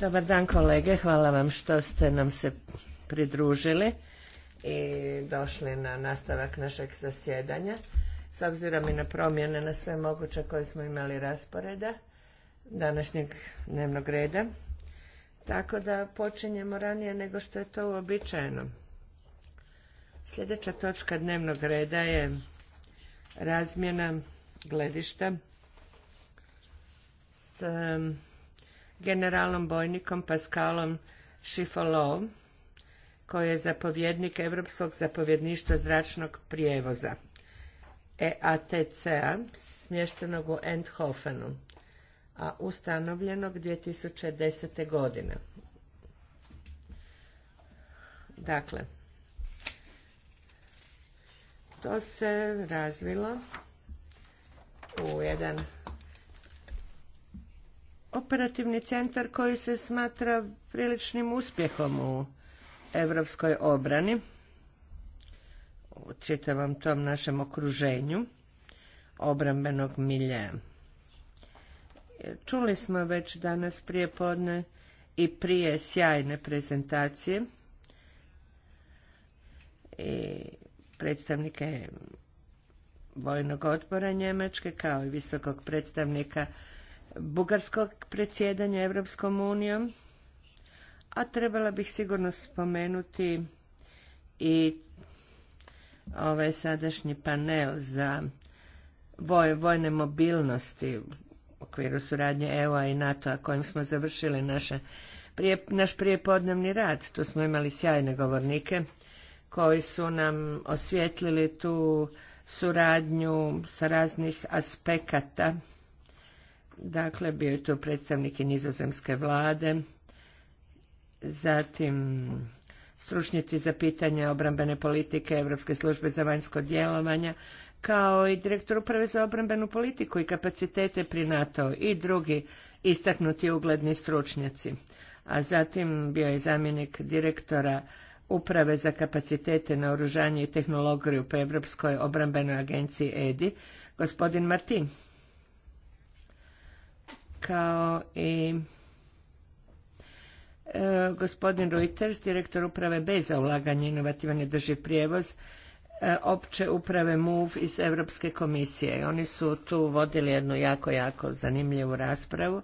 Dobar dan kolege, hvala vam što ste nam se pridružili i došli na nastavak našeg zasjedanja. S obzirom i na promjene na sve moguće koje smo imali rasporeda današnjeg dnevnog reda, tako da počinjemo ranije nego što je to uobičajeno. Sljedeća točka dnevnog reda je razmjena gledišta s um, generalom bojnikom Paskalom Šifalo, koji je zapovjednik Europskog zapovjedništva zračnog prijevoza EATC-a, smještenog u Endhofenu, a ustanovljenog 2010. godine. Dakle, to se razvilo u jedan operativni centar koji se smatra priličnim uspjehom u europskoj obrani u čitavom tom našem okruženju obrambenog milja. Čuli smo već danas prije podne i prije sjajne prezentacije i predstavnike vojnog odbora Njemačke kao i visokog predstavnika bugarskog predsjedanja Europskom unijom, a trebala bih sigurno spomenuti i ovaj sadašnji panel za vojne mobilnosti u okviru suradnje EU-a i NATO-a kojim smo završili naše, prije, naš prijepodnevni rad. Tu smo imali sjajne govornike koji su nam osvjetlili tu suradnju sa raznih aspekata. Dakle, bio je tu predstavnik i nizozemske vlade, zatim stručnjaci za pitanje obrambene politike Europske službe za vanjsko djelovanje, kao i direktor uprave za obrambenu politiku i kapacitete pri NATO i drugi istaknuti ugledni stručnjaci. A zatim bio je zamjenik direktora uprave za kapacitete na oružanje i tehnologiju po Europskoj obrambenoj agenciji EDI, gospodin Martin, kao i e, gospodin Reuters, direktor uprave bez za ulaganje inovativan drži prijevoz, e, opće uprave MUV iz Europske komisije. oni su tu vodili jednu jako, jako zanimljivu raspravu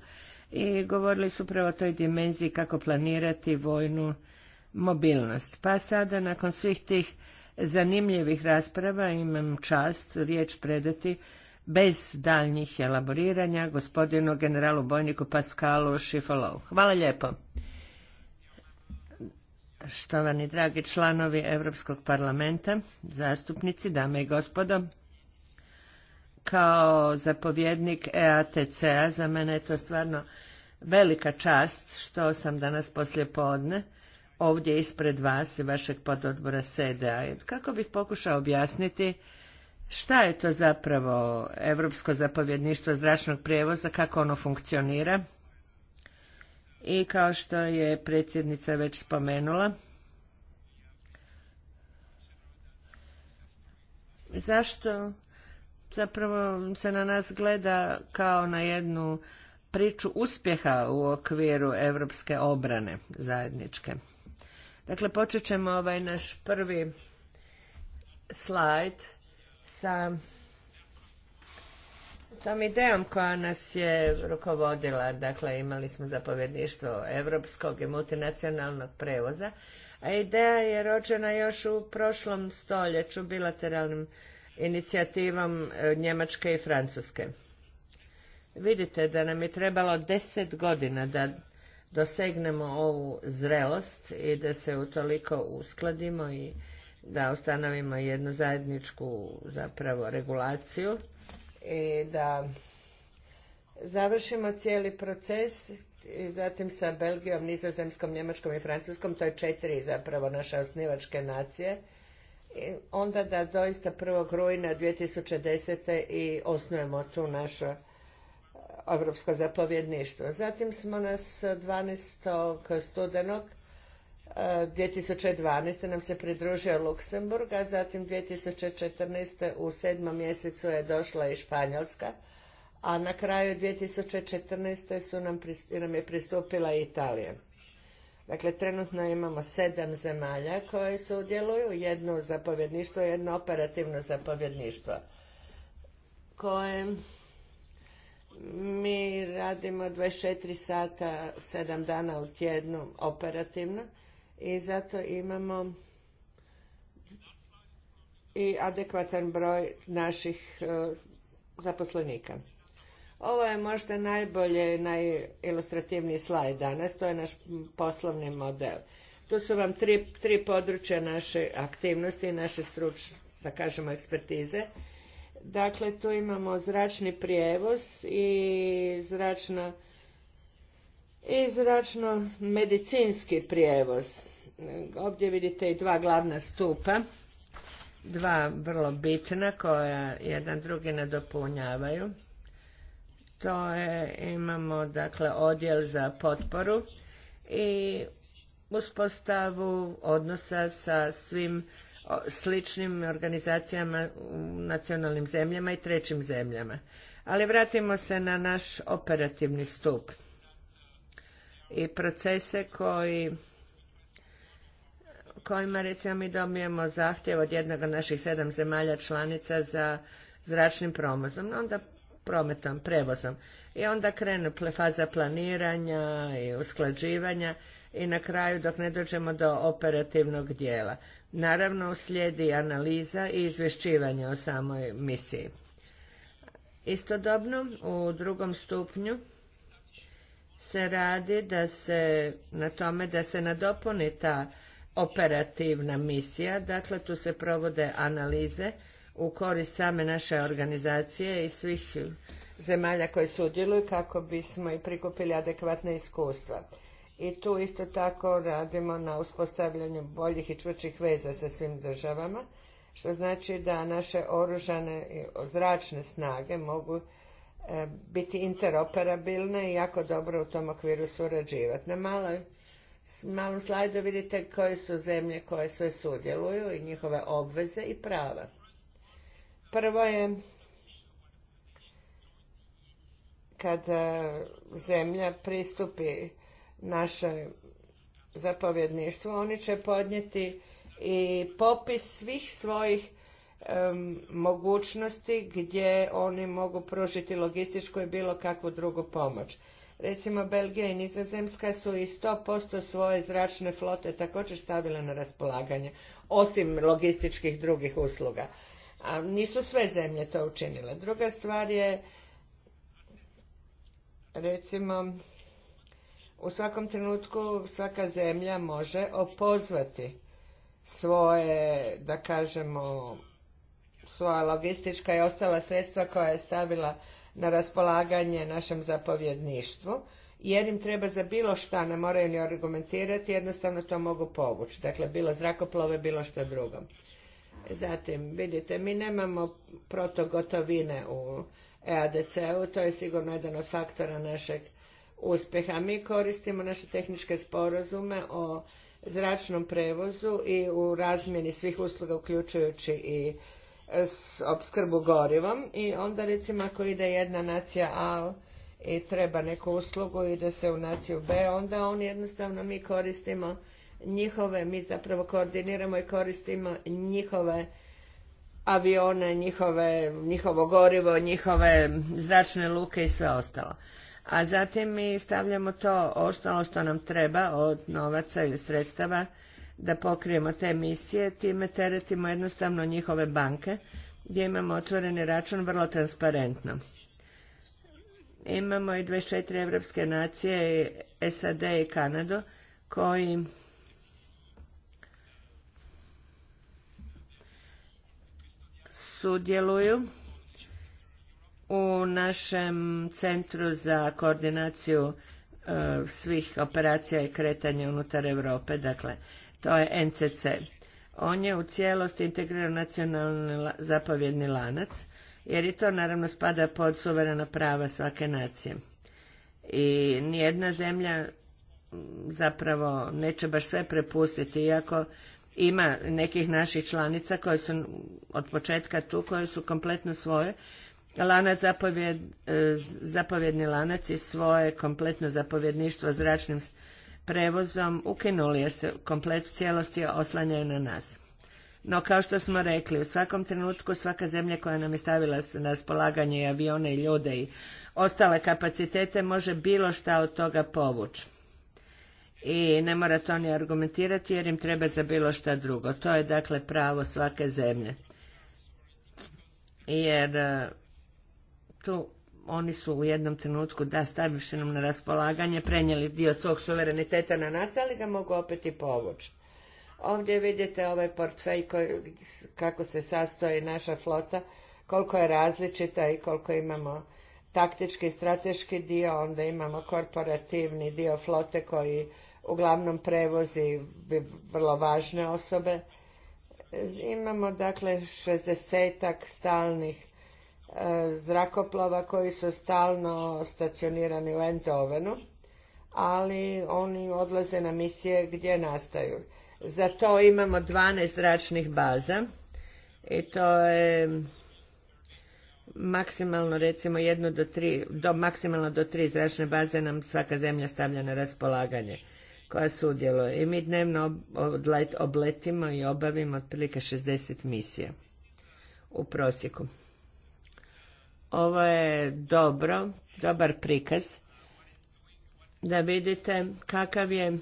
i govorili su upravo o toj dimenziji kako planirati vojnu mobilnost. Pa sada, nakon svih tih zanimljivih rasprava, imam čast riječ predati bez daljnjih elaboriranja gospodinu generalu bojniku Paskalu Šifolovu. Hvala lijepo. Štovani dragi članovi Europskog parlamenta, zastupnici, dame i gospodo, kao zapovjednik EATC-a za mene je to stvarno velika čast što sam danas poslije podne ovdje ispred vas i vašeg pododbora SEDA. Kako bih pokušao objasniti šta je to zapravo Europsko zapovjedništvo zračnog prijevoza, kako ono funkcionira? I kao što je predsjednica već spomenula, zašto zapravo se na nas gleda kao na jednu priču uspjeha u okviru europske obrane zajedničke. Dakle, počet ćemo ovaj naš prvi slajd sa tom idejom koja nas je rukovodila. Dakle, imali smo zapovjedništvo evropskog i multinacionalnog prevoza, a ideja je rođena još u prošlom stoljeću bilateralnim inicijativom e, Njemačke i Francuske. Vidite da nam je trebalo deset godina da dosegnemo ovu zrelost i da se utoliko uskladimo i da ustanovimo jednu zajedničku zapravo regulaciju i da završimo cijeli proces i zatim sa Belgijom, Nizozemskom, Njemačkom i Francuskom, to je četiri zapravo naše osnivačke nacije, i onda da doista 1. rujna 2010. i osnujemo tu našu Evropsko zapovjedništvo. Zatim smo nas 12. studenog 2012. E, nam se pridružio Luksemburg, a zatim 2014. u sedmom mjesecu je došla i Španjolska, a na kraju 2014. Su nam, nam je pristupila Italija. Dakle, trenutno imamo sedam zemalja koje sudjeluju udjeluju, jedno zapovjedništvo, jedno operativno zapovjedništvo, koje mi radimo 24 sata, 7 dana u tjednu operativno i zato imamo i adekvatan broj naših e, zaposlenika. Ovo je možda najbolje, najilustrativniji slajd danas, to je naš poslovni model. Tu su vam tri, tri područja naše aktivnosti, naše stručne, da kažemo, ekspertize Dakle, tu imamo zračni prijevoz i zračna i zračno medicinski prijevoz. Ovdje vidite i dva glavna stupa, dva vrlo bitna koja jedan drugi nadopunjavaju. To je, imamo dakle odjel za potporu i uspostavu odnosa sa svim sličnim organizacijama u nacionalnim zemljama i trećim zemljama. Ali vratimo se na naš operativni stup i procese koji kojima recimo mi dobijemo zahtjev od jednog od naših sedam zemalja članica za zračnim promozom, onda prometom, prevozom. I onda krenu faza planiranja i usklađivanja i na kraju dok ne dođemo do operativnog dijela. Naravno, slijedi analiza i izvješćivanje o samoj misiji. Istodobno, u drugom stupnju se radi da se na tome da se nadopuni ta operativna misija, dakle tu se provode analize u korist same naše organizacije i svih zemalja koje sudjeluju kako bismo i prikupili adekvatne iskustva i tu isto tako radimo na uspostavljanju boljih i čvrćih veza sa svim državama, što znači da naše oružane i zračne snage mogu e, biti interoperabilne i jako dobro u tom okviru surađivati. Na maloj, malom slajdu vidite koje su zemlje koje sve sudjeluju i njihove obveze i prava. Prvo je kada e, zemlja pristupi naše zapovjedništvo, oni će podnijeti i popis svih svojih mogućnosti gdje oni mogu pružiti logističku i bilo kakvu drugu pomoć. Recimo, Belgija i Nizozemska su i 100% svoje zračne flote također stavile na raspolaganje, osim logističkih drugih usluga. A nisu sve zemlje to učinile. Druga stvar je, recimo, u svakom trenutku svaka zemlja može opozvati svoje, da kažemo, svoja logistička i ostala sredstva koja je stavila na raspolaganje našem zapovjedništvu, jer im treba za bilo šta, ne moraju ni argumentirati, jednostavno to mogu povući. Dakle, bilo zrakoplove, bilo što drugo. Zatim, vidite, mi nemamo protogotovine u EADC-u, to je sigurno jedan od faktora našeg uspjeha. Mi koristimo naše tehničke sporazume o zračnom prevozu i u razmjeni svih usluga uključujući i opskrbu gorivom i onda recimo ako ide jedna nacija A i treba neku uslugu ide se u naciju B onda on jednostavno mi koristimo njihove, mi zapravo koordiniramo i koristimo njihove avione, njihovo gorivo, njihove zračne luke i sve ostalo a zatim mi stavljamo to ostalo ono što nam treba od novaca ili sredstava da pokrijemo te misije, time teretimo jednostavno njihove banke gdje imamo otvoreni račun vrlo transparentno. Imamo i 24 evropske nacije, SAD i Kanado koji sudjeluju u našem centru za koordinaciju e, svih operacija i kretanja unutar Europe, dakle to je NCC. On je u cijelosti integriran nacionalni zapovjedni lanac, jer i to naravno spada pod suverena prava svake nacije. I nijedna zemlja zapravo neće baš sve prepustiti, iako ima nekih naših članica koje su od početka tu, koje su kompletno svoje lanac zapovjed, e, zapovjedni lanac i svoje kompletno zapovjedništvo zračnim prevozom ukinuli je se komplet cijelosti oslanjaju na nas. No kao što smo rekli, u svakom trenutku svaka zemlja koja nam je stavila na raspolaganje i avione i ljude i ostale kapacitete može bilo šta od toga povući. I ne mora to ni argumentirati jer im treba za bilo šta drugo. To je dakle pravo svake zemlje. Jer e, tu oni su u jednom trenutku, da, stavivši nam na raspolaganje, prenijeli dio svog suvereniteta na nas, ali ga mogu opet i povući. Ovdje vidite ovaj portfelj kako se sastoji naša flota, koliko je različita i koliko imamo taktički, strateški dio, onda imamo korporativni dio flote koji uglavnom prevozi vrlo važne osobe. Imamo dakle šestdesetak stalnih E, zrakoplova koji su stalno stacionirani u Entovenu, ali oni odlaze na misije gdje nastaju. Za to imamo 12 zračnih baza i to je maksimalno recimo jedno do tri, do, maksimalno do tri zračne baze nam svaka zemlja stavlja na raspolaganje koja sudjeluje. I mi dnevno obletimo i obavimo otprilike 60 misija u prosjeku. Ovo je dobro, dobar prikaz da vidite kakav je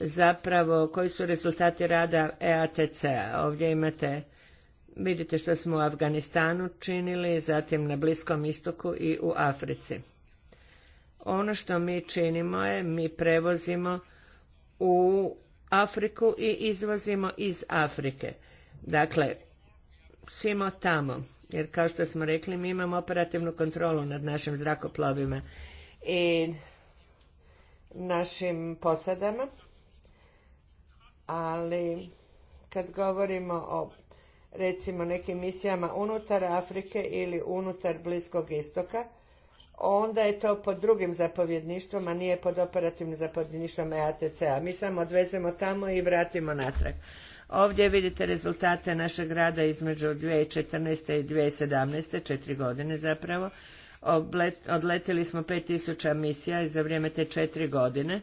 zapravo, koji su rezultati rada EATC-a. Ovdje imate, vidite što smo u Afganistanu činili, zatim na Bliskom istoku i u Africi. Ono što mi činimo je, mi prevozimo u Afriku i izvozimo iz Afrike. Dakle, simo tamo jer kao što smo rekli mi imamo operativnu kontrolu nad našim zrakoplovima i našim posadama, ali kad govorimo o recimo nekim misijama unutar Afrike ili unutar Bliskog istoka, onda je to pod drugim zapovjedništvom, a nije pod operativnim zapovjedništvom EATC-a. Mi samo odvezemo tamo i vratimo natrag. Ovdje vidite rezultate našeg rada između 2014. i 2017. četiri godine zapravo. Odletili smo 5000 misija i za vrijeme te četiri godine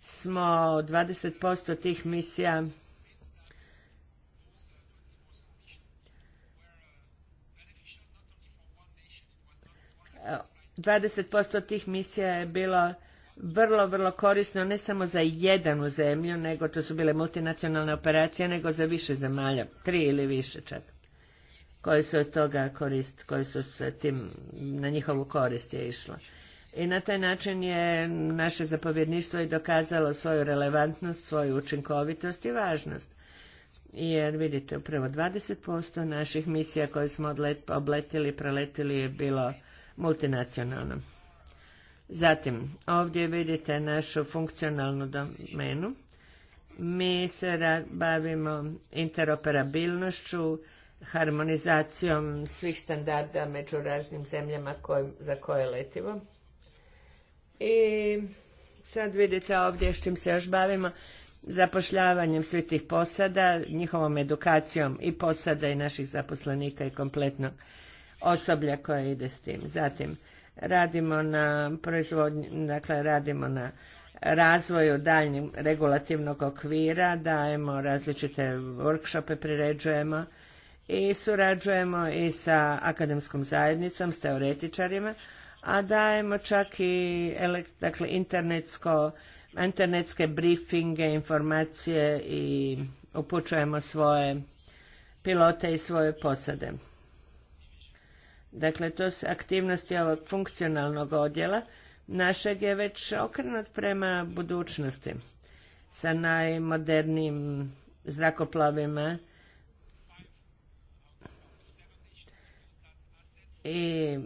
smo 20% tih misija dvadeset posto tih misija je bilo vrlo, vrlo korisno ne samo za jednu zemlju, nego to su bile multinacionalne operacije, nego za više zemalja, tri ili više čak, koje su od toga korist, koje su se tim, na njihovu korist je išlo. I na taj način je naše zapovjedništvo i dokazalo svoju relevantnost, svoju učinkovitost i važnost. Jer vidite, upravo 20% naših misija koje smo obletili preletili je bilo multinacionalno. Zatim, ovdje vidite našu funkcionalnu domenu. Mi se bavimo interoperabilnošću, harmonizacijom svih standarda među raznim zemljama za koje letimo. I sad vidite ovdje s čim se još bavimo, zapošljavanjem svih tih posada, njihovom edukacijom i posada i naših zaposlenika i kompletnog osoblja koje ide s tim. Zatim, radimo na proizvodnji, dakle radimo na razvoju daljnjeg regulativnog okvira, dajemo različite workshope, priređujemo i surađujemo i sa akademskom zajednicom, s teoretičarima, a dajemo čak i dakle, internetsko, internetske briefinge, informacije i upućujemo svoje pilote i svoje posade. Dakle, to su aktivnosti ovog funkcionalnog odjela. Našeg je već okrenut prema budućnosti sa najmodernijim zrakoplovima i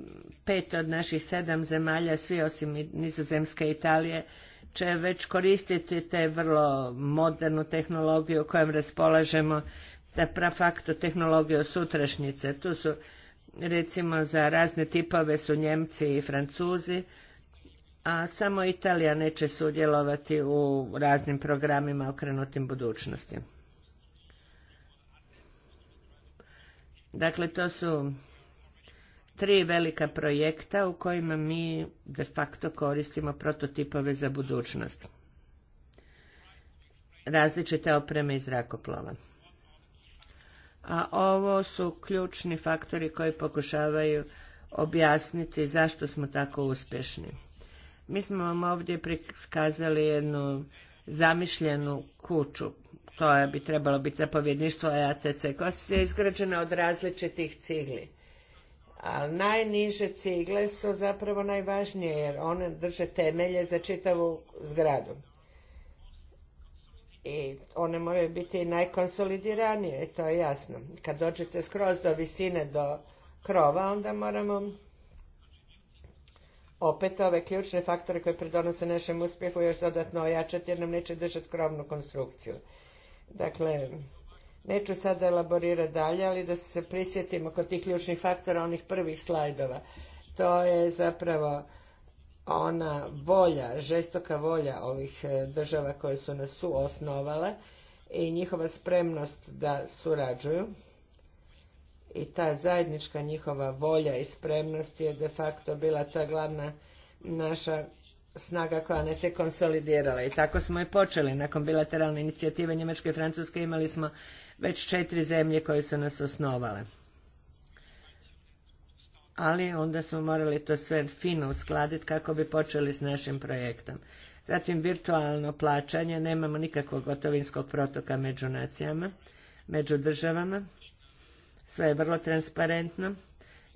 pet od naših sedam zemalja, svi osim nizozemske Italije, će već koristiti te vrlo modernu tehnologiju kojom raspolažemo, da pra facto tehnologiju sutrašnjice. Tu su recimo za razne tipove su Njemci i Francuzi, a samo Italija neće sudjelovati u raznim programima okrenutim budućnosti. Dakle, to su tri velika projekta u kojima mi de facto koristimo prototipove za budućnost. Različite opreme i zrakoplova a ovo su ključni faktori koji pokušavaju objasniti zašto smo tako uspješni. Mi smo vam ovdje prikazali jednu zamišljenu kuću, to bi trebalo biti zapovjedništvo ATC, koja je izgrađena od različitih cigli. Ali najniže cigle su zapravo najvažnije jer one drže temelje za čitavu zgradu i one moraju biti najkonsolidiranije to je jasno. Kad dođete skroz do visine do krova onda moramo opet ove ključne faktore koje pridonose našem uspjehu još dodatno ojačati jer nam neće držati krovnu konstrukciju. Dakle, neću sada elaborirati dalje, ali da se prisjetimo kod tih ključnih faktora onih prvih slajdova. To je zapravo ona volja, žestoka volja ovih e, država koje su nas suosnovale i njihova spremnost da surađuju i ta zajednička njihova volja i spremnost je de facto bila ta glavna naša snaga koja nas je konsolidirala i tako smo i počeli. Nakon bilateralne inicijative Njemačke i Francuske imali smo već četiri zemlje koje su nas osnovale ali onda smo morali to sve fino uskladiti kako bi počeli s našim projektom. Zatim virtualno plaćanje, nemamo nikakvog gotovinskog protoka među nacijama, među državama, sve je vrlo transparentno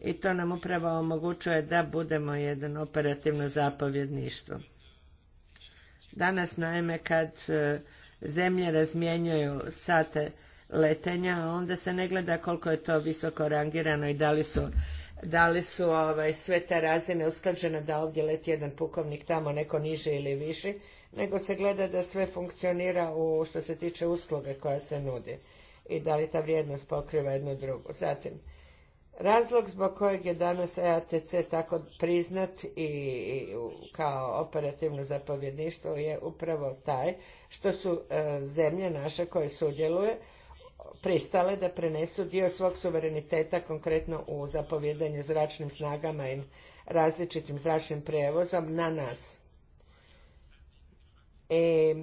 i to nam upravo omogućuje da budemo jedan operativno zapovjedništvo. Danas naime kad e, zemlje razmjenjuju sate letenja, onda se ne gleda koliko je to visoko rangirano i da li su da li su ovaj, sve te razine usklađene da ovdje leti jedan pukovnik tamo neko niže ili više, nego se gleda da sve funkcionira u što se tiče usluge koja se nudi i da li ta vrijednost pokriva jednu drugu. Zatim, razlog zbog kojeg je danas EATC tako priznat i, kao operativno zapovjedništvo je upravo taj što su e, zemlje naše koje sudjeluje pristale da prenesu dio svog suvereniteta konkretno u zapovjedanju zračnim snagama i različitim zračnim prijevozom na nas. I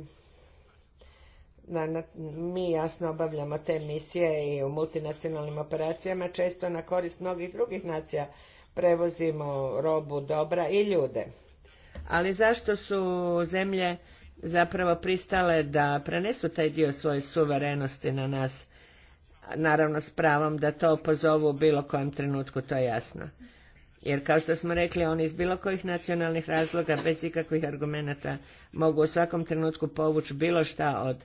e, mi jasno obavljamo te misije i u multinacionalnim operacijama često na korist mnogih drugih nacija prevozimo robu, dobra i ljude. Ali zašto su zemlje zapravo pristale da prenesu taj dio svoje suverenosti na nas naravno s pravom da to pozovu u bilo kojem trenutku, to je jasno. Jer kao što smo rekli, oni iz bilo kojih nacionalnih razloga, bez ikakvih argumenata, mogu u svakom trenutku povući bilo šta od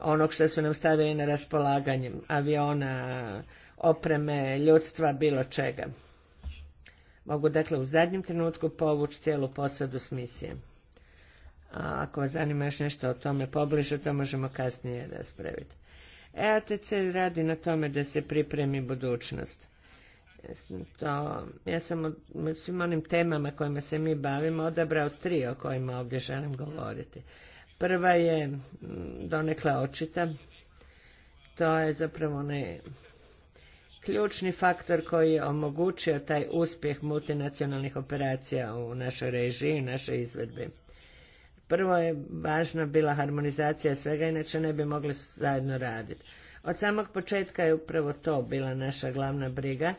onog što su nam stavili na raspolaganje, aviona, opreme, ljudstva, bilo čega. Mogu dakle u zadnjem trenutku povući cijelu posadu s misije. A ako vas zanima još nešto o tome pobliže, to možemo kasnije raspraviti. EATC radi na tome da se pripremi budućnost. To, ja sam u svim onim temama kojima se mi bavimo odabrao tri o kojima ovdje želim govoriti. Prva je donekle očita. To je zapravo onaj ključni faktor koji je omogućio taj uspjeh multinacionalnih operacija u našoj režiji, i našoj izvedbi. Prvo je važna bila harmonizacija svega, inače ne bi mogli zajedno raditi. Od samog početka je upravo to bila naša glavna briga,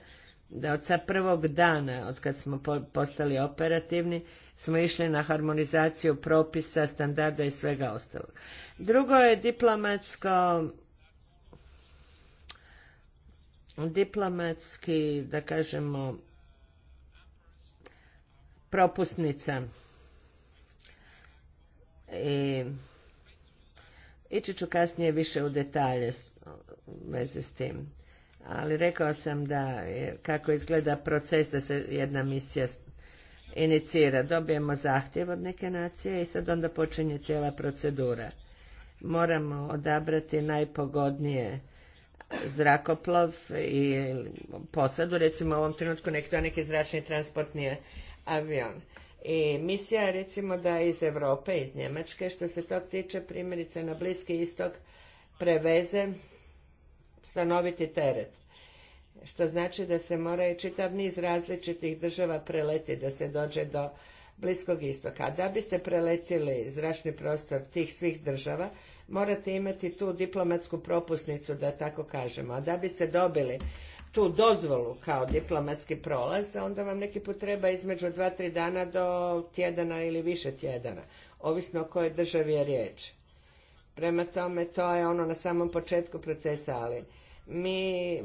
da od sa prvog dana, od kad smo postali operativni, smo išli na harmonizaciju propisa, standarda i svega ostalog. Drugo je diplomatsko diplomatski, da kažemo, propusnica i ići ću kasnije više u detalje u vezi s tim. Ali rekao sam da kako izgleda proces da se jedna misija inicira. Dobijemo zahtjev od neke nacije i sad onda počinje cijela procedura. Moramo odabrati najpogodnije zrakoplov i posadu. Recimo u ovom trenutku nekto neki zračni transportni avion. I misija je recimo da iz Europe, iz Njemačke, što se to tiče primjerice na Bliski istok, preveze stanoviti teret. Što znači da se mora i čitav niz različitih država preleti da se dođe do Bliskog istoka. A da biste preletili zračni prostor tih svih država, morate imati tu diplomatsku propusnicu, da tako kažemo. A da biste dobili tu dozvolu kao diplomatski prolaz, onda vam neki put treba između dva, tri dana do tjedana ili više tjedana, ovisno o kojoj državi je riječ. Prema tome, to je ono na samom početku procesa, ali mi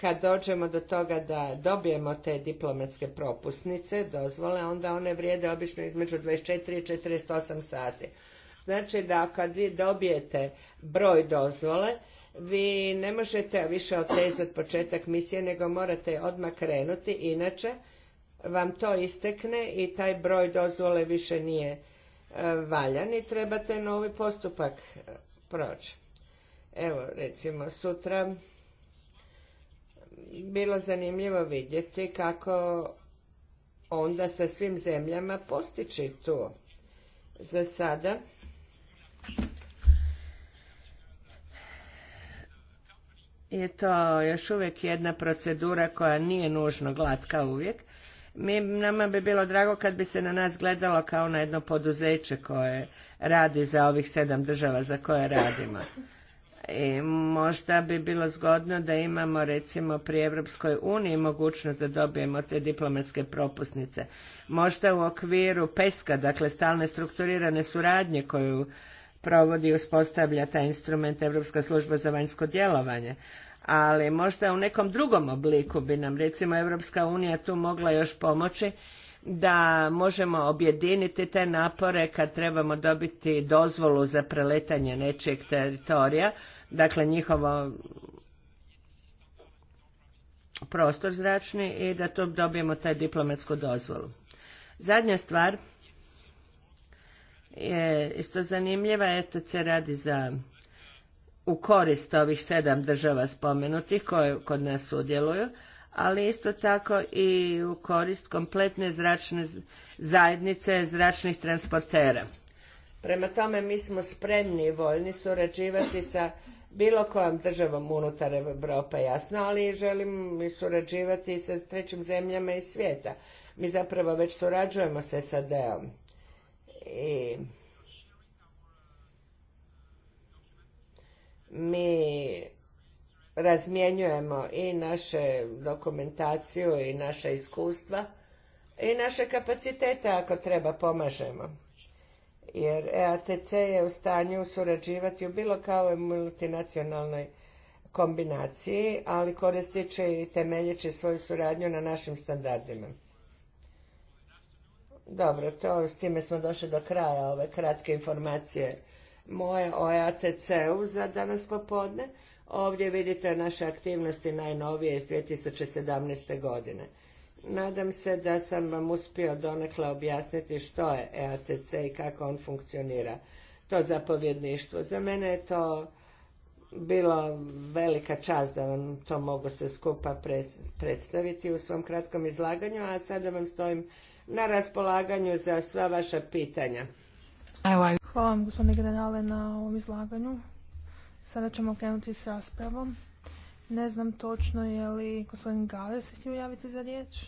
kad dođemo do toga da dobijemo te diplomatske propusnice, dozvole, onda one vrijede obično između 24 i 48 sati. Znači da kad vi dobijete broj dozvole, vi ne možete više otezati početak misije, nego morate odmah krenuti, inače vam to istekne i taj broj dozvole više nije e, valjan i trebate novi postupak e, proći. Evo, recimo, sutra bilo zanimljivo vidjeti kako onda sa svim zemljama postići to. Za sada je to još uvijek jedna procedura koja nije nužno glatka uvijek. Mi, nama bi bilo drago kad bi se na nas gledalo kao na jedno poduzeće koje radi za ovih sedam država za koje radimo. I možda bi bilo zgodno da imamo recimo pri Evropskoj uniji mogućnost da dobijemo te diplomatske propusnice. Možda u okviru PESKA, dakle stalne strukturirane suradnje koju provodi i uspostavlja taj instrument Europska služba za vanjsko djelovanje. Ali možda u nekom drugom obliku bi nam recimo Europska unija tu mogla još pomoći da možemo objediniti te napore kad trebamo dobiti dozvolu za preletanje nečijeg teritorija, dakle njihovo prostor zračni i da tu dobijemo taj diplomatsku dozvolu. Zadnja stvar je isto zanimljiva. Eto se radi za u korist ovih sedam država spomenutih koje kod nas sudjeluju, ali isto tako i u korist kompletne zračne zajednice zračnih transportera. Prema tome mi smo spremni i voljni surađivati sa bilo kojom državom unutar Europe, jasno, ali želim surađivati sa trećim zemljama i svijeta. Mi zapravo već surađujemo sa sad i mi razmjenjujemo i naše dokumentaciju i naše iskustva i naše kapacitete ako treba pomažemo. Jer EATC je u stanju surađivati u bilo kao multinacionalnoj kombinaciji, ali koristit će i temeljeći svoju suradnju na našim standardima. Dobro, to, s time smo došli do kraja ove kratke informacije moje o ATC-u za danas popodne. Ovdje vidite naše aktivnosti najnovije iz 2017. godine. Nadam se da sam vam uspio donekle objasniti što je EATC i kako on funkcionira, to zapovjedništvo. Za mene je to bilo velika čast da vam to mogu se skupa predstaviti u svom kratkom izlaganju, a sada vam stojim na raspolaganju za sva vaša pitanja. Hvala vam gospodine generale na ovom izlaganju. Sada ćemo krenuti s raspravom. Ne znam točno je li gospodin Gale se htio javiti za riječ.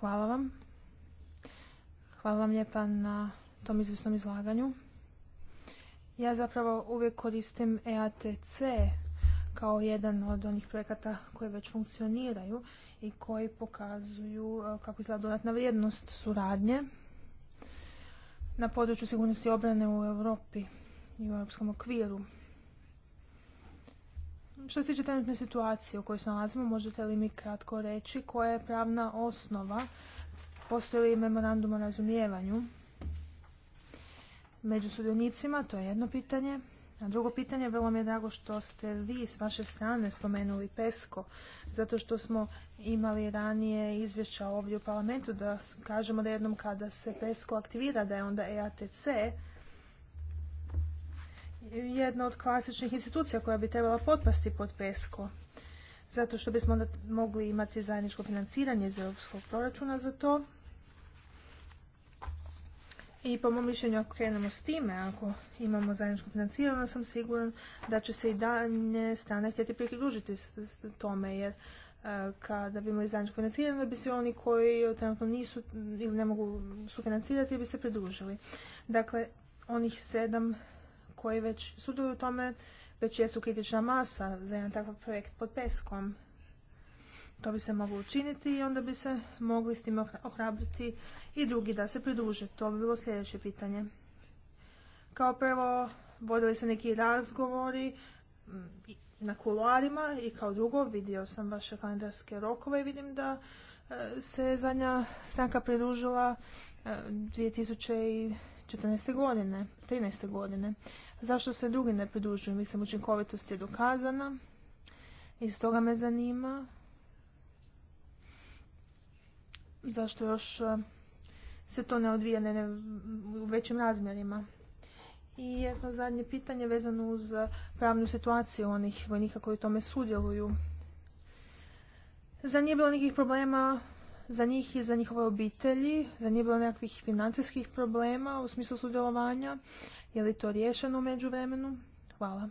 Hvala vam. Hvala vam lijepa na tom izvrsnom izlaganju. Ja zapravo uvijek koristim EATC kao jedan od onih projekata koji već funkcioniraju i koji pokazuju e, kako izgleda dodatna vrijednost suradnje na području sigurnosti obrane u Europi i u europskom okviru. Što se tiče trenutne situacije u kojoj se nalazimo, možete li mi kratko reći koja je pravna osnova? Postoji li memorandum o razumijevanju među sudionicima? To je jedno pitanje. Na drugo pitanje, vrlo mi je drago što ste vi s vaše strane spomenuli PESCO, zato što smo imali ranije izvješća ovdje u parlamentu da kažemo da jednom kada se PESCO aktivira da je onda EATC jedna od klasičnih institucija koja bi trebala potpasti pod PESCO zato što bismo onda mogli imati zajedničko financiranje iz europskog proračuna za to i po mom mišljenju ako krenemo s time, ako imamo zajedničko financiranje sam siguran da će se i danje strane htjeti pridružiti tome, jer e, kada bi imali zajedničko financiranje, bi se oni koji trenutno nisu ili ne mogu sufinancirati bi se pridružili. Dakle, onih sedam koji već sudjeluju u tome, već jesu kritična masa za jedan takav projekt pod peskom. To bi se moglo učiniti i onda bi se mogli s tim ohrabriti i drugi da se pridruže. To bi bilo sljedeće pitanje. Kao prvo, vodili se neki razgovori mm, na kuloarima i kao drugo, vidio sam vaše kalendarske rokove i vidim da e, se zadnja stranka pridružila 2014. E, godine, 13. godine. Zašto se drugi ne pridružuju? Mislim, učinkovitost je dokazana i stoga me zanima zašto još e, se to ne odvija u većim razmjerima. I jedno zadnje pitanje vezano uz pravnu situaciju onih vojnika koji u tome sudjeluju. Za nije bilo nekih problema za njih i za njihove obitelji, za nije bilo nekakvih financijskih problema u smislu sudjelovanja. Je li to riješeno u međuvremenu? Hvala.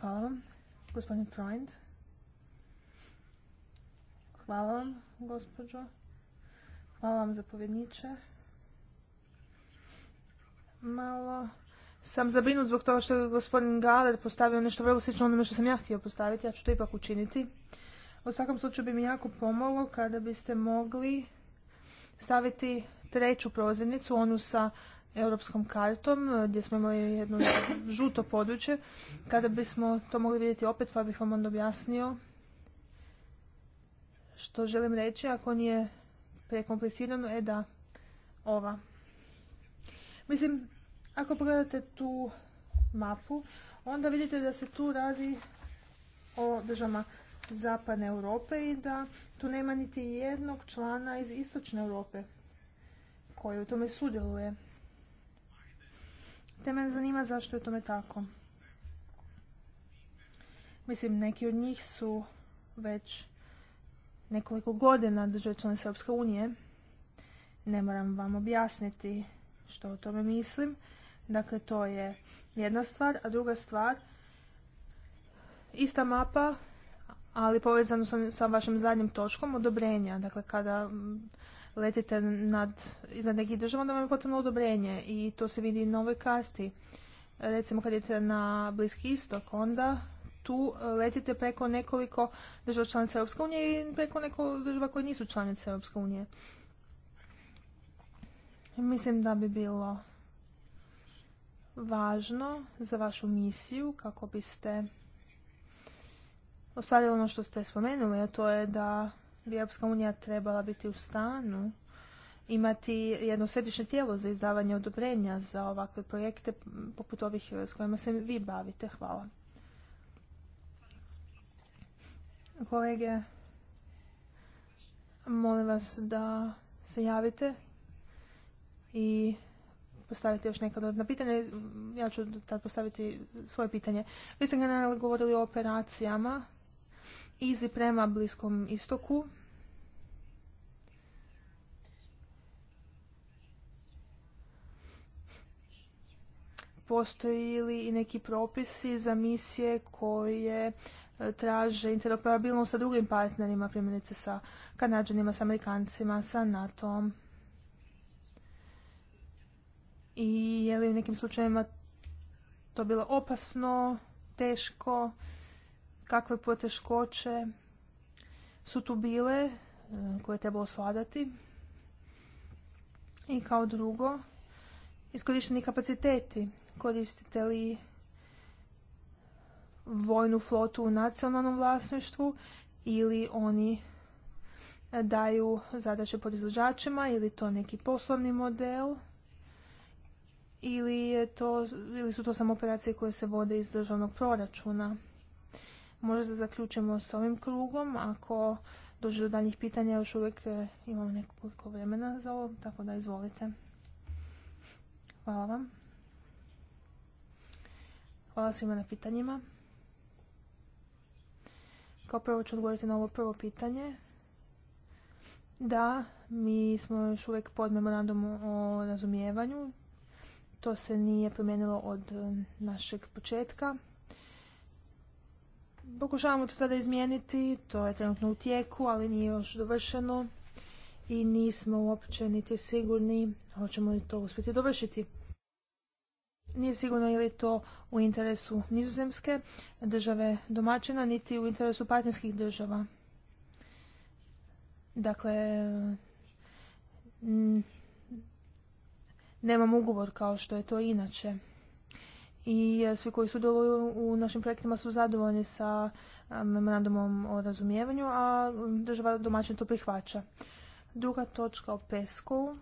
Hvala vam. Gospodin Freund. Hvala vam, gospođo. Hvala vam, zapovjedniče. Malo sam zabrinut zbog toga što je gospodin Galer postavio nešto vrlo slično onome što sam ja htio postaviti. Ja ću to ipak učiniti. U svakom slučaju bi mi jako pomoglo kada biste mogli staviti treću prozirnicu, onu sa europskom kartom, eh, gdje smo imali jedno žuto područje. Kada bismo to mogli vidjeti opet, pa bih vam onda objasnio što želim reći, ako nije prekomplicirano, je da ova. Mislim, ako pogledate tu mapu, onda vidite da se tu radi o državama zapadne Europe i da tu nema niti jednog člana iz istočne Europe koji u tome sudjeluje. Te mene zanima zašto je tome tako. Mislim, neki od njih su već nekoliko godina države članice Europske unije. Ne moram vam objasniti što o tome mislim. Dakle, to je jedna stvar. A druga stvar, ista mapa, ali povezano sa vašom zadnjim točkom odobrenja. Dakle, kada letite iznad nekih država, onda vam je potrebno odobrenje i to se vidi na ovoj karti. Recimo, kad idete na Bliski istok, onda tu e, letite preko nekoliko država članica Europske unije i preko nekoliko država koje nisu članice Europske unije. Mislim da bi bilo važno za vašu misiju kako biste ostvarili ono što ste spomenuli, a to je da bi Europska unija trebala biti u stanu imati jedno središnje tijelo za izdavanje odobrenja za ovakve projekte poput ovih s kojima se vi bavite. Hvala. Kolege, molim vas da se javite i postavite još neka dodatna pitanja. Ja ću tad postaviti svoje pitanje. Vi ste generalno govorili o operacijama izi prema Bliskom istoku. Postoji li i neki propisi za misije koje traže interoperabilnost sa drugim partnerima, primjerice sa Kanadžanima, sa Amerikancima, sa NATO-om. I je li u nekim slučajevima to bilo opasno, teško, kakve poteškoće su tu bile e, koje trebalo osladati. I kao drugo, iskorišteni kapaciteti. Koristite li vojnu flotu u nacionalnom vlasništvu ili oni daju zadaće podizvođačima ili to neki poslovni model ili, je to, ili su to samo operacije koje se vode iz državnog proračuna. Možda se zaključimo s ovim krugom. Ako dođe do daljih pitanja, još uvijek eh, imamo nekoliko vremena za ovo, tako da izvolite. Hvala vam. Hvala svima na pitanjima. Kao prvo ću odgovoriti na ovo prvo pitanje. Da, mi smo još uvijek pod memorandumom o razumijevanju. To se nije promijenilo od e, našeg početka. Pokušavamo to sada izmijeniti, to je trenutno u tijeku, ali nije još dovršeno i nismo uopće niti sigurni hoćemo li to uspjeti dovršiti. Nije sigurno je to u interesu nizozemske države domaćina, niti u interesu partnerskih država. Dakle, nemam ugovor kao što je to inače. I e, svi koji sudjeluju u našim projektima su zadovoljni sa memorandumom o razumijevanju, a država domaćina to prihvaća. Druga točka o pesku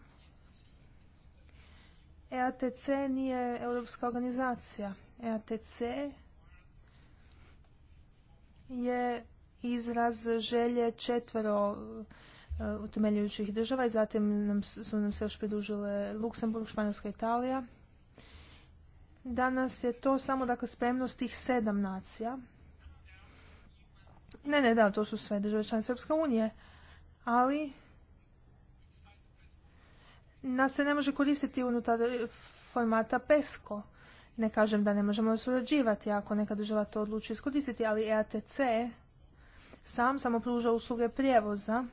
EATC nije europska organizacija. EATC je izraz želje četvero e, utemeljujućih država i zatim nam, su nam se još pridružile Luksemburg, Španjolska, Italija. Danas je to samo dakle spremnost tih sedam nacija. Ne, ne, da, to su sve države članice Europske unije, ali nas se ne može koristiti unutar formata PESCO. Ne kažem da ne možemo surađivati ako neka država to odluči iskoristiti, ali EATC sam samo pruža usluge prijevoza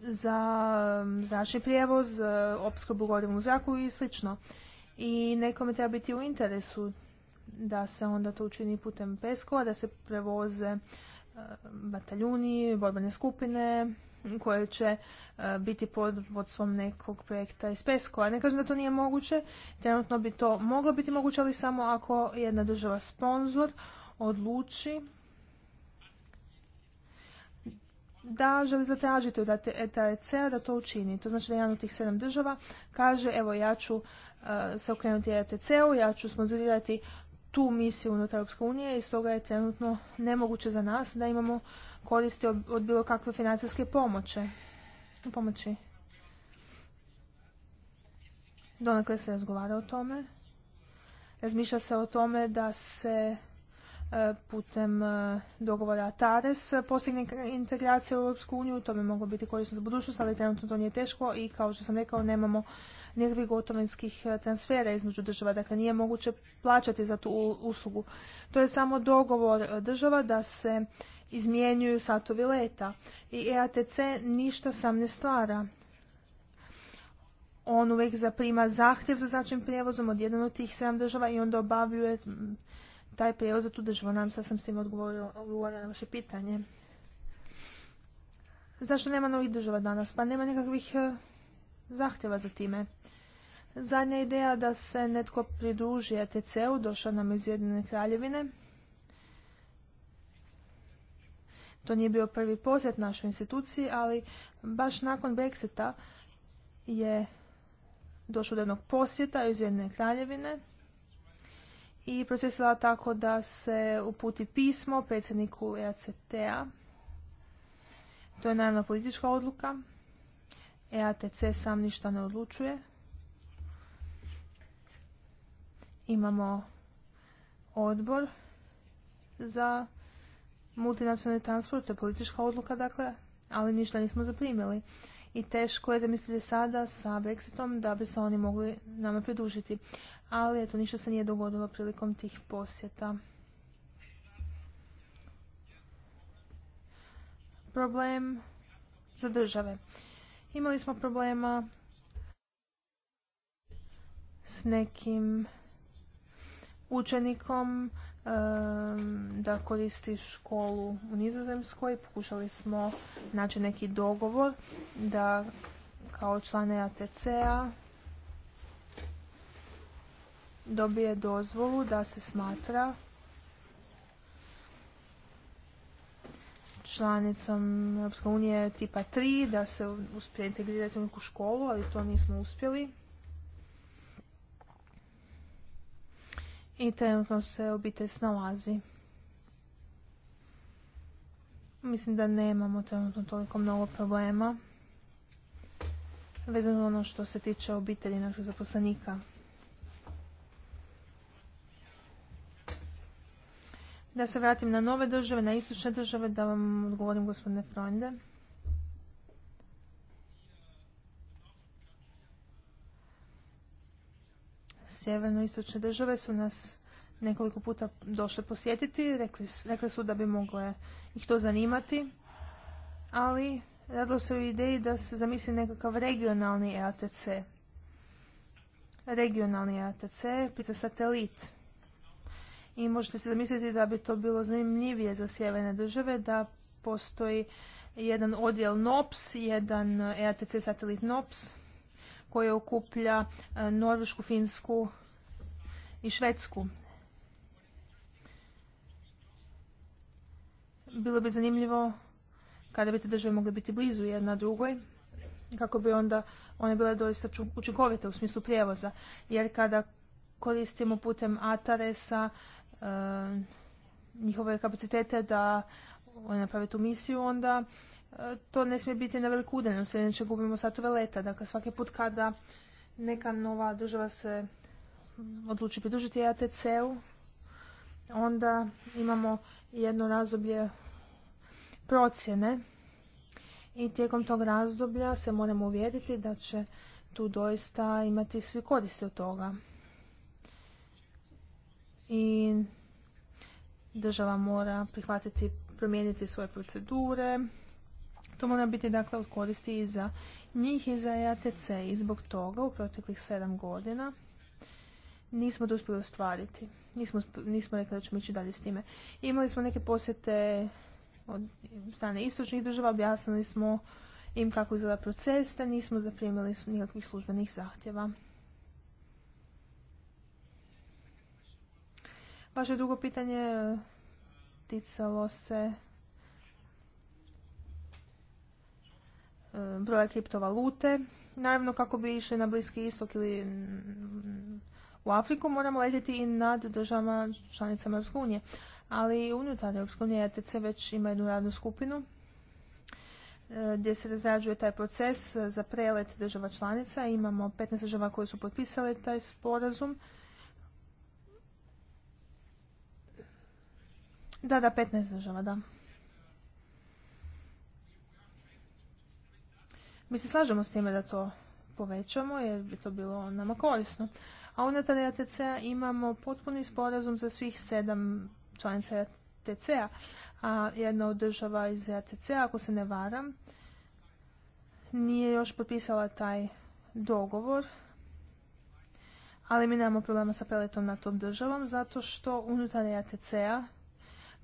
za um, zračni prijevoz, uh, opskrbu gorivom u zraku i sl. I nekome treba biti u interesu da se onda to učini putem PESCO-a, da se prevoze uh, bataljuni, borbene skupine, koje će e, biti pod vodstvom nekog projekta iz PESCO-a. Ne kažem da to nije moguće, trenutno bi to moglo biti moguće, ali samo ako jedna država sponzor odluči da želi zatražiti od ETAEC-a da to učini. To znači da jedan od tih sedam država kaže evo ja ću e, se okrenuti ETC-u, ja ću sponzorirati tu misiju unutar Europske unije i stoga je trenutno nemoguće za nas da imamo koristi od, bilo kakve financijske pomoće. pomoći. Donekle se razgovara o tome. Razmišlja se o tome da se E, putem e, dogovora TARES e, postigne integracija u Europsku uniju, to bi moglo biti korisno za budućnost, ali trenutno to nije teško i kao što sam rekao nemamo nikakvih gotovinskih transfera između država, dakle nije moguće plaćati za tu uslugu. To je samo dogovor država da se izmjenjuju satovi leta i EATC ništa sam ne stvara. On uvijek zaprima zahtjev za značajnim prijevozom od jedan od tih sedam država i onda obavljuje taj prijevoz za tu državu. Nam sad sam s tim odgovorila na vaše pitanje. Zašto nema novih država danas? Pa nema nekakvih eh, zahtjeva za time. Zadnja ideja da se netko pridruži ETC-u došla nam iz Jedine kraljevine. To nije bio prvi posjet našoj instituciji, ali baš nakon Brexita je došlo do jednog posjeta iz Jedine kraljevine i procesila tako da se uputi pismo predsjedniku EACT-a. To je naravno politička odluka. EATC sam ništa ne odlučuje. Imamo odbor za multinacionalni transport, to je politička odluka, dakle, ali ništa nismo zaprimili. I teško je zamisliti sada sa Brexitom da bi se oni mogli nama pridružiti ali eto ništa se nije dogodilo prilikom tih posjeta. Problem za države. Imali smo problema s nekim učenikom da koristi školu u Nizozemskoj. Pokušali smo naći neki dogovor da kao člane ATC-a dobije dozvolu da se smatra članicom Europske unije tipa 3, da se uspije integrirati u neku školu, ali to nismo uspjeli. I trenutno se obitelj snalazi. Mislim da nemamo trenutno toliko mnogo problema vezano ono što se tiče obitelji naših zaposlenika. Da se vratim na nove države, na istočne države, da vam odgovorim gospodine Freunde. Sjeverno-istočne države su nas nekoliko puta došle posjetiti. Rekli, su da bi mogle ih to zanimati, ali radilo se o ideji da se zamisli nekakav regionalni e ATC. Regionalni e ATC, pisa satelit i možete se zamisliti da bi to bilo zanimljivije za sjeverne države da postoji jedan odjel NOPS, jedan EATC satelit NOPS koji okuplja e, Norvešku, Finsku i Švedsku. Bilo bi zanimljivo kada bi te države mogle biti blizu jedna drugoj kako bi onda one bile doista učinkovite u smislu prijevoza. Jer kada koristimo putem Ataresa E, njihove kapacitete da naprave tu misiju, onda e, to ne smije biti na veliku se neće gubimo satove leta. Dakle, svaki put kada neka nova država se odluči pridružiti ATC-u, onda imamo jedno razdoblje procjene i tijekom tog razdoblja se moramo uvjeriti da će tu doista imati svi koristi od toga i država mora prihvatiti, promijeniti svoje procedure. To mora biti dakle od koristi i za njih i za EATC i zbog toga u proteklih sedam godina nismo to uspjeli ostvariti. Nismo, nismo rekli da ćemo ići dalje s time. Imali smo neke posjete od strane istočnih država, objasnili smo im kako izgleda proces, da nismo zaprimili nikakvih službenih zahtjeva. Vaše drugo pitanje e, ticalo se e, broja kriptovalute. Naravno, kako bi išli na Bliski istok ili u Afriku, moramo letjeti i nad državama članicama Europske unije. Ali unutar Europske ETC e već ima jednu radnu skupinu gdje se razrađuje taj proces za prelet država članica. Imamo 15 država koje su potpisale taj sporazum Da, da, 15 država, da. Mi se slažemo s time da to povećamo jer bi to bilo nama korisno. A unutar atc imamo potpuni sporazum za svih sedam članica ATC-a. A jedna od država iz ATC-a, ako se ne varam, nije još potpisala taj dogovor. Ali mi nemamo problema sa peletom na tom državom zato što unutar ATC-a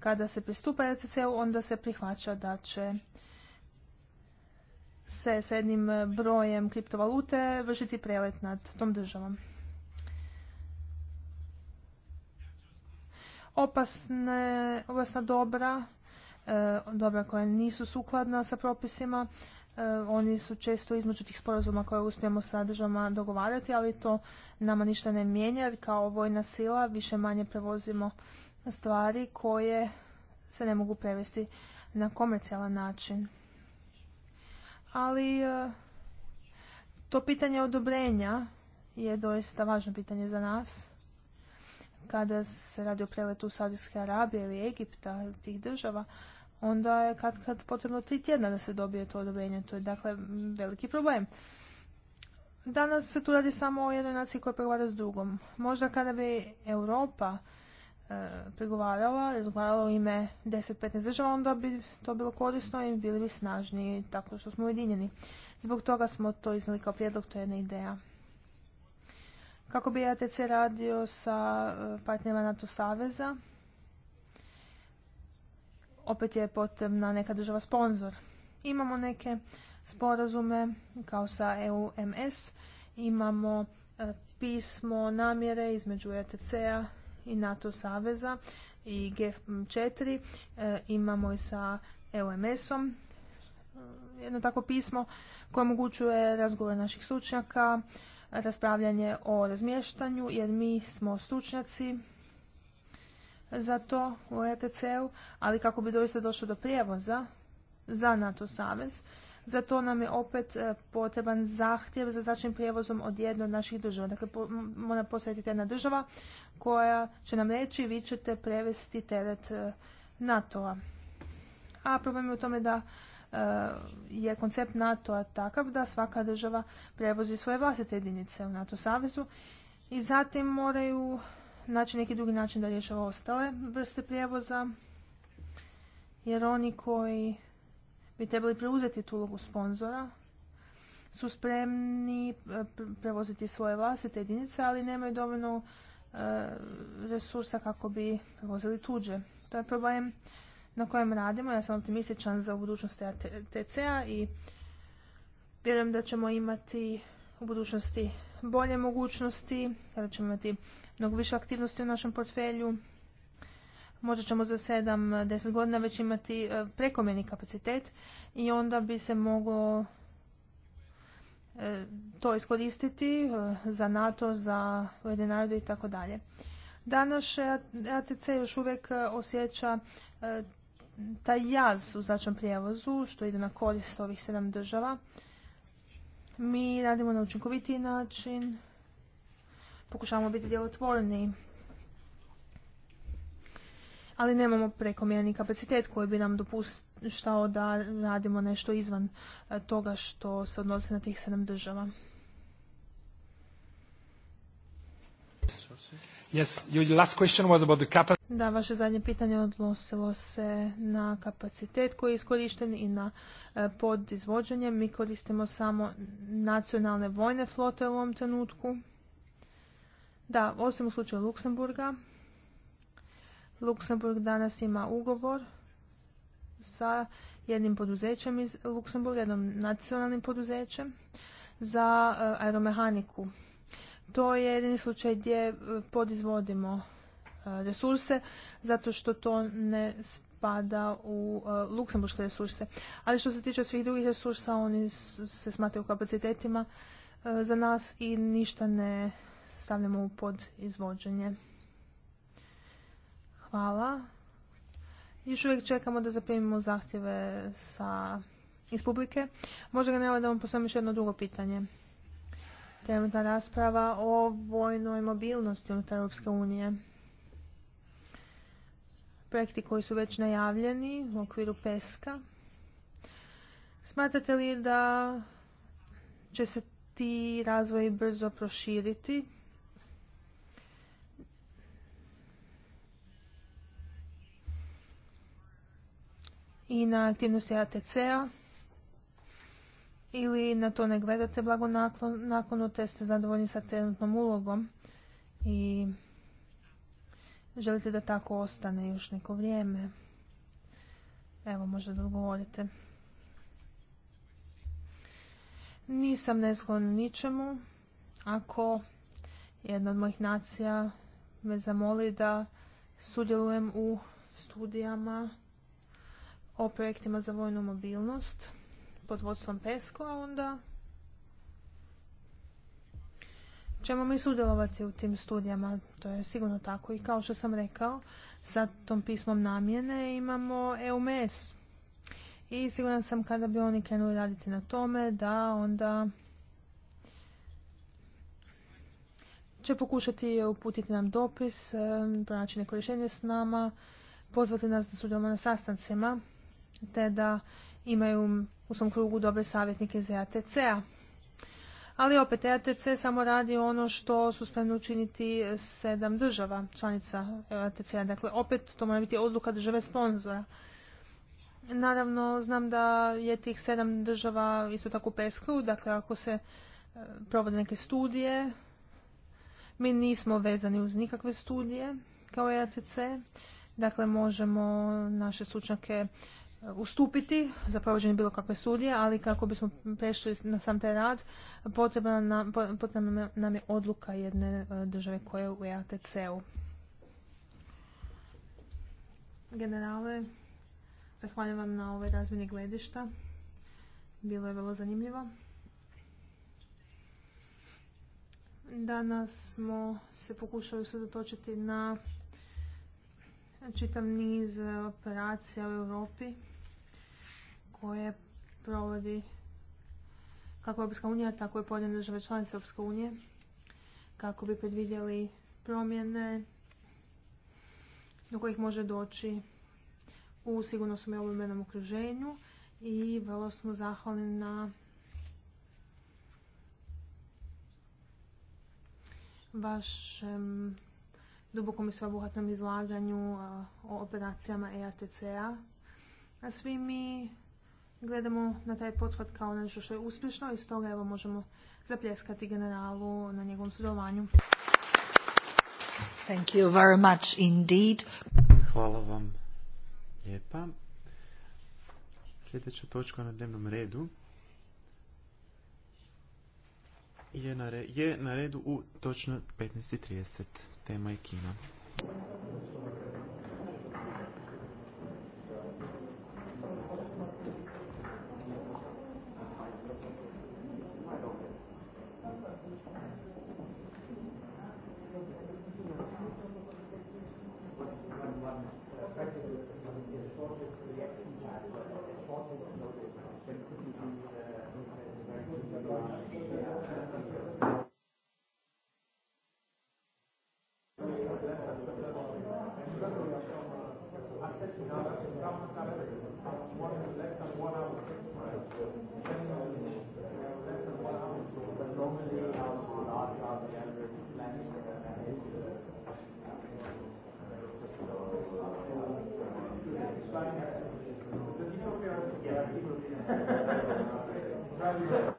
kada se pristupa ETC-u, onda se prihvaća da će se s jednim brojem kriptovalute vršiti prelet nad tom državom. Opasne, opasna dobra, e, dobra koja nisu sukladna sa propisima, e, oni su često između tih sporazuma koje uspijemo sa državama dogovarati, ali to nama ništa ne mijenja jer kao vojna sila više manje prevozimo stvari koje se ne mogu prevesti na komercijalan način. Ali e, to pitanje odobrenja je doista važno pitanje za nas. Kada se radi o preletu Saudijske Arabije ili Egipta ili tih država, onda je kad kad potrebno tri tjedna da se dobije to odobrenje. To je dakle veliki problem. Danas se tu radi samo o jednoj naciji koja pregovara s drugom. Možda kada bi Europa pregovarala, razgovarala u ime 10-15 država, onda bi to bilo korisno i bili bi snažniji tako što smo ujedinjeni. Zbog toga smo to iznali kao prijedlog, to je jedna ideja. Kako bi e ATC radio sa e, partnerima NATO Saveza, opet je potrebna neka država sponzor. Imamo neke sporazume kao sa EUMS, imamo e, pismo namjere između ETC-a i NATO saveza i G4 e, imamo i sa lms e om e, jedno tako pismo koje omogućuje razgovor naših stručnjaka, raspravljanje o razmještanju, jer mi smo stručnjaci za to u ETC-u, ali kako bi doista došlo do prijevoza za NATO savez, za to nam je opet e, potreban zahtjev za zračnim prijevozom od jedne od naših država. Dakle, mora posjetiti jedna država koja će nam reći vi ćete prevesti teret e, NATO-a. A problem je u tome da e, je koncept NATO-a takav da svaka država prevozi svoje vlastite jedinice u NATO savezu i zatim moraju naći neki drugi način da rješava ostale vrste prijevoza jer oni koji bi trebali preuzeti tu ulogu sponzora, su spremni e, prevoziti svoje vlastite jedinice, ali nemaju dovoljno e, resursa kako bi prevozili tuđe. To je problem na kojem radimo. Ja sam optimističan za budućnost TCA i vjerujem da ćemo imati u budućnosti bolje mogućnosti, da ćemo imati mnogo više aktivnosti u našem portfelju možda ćemo za 7-10 godina već imati e, prekomjerni kapacitet i onda bi se moglo e, to iskoristiti e, za NATO, za narode i tako dalje. Danas ATC još uvijek osjeća taj jaz u značnom prijevozu što ide na korist ovih sedam država. Mi radimo na učinkovitiji način, pokušavamo biti djelotvorni ali nemamo prekomjerni kapacitet koji bi nam dopuštao da radimo nešto izvan e, toga što se odnosi na tih sedam država. da, vaše zadnje pitanje odnosilo se na kapacitet koji je iskorišten i na e, podizvođenje. Mi koristimo samo nacionalne vojne flote u ovom trenutku. Da, osim u slučaju Luksemburga, Luksemburg danas ima ugovor sa jednim poduzećem iz Luksemburga, jednom nacionalnim poduzećem za e, aeromehaniku. To je jedini slučaj gdje e, podizvodimo e, resurse zato što to ne spada u luksemburske resurse. Ali što se tiče svih drugih resursa, oni se smatraju kapacitetima za nas i ništa ne stavljamo u podizvođenje. Hvala. Još uvijek čekamo da zaprimimo zahtjeve sa, iz publike. Možda ga ne da vam postavim još jedno drugo pitanje. Trenutna rasprava o vojnoj mobilnosti unutar Europske unije. Projekti koji su već najavljeni u okviru PESKA. Smatrate li da će se ti razvoji brzo proširiti i na aktivnosti ATC-a ili na to ne gledate blago naklono te ste zadovoljni sa trenutnom ulogom i želite da tako ostane još neko vrijeme. Evo, možda da odgovorite. Nisam nesklon ničemu ako jedna od mojih nacija me zamoli da sudjelujem u studijama o projektima za vojnu mobilnost pod vodstvom PESCO, a onda ćemo mi sudjelovati u tim studijama, to je sigurno tako. I kao što sam rekao, sa tom pismom namjene imamo EUMS. I siguran sam kada bi oni krenuli raditi na tome, da onda će pokušati uputiti nam dopis, e, pronaći neko rješenje s nama, pozvati nas da sudjelujemo na sastancima te da imaju u svom krugu dobre savjetnike iz EATC-a. Ali opet, e atc samo radi ono što su spremni učiniti sedam država članica EATC-a. Dakle, opet to mora biti odluka države sponzora. Naravno, znam da je tih sedam država isto tako u dakle ako se e, provode neke studije, mi nismo vezani uz nikakve studije kao e atc dakle možemo naše stručnjake ustupiti za provođenje bilo kakve studije, ali kako bismo prešli na sam taj rad, potrebna nam, potrebna nam je odluka jedne e, države koja je u EATC-u. Generale, zahvaljujem vam na ovoj razmjeni gledišta. Bilo je vrlo zanimljivo. Danas smo se pokušali usredotočiti na čitav niz operacija u Europi koje provodi kako Europska unija, tako i pojedine države članice Europske unije, kako bi predvidjeli promjene do kojih može doći u sigurnosnom i obrambenom okruženju i vrlo smo zahvalni na vašem dubokom i sveobuhvatnom izlaganju o operacijama EATC-a. Svi mi gledamo na taj pothvat kao nešto što je uspješno i stoga evo možemo zapljeskati generalu na njegovom sudovanju. Thank you very much indeed. Hvala vam lijepa. Sljedeća točka na dnevnom redu je na, je na redu u točno 15.30. Tema je Kina. Hvala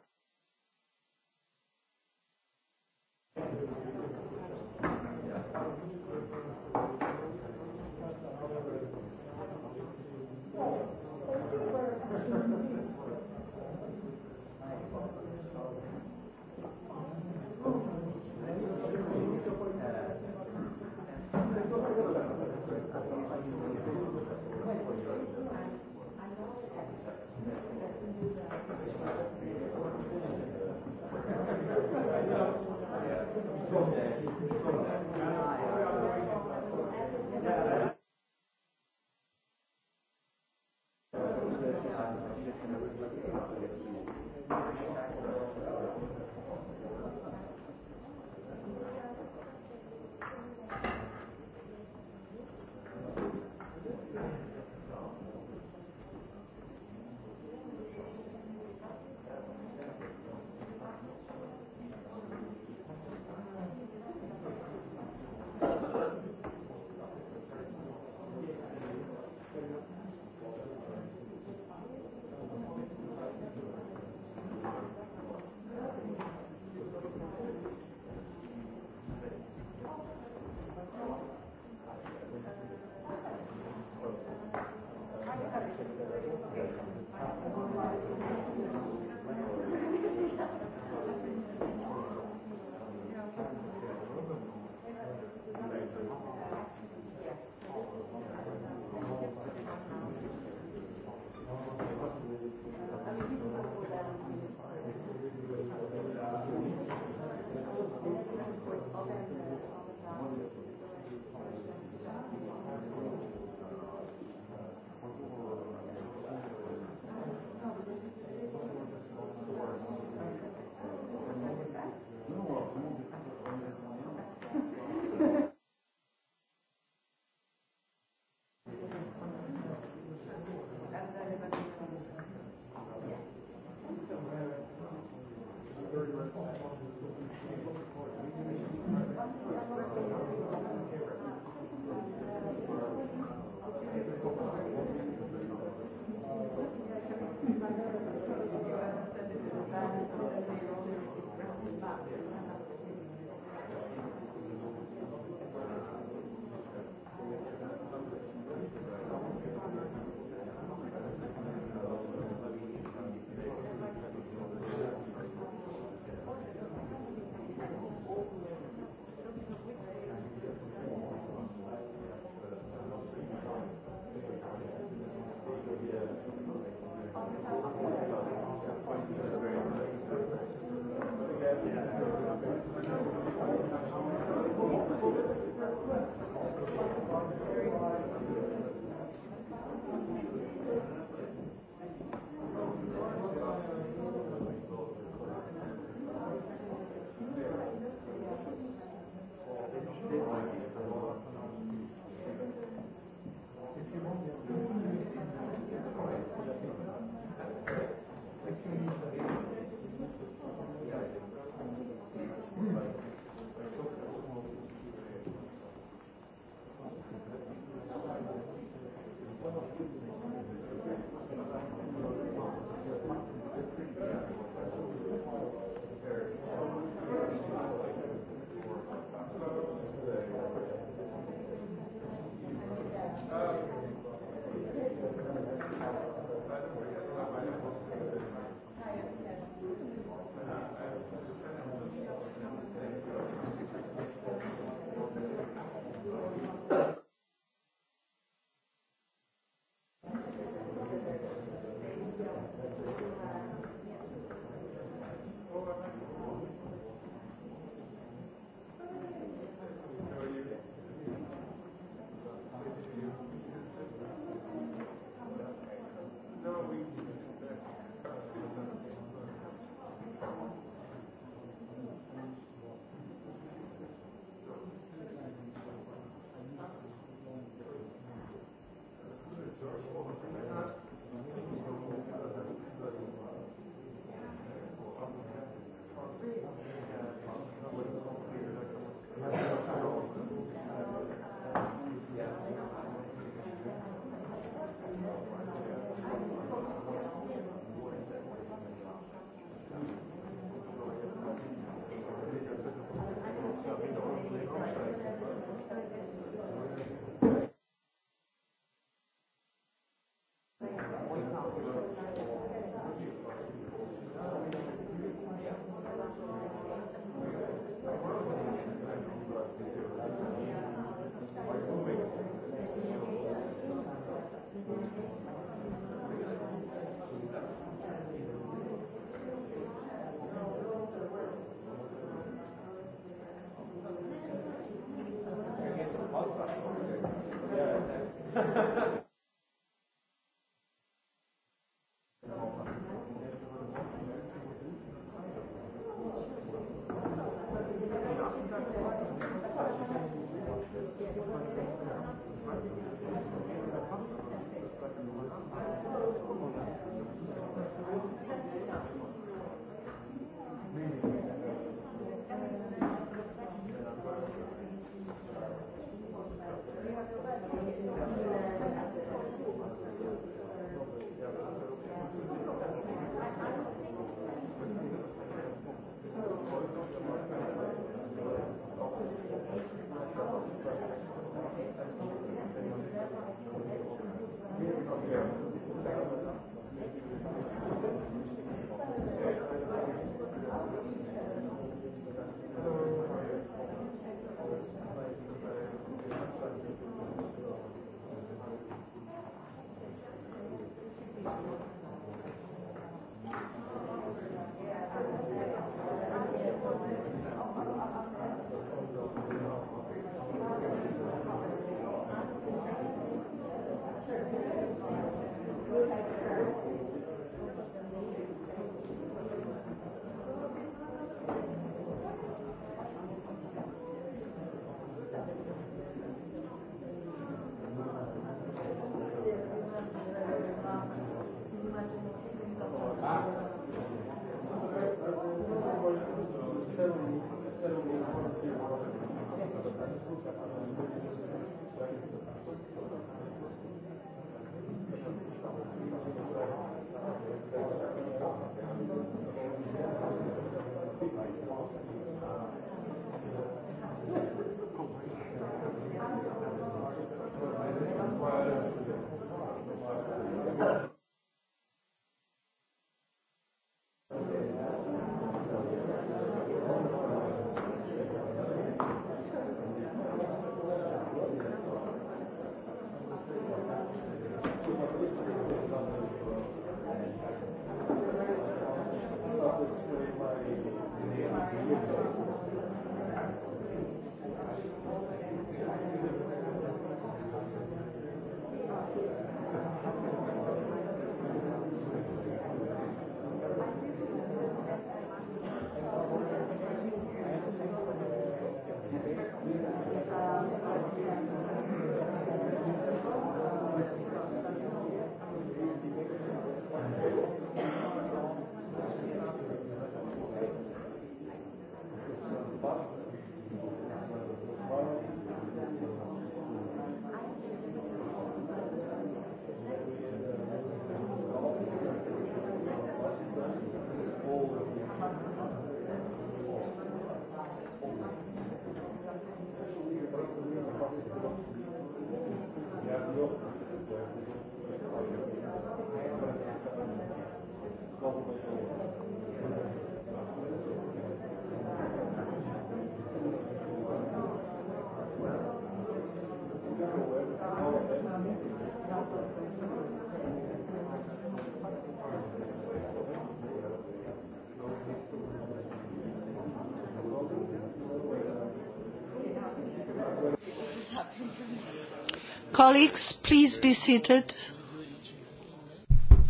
Colleagues, please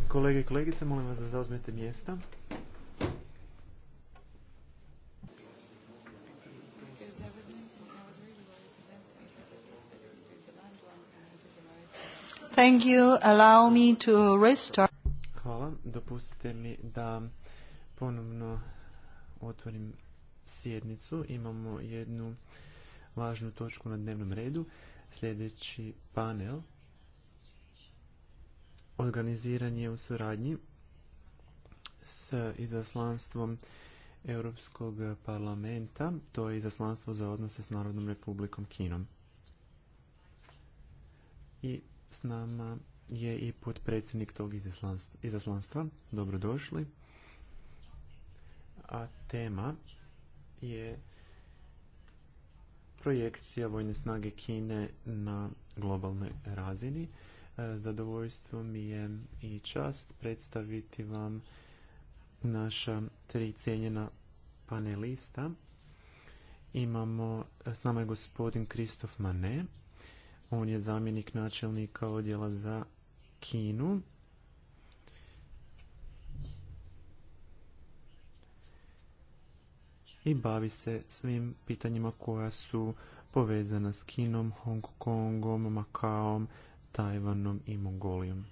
Kolege i kolegice, molim vas da zauzmete mjesta. Thank you. Allow me to restart. Hvala. Dopustite mi da ponovno otvorim sjednicu. Imamo jednu važnu točku na dnevnom redu. Sljedeći panel organiziran je u suradnji s izaslanstvom Europskog parlamenta, to je izaslanstvo za odnose s Narodnom republikom Kinom. I s nama je i potpredsjednik tog izaslanstva. Dobrodošli. A tema je projekcija vojne snage Kine na globalnoj razini. E, zadovoljstvo mi je i čast predstaviti vam naša tri cijenjena panelista. Imamo, e, s nama je gospodin Kristof Mane, on je zamjenik načelnika odjela za Kinu i bavi se svim pitanjima koja su povezana s Kinom, Hong Kongom, Makaom, Tajvanom i Mongolijom.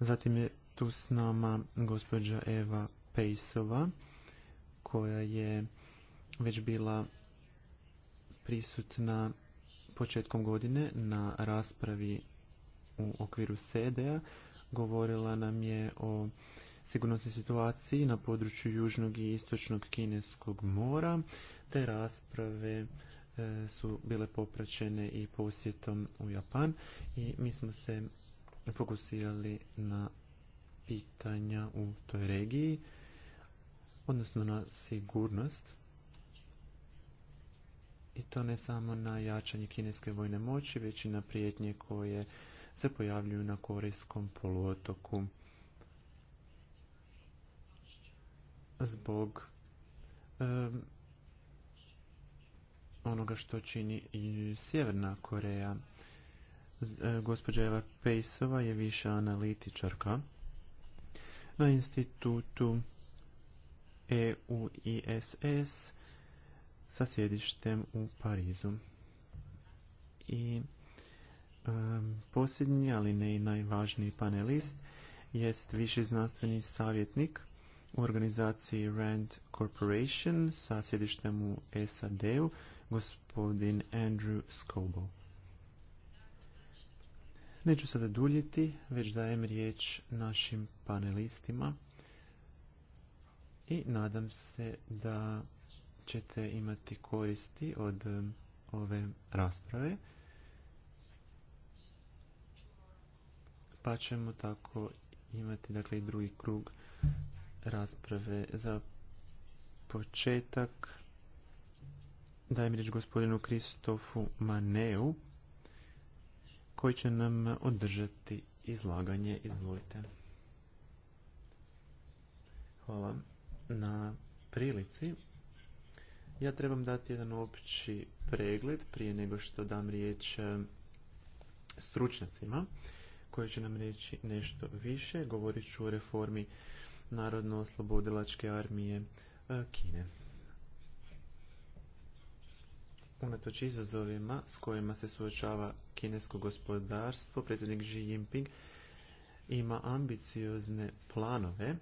Zatim je tu s nama gospođa Eva Pejsova koja je već bila prisutna početkom godine na raspravi u okviru SEDE-a. Govorila nam je o sigurnosnoj situaciji na području Južnog i Istočnog Kineskog mora. Te rasprave e, su bile popraćene i posjetom u Japan i mi smo se fokusirali na pitanja u toj regiji, odnosno na sigurnost i to ne samo na jačanje kineske vojne moći, već i na prijetnje koje se pojavljuju na Korejskom poluotoku. zbog onoga što čini Sjeverna Koreja. E, gospođa Eva Pejsova je viša analitičarka na institutu EUISS sa sjedištem u Parizu. I posljednji, ali ne i najvažniji panelist, jest viši znanstveni savjetnik u organizaciji Rand Corporation sa sjedištem u SAD-u, gospodin Andrew Scobo. Neću sada duljiti, već dajem riječ našim panelistima i nadam se da ćete imati koristi od um, ove rasprave. Pa ćemo tako imati dakle, i drugi krug rasprave. Za početak dajem riječ gospodinu Kristofu Maneu koji će nam održati izlaganje. Izvolite. Hvala na prilici. Ja trebam dati jedan opći pregled prije nego što dam riječ e, stručnjacima koji će nam reći nešto više. Govorit ću o reformi narodno-oslobodilačke armije e, Kine. Unatoč izazovima s kojima se suočava kinesko gospodarstvo, predsjednik Xi Jinping ima ambiciozne planove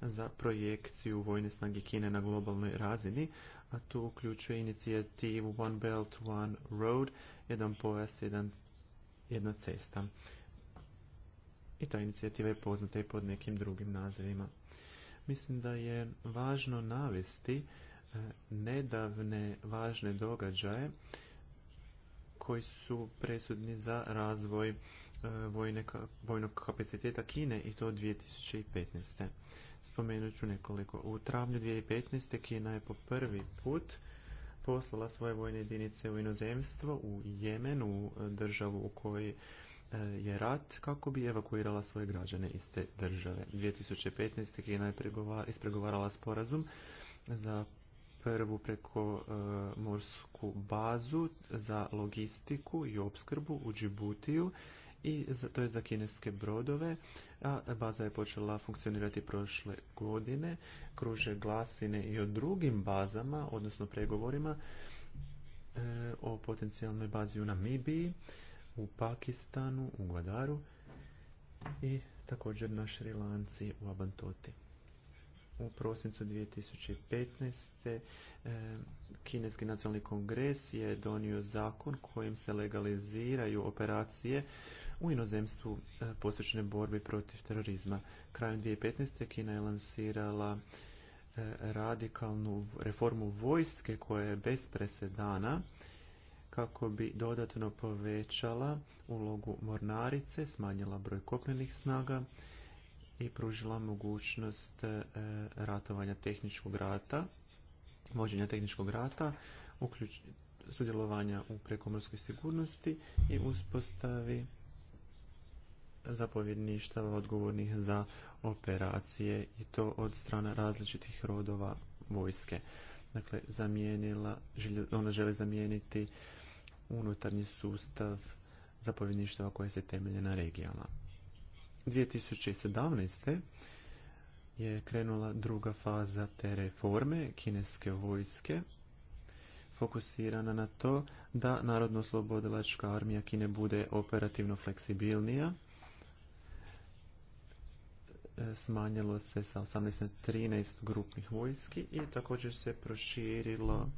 za projekciju vojne snage Kine na globalnoj razini, a tu uključuje inicijativu One Belt, One Road, jedan pojas, jedna cesta i ta inicijativa je poznata i pod nekim drugim nazivima. Mislim da je važno navesti e, nedavne važne događaje koji su presudni za razvoj e, vojnog kapaciteta Kine i to 2015. Spomenut ću nekoliko. U travnju 2015. Kina je po prvi put poslala svoje vojne jedinice u inozemstvo, u Jemenu, u e, državu u kojoj E, je rat kako bi evakuirala svoje građane iz te države. 2015. Kina je ispregovarala sporazum za prvu preko e, morsku bazu za logistiku i opskrbu u Džibutiju i za, to je za kineske brodove, a baza je počela funkcionirati prošle godine. Kruže glasine i o drugim bazama, odnosno pregovorima e, o potencijalnoj bazi u Namibiji u Pakistanu, u Guadaru i također na Šrilanci u Abantoti. U prosincu 2015. Eh, kineski nacionalni kongres je donio zakon kojim se legaliziraju operacije u inozemstvu eh, posvećene borbi protiv terorizma. Krajem 2015. Kina je lansirala eh, radikalnu reformu vojske koja je bez presedana kako bi dodatno povećala ulogu mornarice, smanjila broj kopnenih snaga i pružila mogućnost e, ratovanja tehničkog rata, vođenja tehničkog rata, sudjelovanja u prekomorskoj sigurnosti i uspostavi zapovjedništava odgovornih za operacije i to od strana različitih rodova vojske. Dakle, zamijenila, ona želi zamijeniti unutarnji sustav zapovjedništava koje se temelje na regijama. 2017. je krenula druga faza te reforme kineske vojske, fokusirana na to da Narodno-oslobodilačka armija Kine bude operativno fleksibilnija. E, smanjilo se sa 18 na 13 grupnih vojski i također se proširilo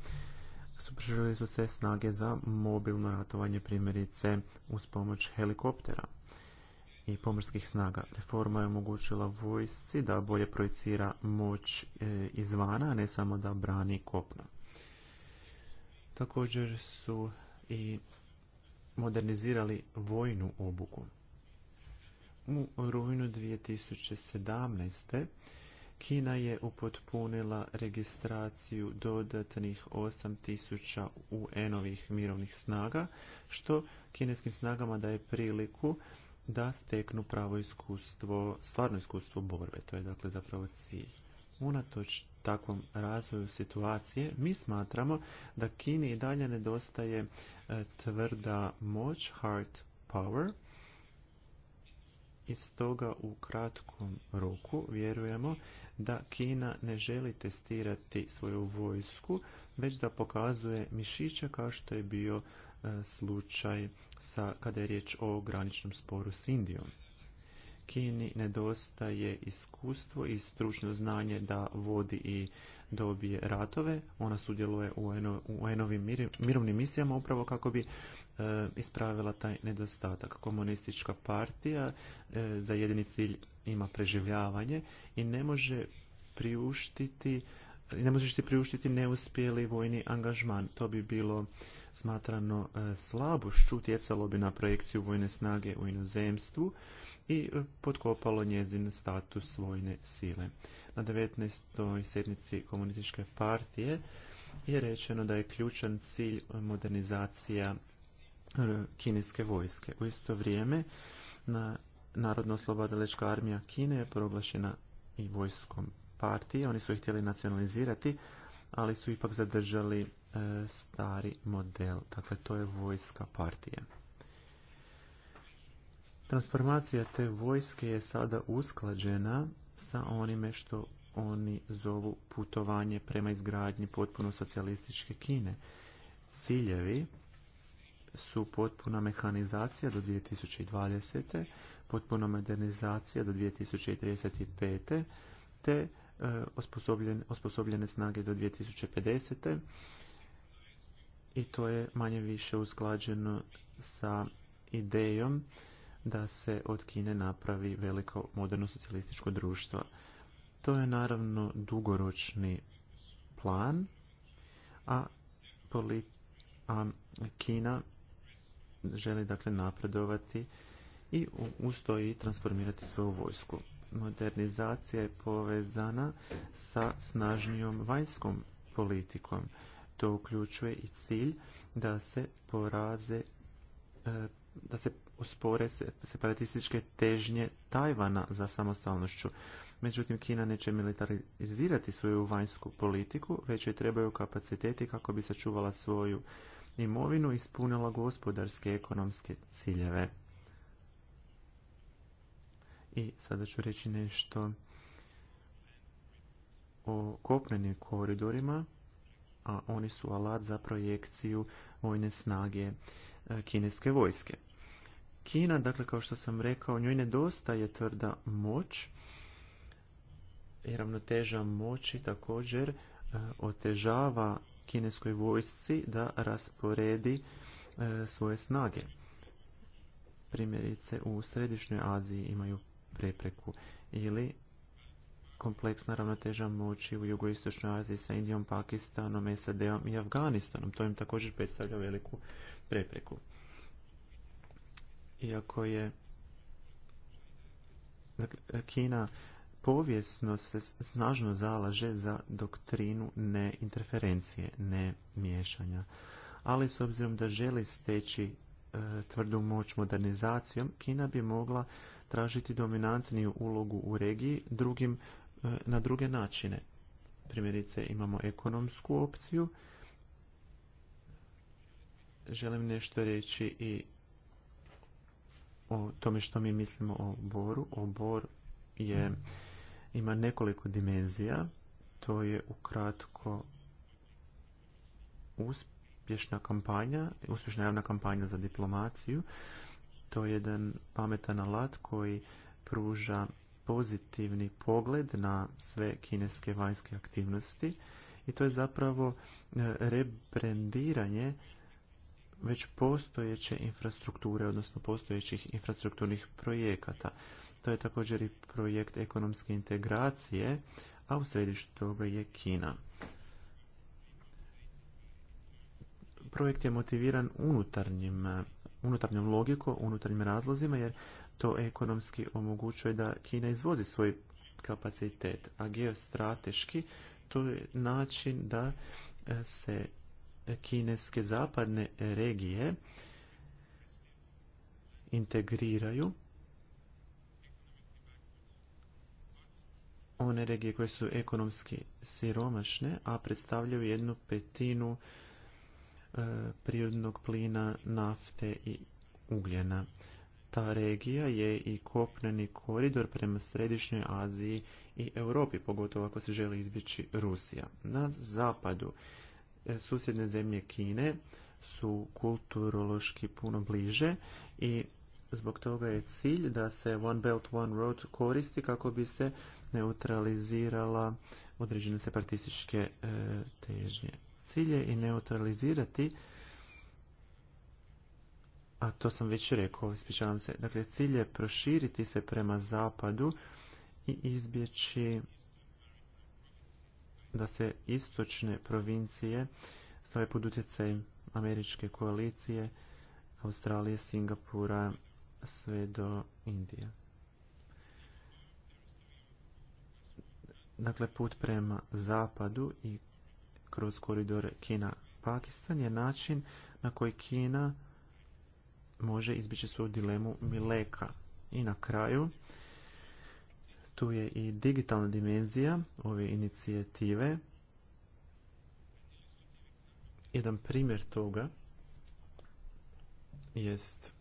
su su se snage za mobilno ratovanje primjerice uz pomoć helikoptera i pomorskih snaga. Reforma je omogućila vojsci da bolje projicira moć e, izvana, a ne samo da brani kopno. Također su i modernizirali vojnu obuku. U rujnu 2017. Kina je upotpunila registraciju dodatnih 8000 UN-ovih mirovnih snaga, što kineskim snagama daje priliku da steknu pravo iskustvo, stvarno iskustvo borbe. To je dakle zapravo cilj. Unatoč takvom razvoju situacije, mi smatramo da Kini i dalje nedostaje e, tvrda moć, hard power, i stoga u kratkom roku vjerujemo da Kina ne želi testirati svoju vojsku, već da pokazuje mišiće kao što je bio e, slučaj sa, kada je riječ o graničnom sporu s Indijom. Kini nedostaje iskustvo i stručno znanje da vodi i dobije ratove. Ona sudjeluje u UN-ovim mirovnim misijama upravo kako bi e, ispravila taj nedostatak. Komunistička partija e, za jedini cilj ima preživljavanje i ne može priuštiti ne možeš ti priuštiti neuspjeli vojni angažman. To bi bilo smatrano e, slabošću, utjecalo bi na projekciju vojne snage u inozemstvu i potkopalo njezin status vojne sile. Na 19. sjednici komunističke partije je rečeno da je ključan cilj modernizacija e, kineske vojske. U isto vrijeme na Narodno oslobodilačka armija Kine je proglašena i vojskom partije. Oni su ih htjeli nacionalizirati, ali su ipak zadržali e, stari model. Dakle, to je vojska partije. Transformacija te vojske je sada usklađena sa onime što oni zovu putovanje prema izgradnji potpuno socijalističke Kine. Ciljevi su potpuna mehanizacija do 2020. potpuna modernizacija do 2035. te e, osposobljene, osposobljene snage do 2050. I to je manje više usklađeno sa idejom da se od Kine napravi veliko moderno socijalističko društvo. To je naravno dugoročni plan, a, Kina želi dakle napredovati i ustoji transformirati svoju vojsku. Modernizacija je povezana sa snažnijom vanjskom politikom. To uključuje i cilj da se poraze e, da se uspore separatističke težnje Tajvana za samostalnošću. Međutim, Kina neće militarizirati svoju vanjsku politiku, već joj trebaju kapaciteti kako bi sačuvala svoju imovinu i ispunila gospodarske i ekonomske ciljeve. I sada ću reći nešto o kopnenim koridorima, a oni su alat za projekciju vojne snage e, kineske vojske. Kina, dakle kao što sam rekao, njoj nedostaje tvrda moć i ravnoteža moći također e, otežava kineskoj vojsci da rasporedi e, svoje snage. Primjerice u Središnjoj Aziji imaju prepreku ili kompleksna ravnoteža moći u jugoistočnoj Aziji sa Indijom, Pakistanom, SAD-om i Afganistanom. To im također predstavlja veliku prepreku iako je dakle, Kina povijesno se snažno zalaže za doktrinu neinterferencije, ne miješanja. Ali s obzirom da želi steći e, tvrdu moć modernizacijom, Kina bi mogla tražiti dominantniju ulogu u regiji drugim, e, na druge načine. Primjerice imamo ekonomsku opciju. Želim nešto reći i o tome što mi mislimo o boru. O bor je, ima nekoliko dimenzija. To je ukratko uspješna kampanja, uspješna javna kampanja za diplomaciju. To je jedan pametan alat koji pruža pozitivni pogled na sve kineske vanjske aktivnosti i to je zapravo e, rebrendiranje već postojeće infrastrukture, odnosno postojećih infrastrukturnih projekata. To je također i projekt ekonomske integracije, a u središtu toga je Kina. Projekt je motiviran unutarnjim, unutarnjom logikom, unutarnjim razlozima, jer to ekonomski omogućuje da Kina izvozi svoj kapacitet, a geostrateški to je način da se kineske zapadne regije integriraju one regije koje su ekonomski siromašne, a predstavljaju jednu petinu e, prirodnog plina, nafte i ugljena. Ta regija je i kopneni koridor prema Središnjoj Aziji i Europi, pogotovo ako se želi izbjeći Rusija. Na zapadu E, susjedne zemlje Kine su kulturološki puno bliže i zbog toga je cilj da se One Belt One Road koristi kako bi se neutralizirala određene separatističke e, težnje. Cilj je i neutralizirati a to sam već rekao, ispričavam se. Dakle, cilj je proširiti se prema zapadu i izbjeći da se istočne provincije stave pod utjecaj američke koalicije Australije, Singapura, sve do Indije. Dakle, put prema zapadu i kroz koridore Kina-Pakistan je način na koji Kina može izbići svoju dilemu Mileka. I na kraju, tu je i digitalna dimenzija ove inicijative. Jedan primjer toga jest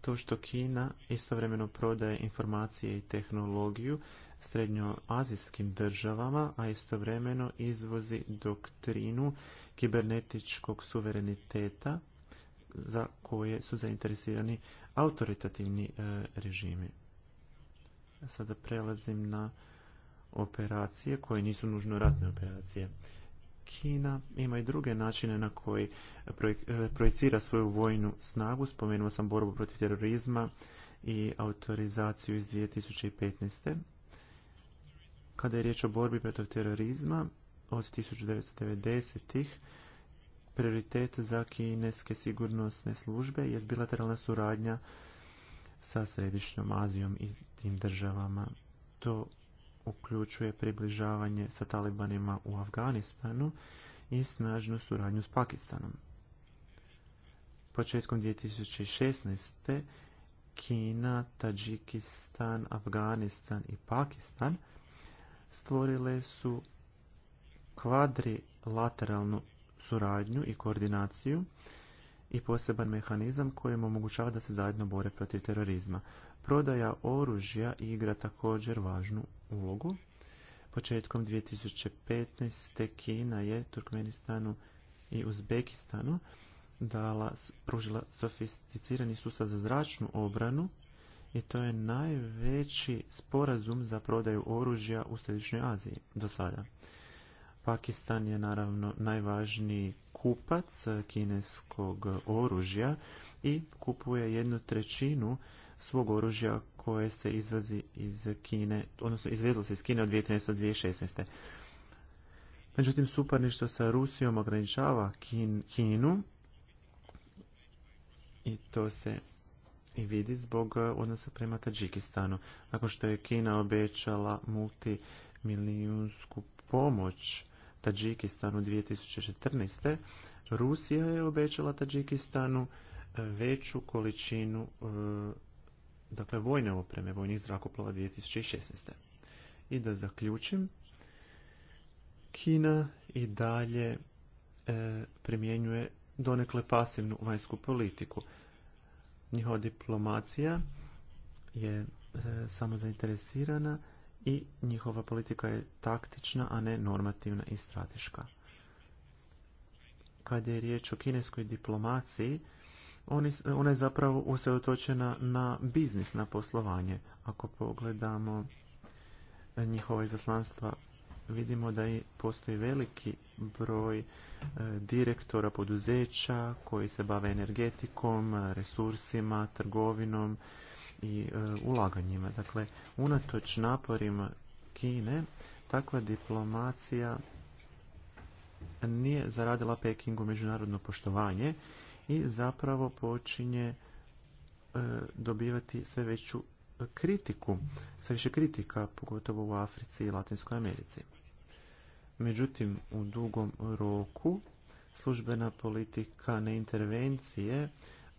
to što Kina istovremeno prodaje informacije i tehnologiju srednjoazijskim državama, a istovremeno izvozi doktrinu kibernetičkog suvereniteta za koje su zainteresirani autoritativni e, režimi. Sada prelazim na operacije koje nisu nužno ratne operacije. Kina ima i druge načine na koji projecira e, svoju vojnu snagu. Spomenuo sam borbu protiv terorizma i autorizaciju iz 2015. Kada je riječ o borbi protiv terorizma, od 1990-ih prioritet za kineske sigurnosne službe je bilateralna suradnja sa Središnjom Azijom i tim državama. To uključuje približavanje sa talibanima u Afganistanu i snažnu suradnju s Pakistanom. Početkom 2016. Kina, Tadžikistan, Afganistan i Pakistan stvorile su kvadrilateralnu suradnju i koordinaciju i poseban mehanizam koji im omogućava da se zajedno bore protiv terorizma. Prodaja oružja igra također važnu ulogu. Početkom 2015. Kina je Turkmenistanu i Uzbekistanu dala, pružila sofisticirani sustav za zračnu obranu i to je najveći sporazum za prodaju oružja u Središnjoj Aziji do sada. Pakistan je naravno najvažniji kupac kineskog oružja i kupuje jednu trećinu svog oružja koje se izvazi iz Kine, odnosno izvezlo se iz Kine od 2013. do 2016. Međutim, suparništvo sa Rusijom ograničava Kinu i to se i vidi zbog odnosa prema Tadžikistanu. Nakon što je Kina obećala multimilijunsku pomoć Tadžikistanu 2014. Rusija je obećala Tadžikistanu e, veću količinu e, dakle vojne opreme, vojnih zrakoplova 2016. I da zaključim, Kina i dalje e, primjenjuje donekle pasivnu vanjsku politiku. Njihova diplomacija je samo zainteresirana i njihova politika je taktična, a ne normativna i strateška. Kad je riječ o kineskoj diplomaciji, ona je zapravo usredotočena na biznis, na poslovanje. Ako pogledamo njihova izaslanstva, vidimo da i postoji veliki broj e, direktora poduzeća koji se bave energetikom, resursima, trgovinom, i e, ulaganjima. Dakle, unatoč naporima Kine, takva diplomacija nije zaradila Pekingu međunarodno poštovanje i zapravo počinje e, dobivati sve veću kritiku, sve više kritika, pogotovo u Africi i Latinskoj Americi. Međutim, u dugom roku službena politika neintervencije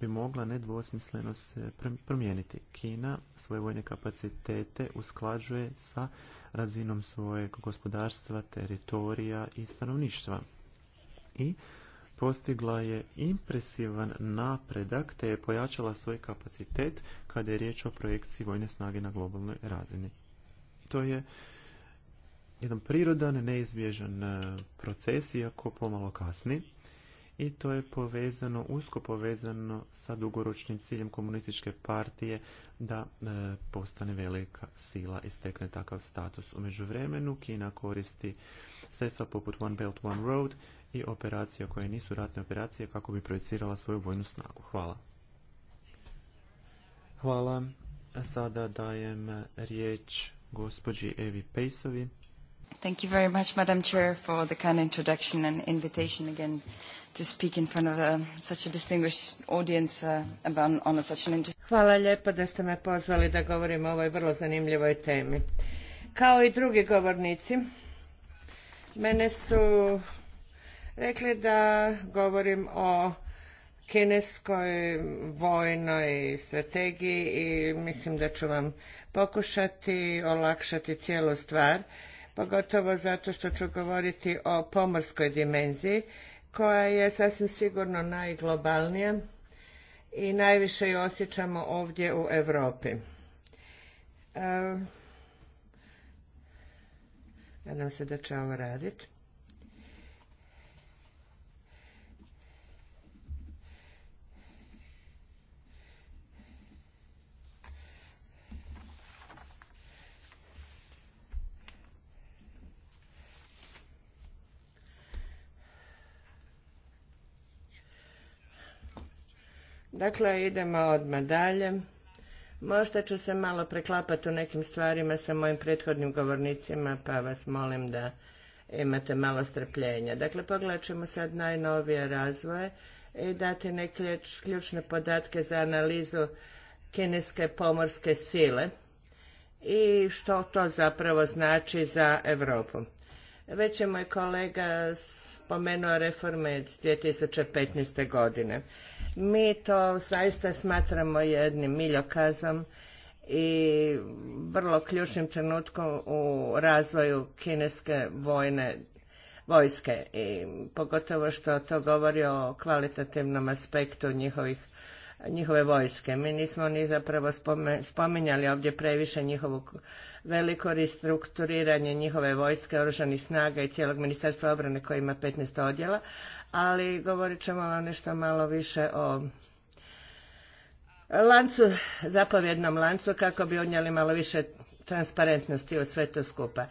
mogla nedvosmisleno se promijeniti. Kina svoje vojne kapacitete usklađuje sa razinom svojeg gospodarstva, teritorija i stanovništva. I postigla je impresivan napredak te je pojačala svoj kapacitet kada je riječ o projekciji vojne snage na globalnoj razini. To je jedan prirodan, neizbježan eh, proces, iako pomalo kasni, i to je povezano, usko povezano sa dugoročnim ciljem komunističke partije da e, postane velika sila i stekne takav status. U međuvremenu Kina koristi sredstva poput One Belt One Road i operacija koje nisu ratne operacije kako bi projecirala svoju vojnu snagu. Hvala. Hvala. Sada dajem riječ gospođi Evi Pejsovi. Thank you very much, Madam Chair, for the kind introduction and invitation again to speak in front of a, um, such a distinguished audience uh, about on such an interesting... Hvala lijepo da ste me pozvali da govorim o ovoj vrlo zanimljivoj temi. Kao i drugi govornici, mene su rekli da govorim o kineskoj vojnoj strategiji i mislim da ću vam pokušati olakšati cijelu stvar pogotovo zato što ću govoriti o pomorskoj dimenziji koja je sasvim sigurno najglobalnija i najviše ju osjećamo ovdje u Europi. E, nadam se da će ovo raditi. Dakle, idemo odmah dalje. Možda ću se malo preklapati u nekim stvarima sa mojim prethodnim govornicima, pa vas molim da imate malo strpljenja. Dakle, pogledat ćemo sad najnovije razvoje i dati neke ključne podatke za analizu kineske pomorske sile i što to zapravo znači za Europu. Već je moj kolega spomenuo reforme iz 2015. godine. Mi to zaista smatramo jednim miljokazom i vrlo ključnim trenutkom u razvoju kineske vojne vojske i pogotovo što to govori o kvalitativnom aspektu njihovih njihove vojske. Mi nismo ni zapravo spominjali ovdje previše njihovu veliko restrukturiranje njihove vojske, oružanih snaga i cijelog Ministarstva obrane koje ima 15 odjela, ali govorit ćemo vam nešto malo više o lancu, zapovjednom lancu kako bi odnijeli malo više transparentnosti u sve to skupa.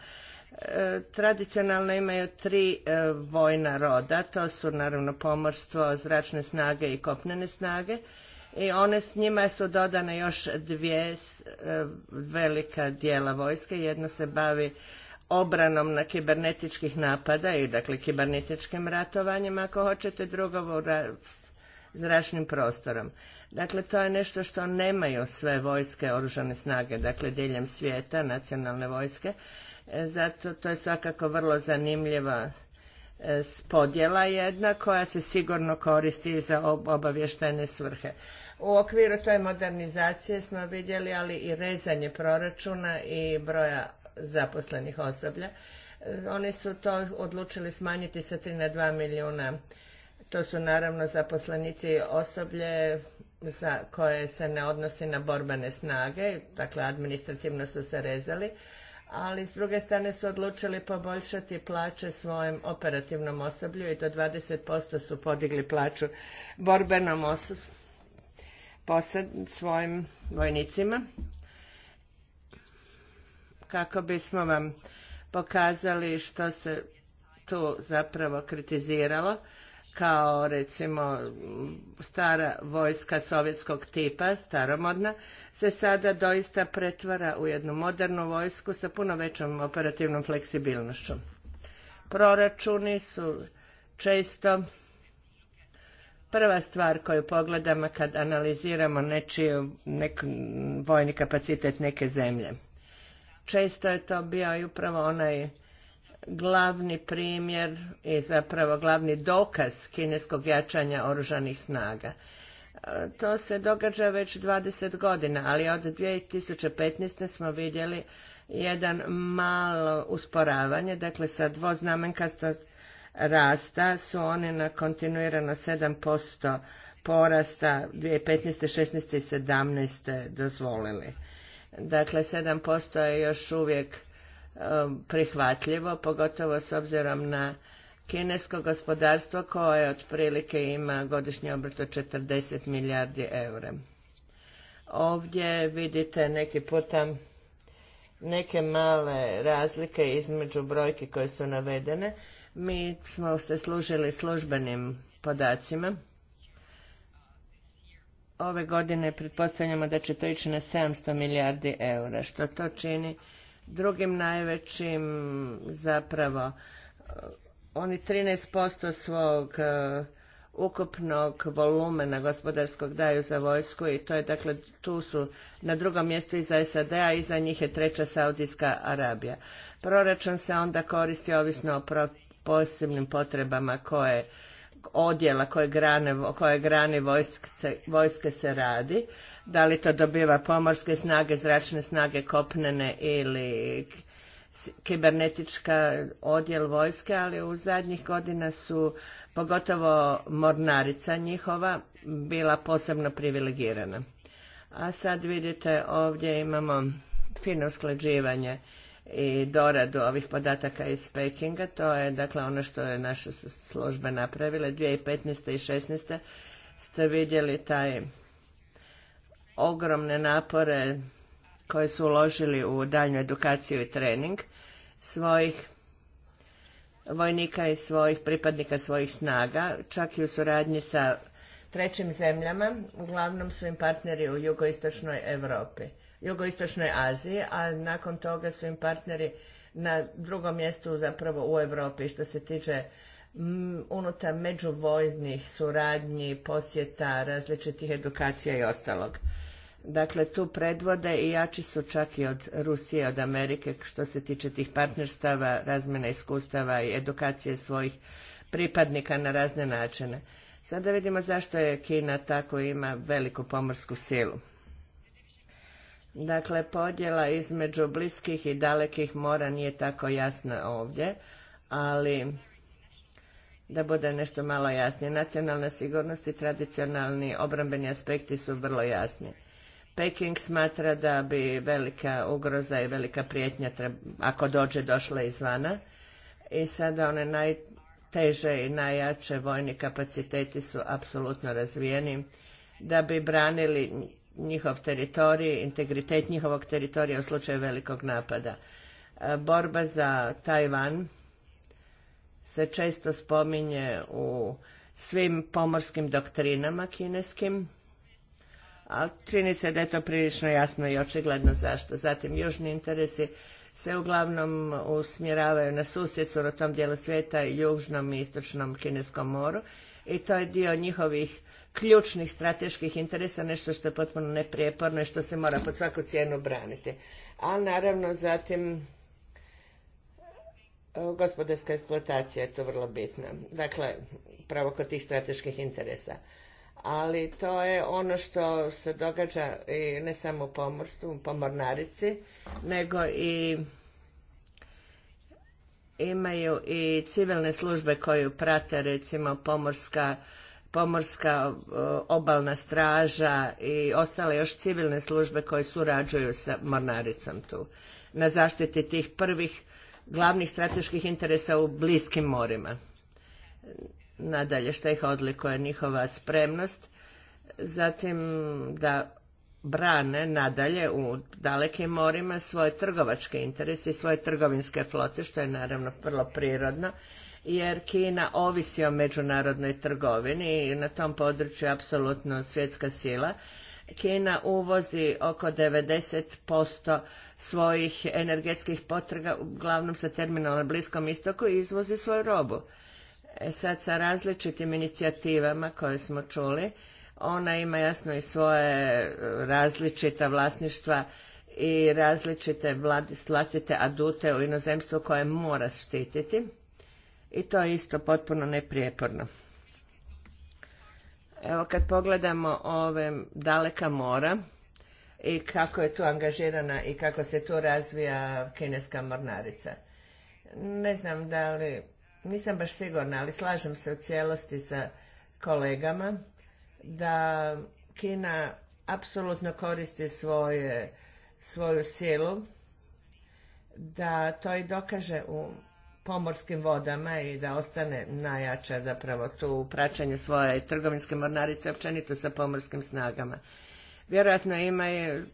E, tradicionalno imaju tri e, vojna roda, to su naravno pomorstvo, zračne snage i kopnene snage i one s njima su dodane još dvije e, velika dijela vojske, jedno se bavi obranom na kibernetičkih napada i dakle kibernetičkim ratovanjem ako hoćete, drugovo zračnim prostorom. Dakle, to je nešto što nemaju sve vojske, oružane snage, dakle, diljem svijeta, nacionalne vojske. E, zato to je svakako vrlo zanimljiva e, podjela jedna koja se sigurno koristi za obavještajne svrhe. U okviru toj modernizacije smo vidjeli ali i rezanje proračuna i broja zaposlenih osoblja. Oni su to odlučili smanjiti sa 3 na 2 milijuna. To su naravno zaposlenici osoblje za koje se ne odnosi na borbene snage, dakle administrativno su se rezali, ali s druge strane su odlučili poboljšati plaće svojem operativnom osoblju i do 20% su podigli plaću borbenom osoblju posad svojim vojnicima kako bismo vam pokazali što se tu zapravo kritiziralo kao recimo stara vojska sovjetskog tipa, staromodna, se sada doista pretvara u jednu modernu vojsku sa puno većom operativnom fleksibilnošću. Proračuni su često prva stvar koju pogledamo kad analiziramo nečiju, vojni kapacitet neke zemlje. Često je to bio i upravo onaj glavni primjer i zapravo glavni dokaz kineskog jačanja oružanih snaga. E, to se događa već 20 godina, ali od 2015. smo vidjeli jedan malo usporavanje, dakle sa dvoznamenkastog rasta su oni na kontinuirano 7% porasta 2015. 16. i 17. dozvolili. Dakle, 7% je još uvijek e, prihvatljivo, pogotovo s obzirom na kinesko gospodarstvo koje otprilike ima godišnji obrt od 40 milijardi eura. Ovdje vidite neki puta neke male razlike između brojke koje su navedene. Mi smo se služili službenim podacima ove godine pretpostavljamo da će to ići na 700 milijardi eura, što to čini drugim najvećim zapravo eh, oni 13% svog eh, ukupnog volumena gospodarskog daju za vojsku i to je dakle tu su na drugom mjestu iza SAD-a, iza njih je treća Saudijska Arabija. Proračun se onda koristi ovisno o posebnim potrebama koje odjela koje grane, grani vojske se, vojske se radi, da li to dobiva pomorske snage, zračne snage, kopnene ili kibernetička odjel vojske, ali u zadnjih godina su pogotovo mornarica njihova bila posebno privilegirana. A sad vidite ovdje imamo fino usklađivanje i doradu ovih podataka iz Pekinga. To je dakle ono što je naša služba napravila. 2015. i 2016. ste vidjeli taj ogromne napore koje su uložili u daljnju edukaciju i trening svojih vojnika i svojih pripadnika svojih snaga, čak i u suradnji sa trećim zemljama, uglavnom su im partneri u jugoistočnoj Europi jugoistočnoj Aziji, a nakon toga su im partneri na drugom mjestu zapravo u Europi što se tiče unuta unutar međuvojnih suradnji, posjeta, različitih edukacija i ostalog. Dakle, tu predvode i jači su čak i od Rusije, od Amerike, što se tiče tih partnerstava, razmjena iskustava i edukacije svojih pripadnika na razne načine. Sada vidimo zašto je Kina tako ima veliku pomorsku silu. Dakle, podjela između bliskih i dalekih mora nije tako jasna ovdje, ali da bude nešto malo jasnije. Nacionalna sigurnost i tradicionalni obrambeni aspekti su vrlo jasni. Peking smatra da bi velika ugroza i velika prijetnja, ako dođe, došla izvana. I sada one najteže i najjače vojni kapaciteti su apsolutno razvijeni da bi branili njihov teritorij, integritet njihovog teritorija u slučaju velikog napada. E, borba za Tajvan se često spominje u svim pomorskim doktrinama kineskim, ali čini se da je to prilično jasno i očigledno zašto. Zatim, južni interesi se uglavnom usmjeravaju na susjedstvo na tom dijelu svijeta, južnom i istočnom kineskom moru i to je dio njihovih ključnih strateških interesa, nešto što je potpuno neprijeporno i što se mora pod svaku cijenu braniti. A naravno zatim gospodarska eksploatacija je to vrlo bitna. Dakle, pravo kod tih strateških interesa. Ali to je ono što se događa i ne samo u pomorstvu, u pomornarici, nego i imaju i civilne službe koju prate recimo pomorska pomorska e, obalna straža i ostale još civilne službe koje surađuju sa mornaricom tu na zaštiti tih prvih glavnih strateških interesa u bliskim morima. Nadalje, što ih odlikuje njihova spremnost, zatim da brane nadalje u dalekim morima svoje trgovačke interese i svoje trgovinske flote, što je naravno vrlo prirodno, jer Kina ovisi o međunarodnoj trgovini i na tom području je apsolutno svjetska sila. Kina uvozi oko 90% svojih energetskih potrega uglavnom sa terminala na Bliskom istoku i izvozi svoju robu. E sad sa različitim inicijativama koje smo čuli, ona ima jasno i svoje e, različita vlasništva i različite vlastite adute u inozemstvu koje mora štititi i to je isto potpuno neprijeporno. Evo kad pogledamo ove daleka mora i kako je tu angažirana i kako se tu razvija kineska mornarica. Ne znam da li, nisam baš sigurna, ali slažem se u cijelosti sa kolegama da Kina apsolutno koristi svoje, svoju silu, da to i dokaže u pomorskim vodama i da ostane najjača zapravo tu praćenje svoje trgovinske mornarice općenito sa pomorskim snagama. Vjerojatno ima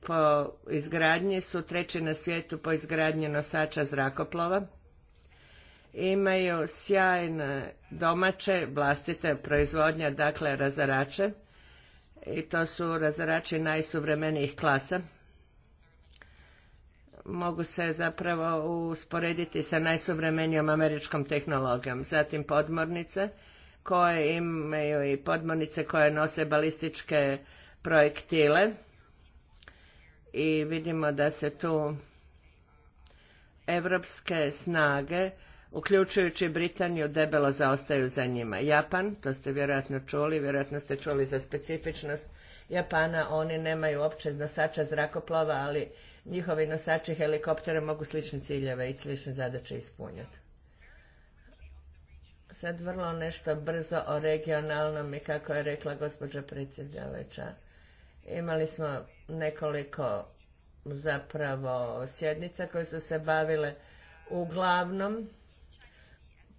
po izgradnji, su treći na svijetu po izgradnji nosača zrakoplova. Imaju sjajne domaće vlastite proizvodnje, dakle razarače. I to su razarači najsuvremenijih klasa mogu se zapravo usporediti sa najsuvremenijom američkom tehnologijom. Zatim podmornice koje imaju i podmornice koje nose balističke projektile i vidimo da se tu evropske snage uključujući Britaniju, debelo zaostaju za njima. Japan, to ste vjerojatno čuli, vjerojatno ste čuli za specifičnost Japana, oni nemaju uopće nosača zrakoplova, ali njihovi nosači helikoptera mogu slične ciljeve i slične zadaće ispunjati. Sad vrlo nešto brzo o regionalnom i kako je rekla gospođa predsjedavajuća. Imali smo nekoliko zapravo sjednica koje su se bavile uglavnom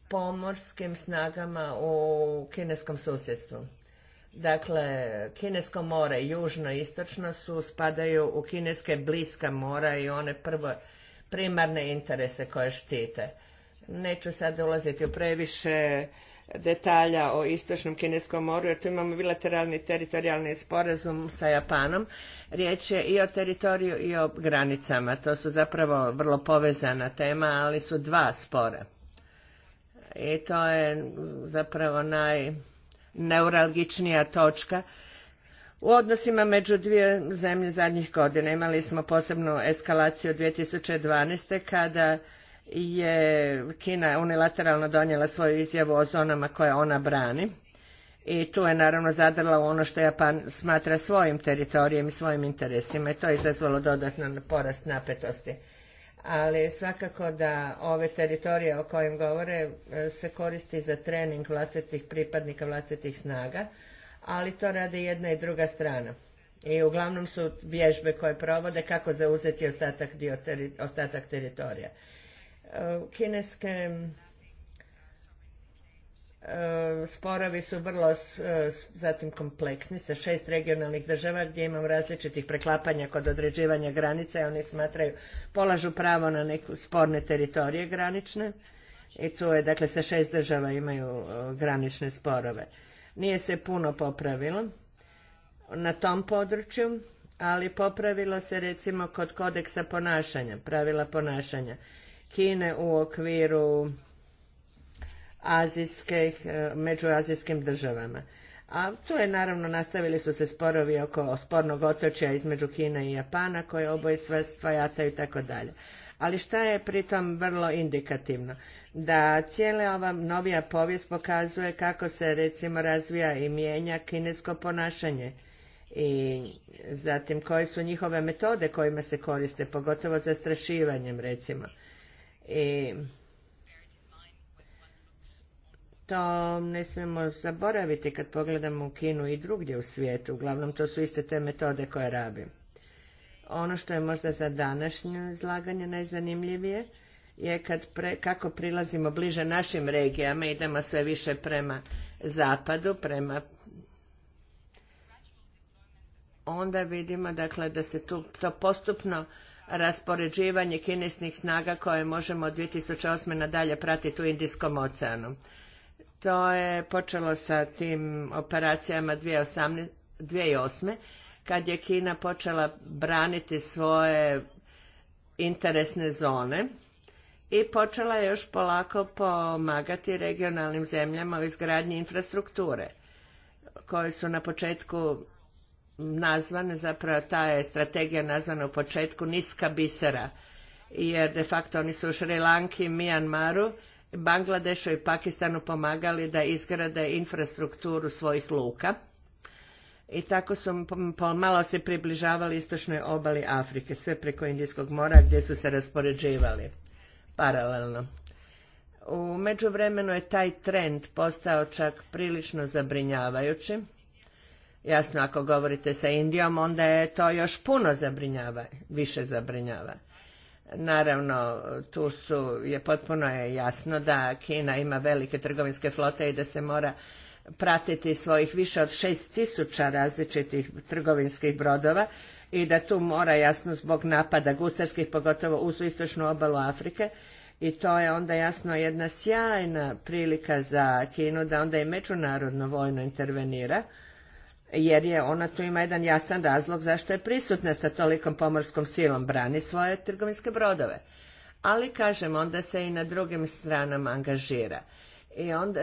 pomorskim snagama u kineskom susjedstvu. Dakle, Kinesko more, južno i istočno su, spadaju u kineske bliska mora i one prvo primarne interese koje štite. Neću sad ulaziti u previše detalja o istočnom kineskom moru, jer tu imamo bilateralni teritorijalni sporazum sa Japanom. Riječ je i o teritoriju i o granicama. To su zapravo vrlo povezana tema, ali su dva spora. I to je zapravo naj neuralgičnija točka u odnosima među dvije zemlje zadnjih godina. Imali smo posebnu eskalaciju 2012. kada je Kina unilateralno donijela svoju izjavu o zonama koje ona brani i tu je naravno zadrla u ono što Japan smatra svojim teritorijem i svojim interesima i to je izazvalo dodatan porast napetosti ali svakako da ove teritorije o kojim govore e, se koristi za trening vlastitih pripadnika vlastitih snaga, ali to radi jedna i druga strana. I uglavnom su vježbe koje provode kako zauzeti ostatak, dio ostatak teritorija. E, kineske E, sporovi su vrlo e, zatim kompleksni sa šest regionalnih država gdje imamo različitih preklapanja kod određivanja granica i oni smatraju, polažu pravo na neku sporne teritorije granične i tu je, dakle, sa šest država imaju e, granične sporove. Nije se puno popravilo na tom području, ali popravilo se recimo kod kodeksa ponašanja, pravila ponašanja. Kine u okviru među međuazijskim državama. A tu je naravno nastavili su se sporovi oko spornog otočja između Kine i Japana koje oboje sve stvajataju i tako dalje. Ali šta je pritom vrlo indikativno? Da cijela ova novija povijest pokazuje kako se recimo razvija i mijenja kinesko ponašanje i zatim koje su njihove metode kojima se koriste, pogotovo zastrašivanjem recimo. I to ne smijemo zaboraviti kad pogledamo u Kinu i drugdje u svijetu. Uglavnom, to su iste te metode koje rabi. Ono što je možda za današnje izlaganje najzanimljivije je kad kako prilazimo bliže našim regijama, idemo sve više prema zapadu, prema onda vidimo dakle da se tu to postupno raspoređivanje kinesnih snaga koje možemo od 2008. nadalje pratiti u Indijskom oceanu. To je počelo sa tim operacijama 2018, 2008. kad je Kina počela braniti svoje interesne zone i počela je još polako pomagati regionalnim zemljama u izgradnji infrastrukture koje su na početku nazvane, zapravo ta je strategija nazvana u početku niska bisera, jer de facto oni su u Šrilanki, Mijanmaru Bangladešu i Pakistanu pomagali da izgrade infrastrukturu svojih luka i tako su pomalo se približavali istočnoj obali Afrike, sve preko Indijskog mora gdje su se raspoređivali paralelno. U međuvremenu je taj trend postao čak prilično zabrinjavajući. Jasno, ako govorite sa Indijom, onda je to još puno zabrinjava, više zabrinjava. Naravno, tu su, je potpuno je jasno da Kina ima velike trgovinske flote i da se mora pratiti svojih više od tisuća različitih trgovinskih brodova i da tu mora jasno zbog napada gusarskih, pogotovo uz istočnu obalu Afrike, i to je onda jasno jedna sjajna prilika za Kinu da onda i međunarodno vojno intervenira jer je ona tu ima jedan jasan razlog zašto je prisutna sa tolikom pomorskom silom, brani svoje trgovinske brodove. Ali, kažem, onda se i na drugim stranama angažira. I onda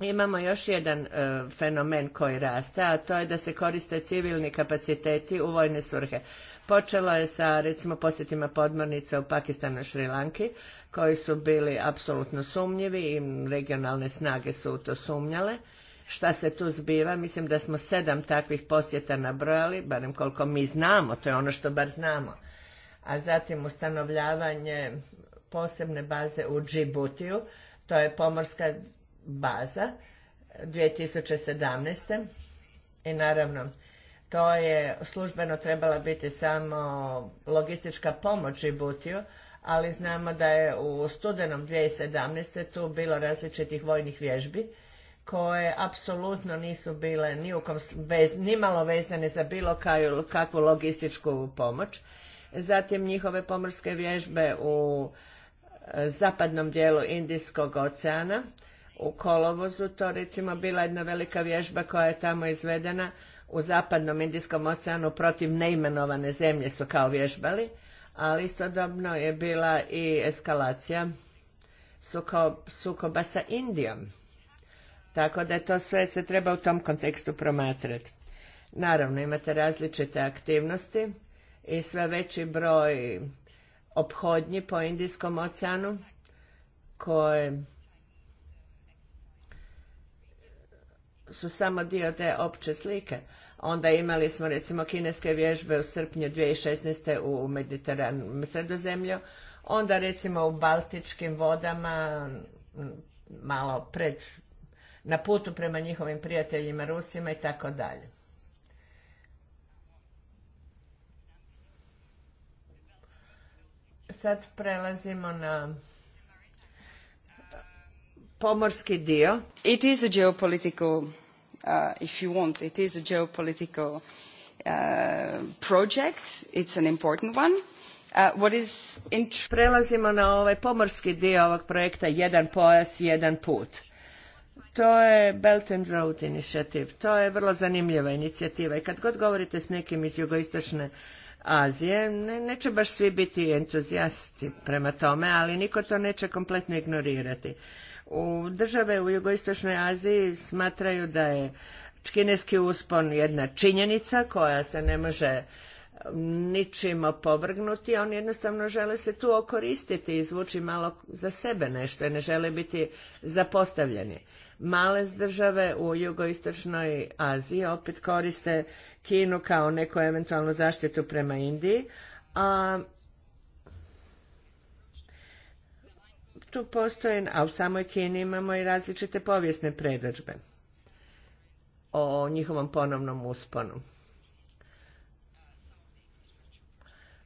imamo još jedan e, fenomen koji raste, a to je da se koriste civilni kapaciteti u vojne svrhe. Počelo je sa, recimo, posjetima podmornica u Pakistanu i Šrilanki, koji su bili apsolutno sumnjivi i regionalne snage su u to sumnjale šta se tu zbiva. Mislim da smo sedam takvih posjeta nabrojali, barem koliko mi znamo, to je ono što bar znamo. A zatim ustanovljavanje posebne baze u Džibutiju, to je pomorska baza 2017. I naravno, to je službeno trebala biti samo logistička pomoć Džibutiju, ali znamo da je u studenom 2017. tu bilo različitih vojnih vježbi koje apsolutno nisu bile ni, malo vezane za bilo kakvu logističku pomoć. Zatim njihove pomorske vježbe u e, zapadnom dijelu Indijskog oceana, u kolovozu, to recimo bila jedna velika vježba koja je tamo izvedena u zapadnom Indijskom oceanu protiv neimenovane zemlje su kao vježbali, ali istodobno je bila i eskalacija sukoba sa Indijom tako da to sve se treba u tom kontekstu promatrati. Naravno, imate različite aktivnosti i sve veći broj ophodnji po Indijskom oceanu koje su samo dio te opće slike. Onda imali smo recimo kineske vježbe u srpnju 2016. u Mediteranu sredozemlju, onda recimo u Baltičkim vodama malo pred na putu prema njihovim prijateljima Rusima i tako dalje. Sad prelazimo na pomorski dio. It is a geopolitical, uh, if you want, it is a geopolitical Uh, project. It's an important one. Uh, what is Prelazimo na ovaj pomorski dio ovog projekta Jedan pojas, jedan put. To je Belt and Road inicijativ. To je vrlo zanimljiva inicijativa i kad god govorite s nekim iz jugoistočne Azije, ne, neće baš svi biti entuzijasti prema tome, ali niko to neće kompletno ignorirati. U države u jugoistočnoj Aziji smatraju da je kineski uspon jedna činjenica koja se ne može ničim opovrgnuti, oni jednostavno žele se tu okoristiti i izvući malo za sebe nešto i ne žele biti zapostavljeni. Male države u jugoistočnoj Aziji opet koriste Kinu kao neku eventualnu zaštitu prema Indiji, a tu postoje, a u samoj Kini imamo i različite povijesne predođbe o njihovom ponovnom usponu.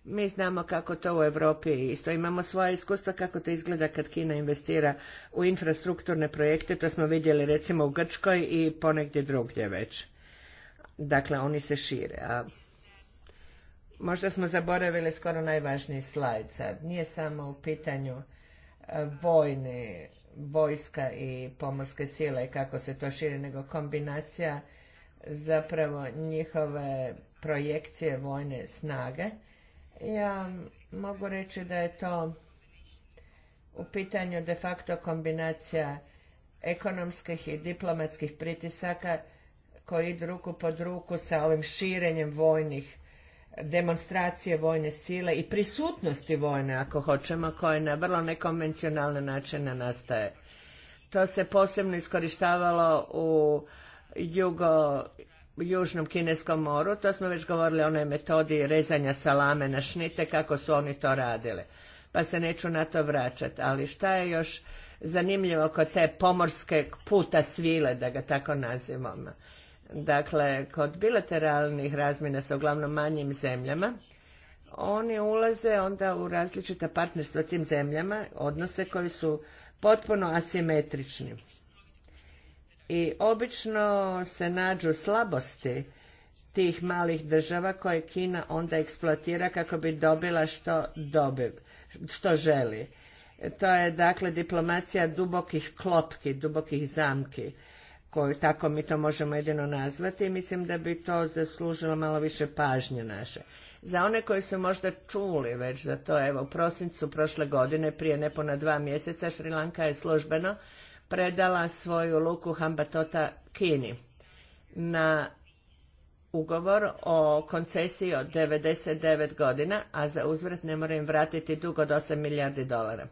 Mi znamo kako to u Europi isto imamo svoje iskustva kako to izgleda kad Kina investira u infrastrukturne projekte, to smo vidjeli recimo u Grčkoj i ponegdje drugdje već. Dakle, oni se šire. A možda smo zaboravili skoro najvažniji slajd sad. Nije samo u pitanju e, vojne, vojska i pomorske sile i kako se to šire, nego kombinacija zapravo njihove projekcije vojne snage ja mogu reći da je to u pitanju de facto kombinacija ekonomskih i diplomatskih pritisaka koji idu ruku pod ruku sa ovim širenjem vojnih demonstracije vojne sile i prisutnosti vojne, ako hoćemo, koje na vrlo nekonvencionalne načine nastaje. To se posebno iskorištavalo u jugo Južnom Kineskom moru, to smo već govorili o onoj metodi rezanja salame na šnite, kako su oni to radili. Pa se neću na to vraćati. Ali šta je još zanimljivo kod te pomorske puta svile, da ga tako nazivamo? Dakle, kod bilateralnih razmjena sa uglavnom manjim zemljama, oni ulaze onda u različita partnerstva tim zemljama, odnose koji su potpuno asimetrični i obično se nađu slabosti tih malih država koje Kina onda eksploatira kako bi dobila što dobi, što želi. To je dakle diplomacija dubokih klopki, dubokih zamki, koju tako mi to možemo jedino nazvati i mislim da bi to zaslužilo malo više pažnje naše. Za one koji su možda čuli već za to, evo u prosincu prošle godine, prije nepona dva mjeseca, Šrilanka je službeno predala svoju luku Hambatota Kini na ugovor o koncesiji od 99 godina, a za uzvrat ne mora im vratiti dug od 8 milijardi dolara.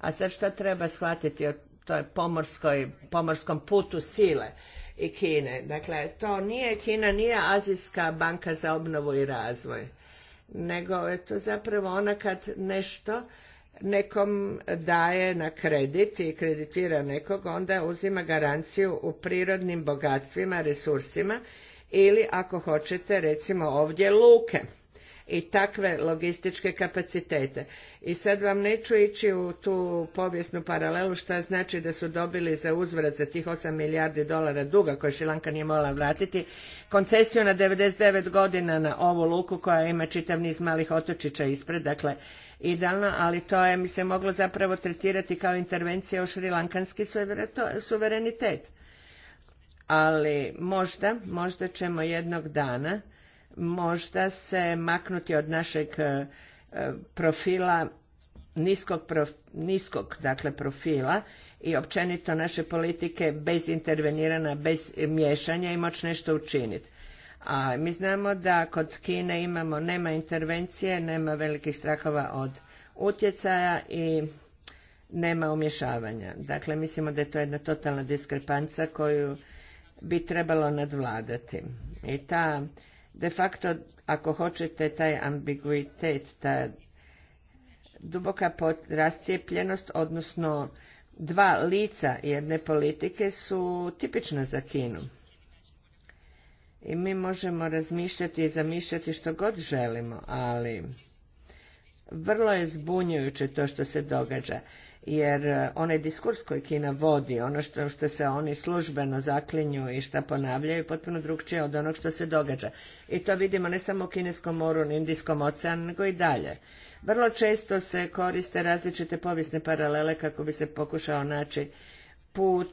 A sad šta treba shvatiti o toj pomorskoj, pomorskom putu sile i Kine? Dakle, to nije, Kina nije Azijska banka za obnovu i razvoj, nego je to zapravo ona kad nešto nekom daje na kredit i kreditira nekog, onda uzima garanciju u prirodnim bogatstvima, resursima ili ako hoćete recimo ovdje luke i takve logističke kapacitete. I sad vam neću ići u tu povijesnu paralelu šta znači da su dobili za uzvrat za tih 8 milijardi dolara duga koje Šilanka nije mogla vratiti, koncesiju na 99 godina na ovu luku koja ima čitav niz malih otočića ispred, dakle idealno, ali to je mi se moglo zapravo tretirati kao intervencija u šrilankanski suverenitet. Ali možda, možda ćemo jednog dana možda se maknuti od našeg e, profila niskog, niskog dakle profila i općenito naše politike bez intervenirana, bez miješanja i moći nešto učiniti. A mi znamo da kod Kine imamo, nema intervencije, nema velikih strahova od utjecaja i nema umješavanja. Dakle, mislimo da je to jedna totalna diskrepanca koju bi trebalo nadvladati. I ta de facto, ako hoćete, taj ambiguitet, ta duboka razcijepljenost, odnosno dva lica jedne politike su tipična za Kinu. I mi možemo razmišljati i zamišljati što god želimo, ali vrlo je zbunjujuće to što se događa jer e, onaj diskurs koji Kina vodi, ono što, što se oni službeno zaklinju i šta ponavljaju potpuno drugčije od onog što se događa. I to vidimo ne samo u Kineskom moru, na Indijskom oceanu, nego i dalje. Vrlo često se koriste različite povijesne paralele kako bi se pokušao naći put,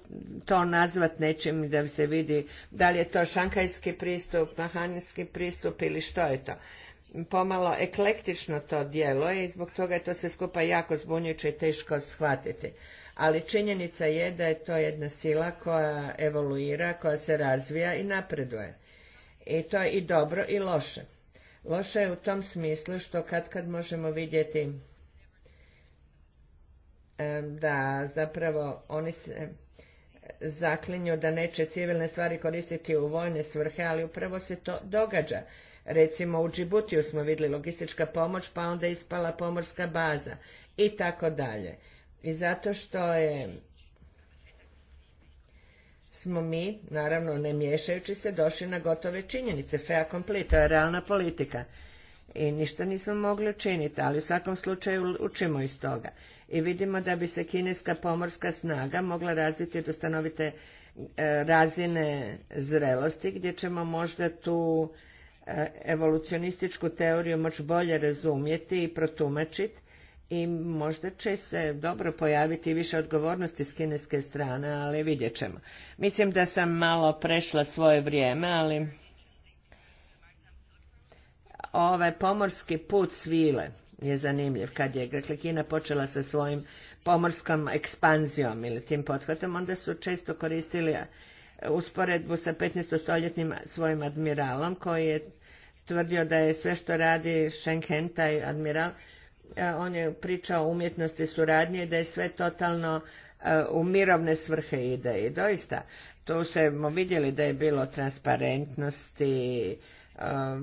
to nazvat nečim da se vidi da li je to šankajski pristup, mahanijski pristup ili što je to pomalo eklektično to djeluje i zbog toga je to sve skupa jako zbunjujuće i teško shvatiti. Ali činjenica je da je to jedna sila koja evoluira, koja se razvija i napreduje. I to je i dobro i loše. Loše je u tom smislu što kad kad možemo vidjeti da zapravo oni se zaklinju da neće civilne stvari koristiti u vojne svrhe, ali upravo se to događa. Recimo u Džibutiju smo vidjeli logistička pomoć, pa onda ispala pomorska baza i tako dalje. I zato što je smo mi, naravno ne miješajući se, došli na gotove činjenice. Fea complete, to je realna politika. I ništa nismo mogli učiniti, ali u svakom slučaju učimo iz toga. I vidimo da bi se kineska pomorska snaga mogla razviti do stanovite e, razine zrelosti, gdje ćemo možda tu E, evolucionističku teoriju moći bolje razumjeti i protumačiti i možda će se dobro pojaviti više odgovornosti s kineske strane, ali vidjet ćemo. Mislim da sam malo prešla svoje vrijeme, ali ovaj pomorski put svile je zanimljiv. Kad je dakle, Kina počela sa svojim pomorskom ekspanzijom ili tim pothvatom, onda su često koristili usporedbu sa 15-stoljetnim svojim admiralom koji je tvrdio da je sve što radi Schengen, taj admiral, e, on je pričao o umjetnosti suradnje i da je sve totalno e, u mirovne svrhe ide. I doista, tu smo vidjeli da je bilo transparentnosti, e,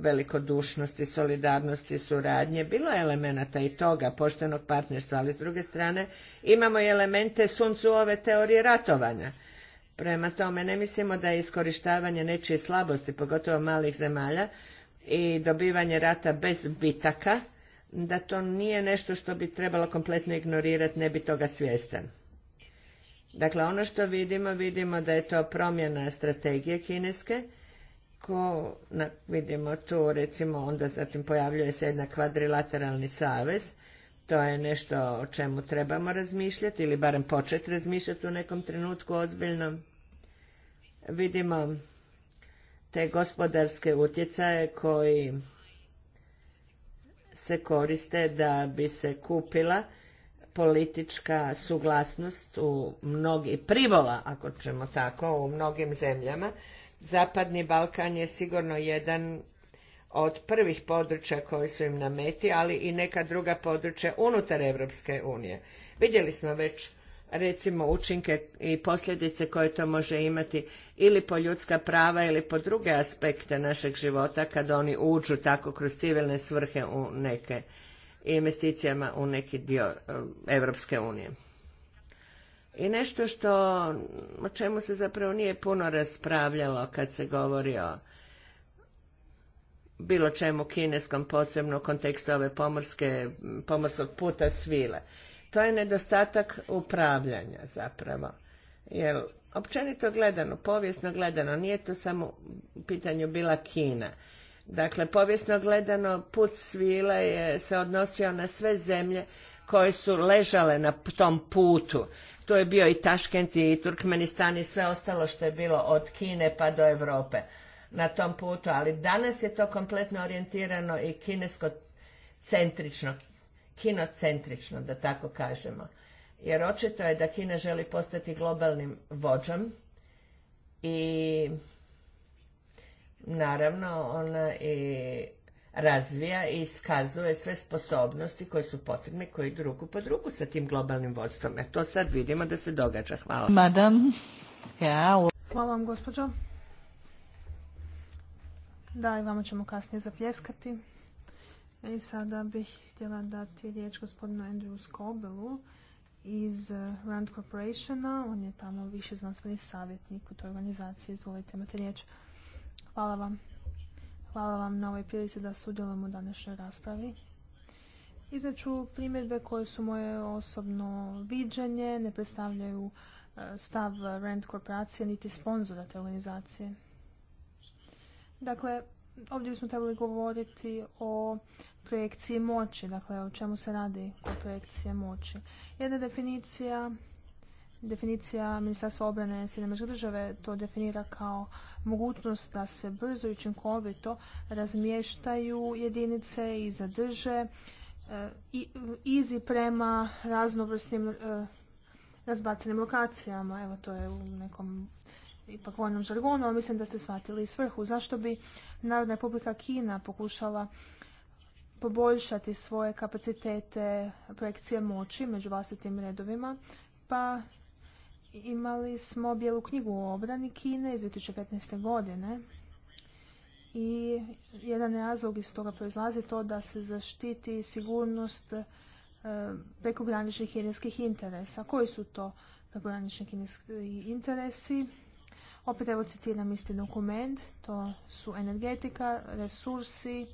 velikodušnosti, solidarnosti, suradnje. Bilo je elemenata i toga, poštenog partnerstva, ali s druge strane imamo i elemente suncu ove teorije ratovanja Prema tome, ne mislimo da je iskorištavanje nečije slabosti, pogotovo malih zemalja, i dobivanje rata bez bitaka, da to nije nešto što bi trebalo kompletno ignorirati, ne bi toga svjestan. Dakle, ono što vidimo, vidimo da je to promjena strategije kineske, ko, vidimo tu recimo onda zatim pojavljuje se jedna kvadrilateralni savez, to je nešto o čemu trebamo razmišljati ili barem početi razmišljati u nekom trenutku ozbiljno. Vidimo te gospodarske utjecaje koji se koriste da bi se kupila politička suglasnost u mnogi privola, ako ćemo tako, u mnogim zemljama. Zapadni Balkan je sigurno jedan od prvih područja koji su im nameti, ali i neka druga područja unutar Europske unije. Vidjeli smo već recimo učinke i posljedice koje to može imati ili po ljudska prava ili po druge aspekte našeg života kad oni uđu tako kroz civilne svrhe u neke investicijama u neki dio Europske eh, unije. I nešto što, o čemu se zapravo nije puno raspravljalo kad se govori o bilo čemu kineskom posebno u kontekstu ove pomorske, pomorskog puta svile. To je nedostatak upravljanja zapravo. Jer općenito gledano, povijesno gledano, nije to samo u pitanju bila Kina. Dakle, povijesno gledano, put svile je, se odnosio na sve zemlje koje su ležale na tom putu. To je bio i Taškent i Turkmenistan i sve ostalo što je bilo od Kine pa do Europe na tom putu, ali danas je to kompletno orijentirano i kinesko-centrično, kinocentrično, da tako kažemo. Jer očito je da Kina želi postati globalnim vođom i naravno ona i razvija i iskazuje sve sposobnosti koje su potrebne koji idu ruku pod ruku sa tim globalnim vodstvom. E to sad vidimo da se događa. Hvala. Madam. Ja. Hvala vam, gospođo. Da, i vama ćemo kasnije zapljeskati. I sada bih htjela dati riječ gospodinu Andrewu Skobelu iz Rand Corporationa. On je tamo više znanstveni savjetnik u toj organizaciji. Izvolite, imate riječ. Hvala vam. Hvala vam na ovoj prilici da sudjelujem u današnjoj raspravi. Izneću primjedbe koje su moje osobno viđenje, ne predstavljaju e, stav Rand korporacije niti sponzora te organizacije. Dakle, ovdje bismo trebali govoriti o projekciji moći, dakle o čemu se radi o projekcije moći. Jedna definicija Definicija Ministarstva obrane Sjedinjene države to definira kao mogućnost da se brzo i učinkovito razmještaju jedinice i zadrže iz e, izi prema raznovrsnim e, razbacenim razbacanim lokacijama. Evo to je u nekom ipak vojnom žargonu, ali mislim da ste shvatili svrhu. Zašto bi Narodna republika Kina pokušala poboljšati svoje kapacitete projekcije moći među vlastitim redovima? Pa imali smo bijelu knjigu o obrani Kine iz 2015. godine i jedan razlog iz toga proizlazi to da se zaštiti sigurnost e, prekograničnih kineskih interesa. Koji su to prekogranični kineski interesi? Opet evo citiram isti dokument, to su energetika, resursi,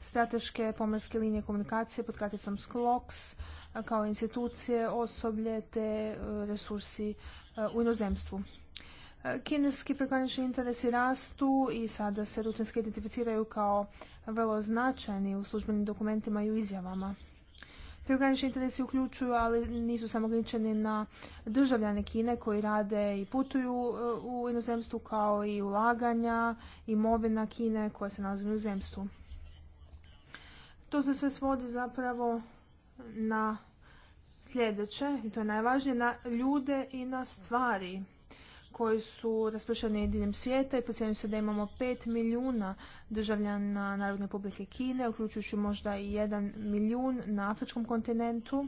strateške pomorske linije komunikacije pod kraticom SKLOX, kao institucije, osoblje te e, resursi e, u inozemstvu. E, kineski prekogranični interesi rastu i sada se rutinski identificiraju kao vrlo značajni u službenim dokumentima i u izjavama ograničeni interesi uključuju, ali nisu samo ograničeni na državljane Kine koji rade i putuju e, u inozemstvu kao i ulaganja, imovina Kine koja se nalazi u inozemstvu. To se sve svodi zapravo na sljedeće, i to je najvažnije, na ljude i na stvari koji su raspršeni diljem svijeta i procjenjuje se da imamo 5 milijuna državljana Narodne republike Kine, uključujući možda i 1 milijun na afričkom kontinentu,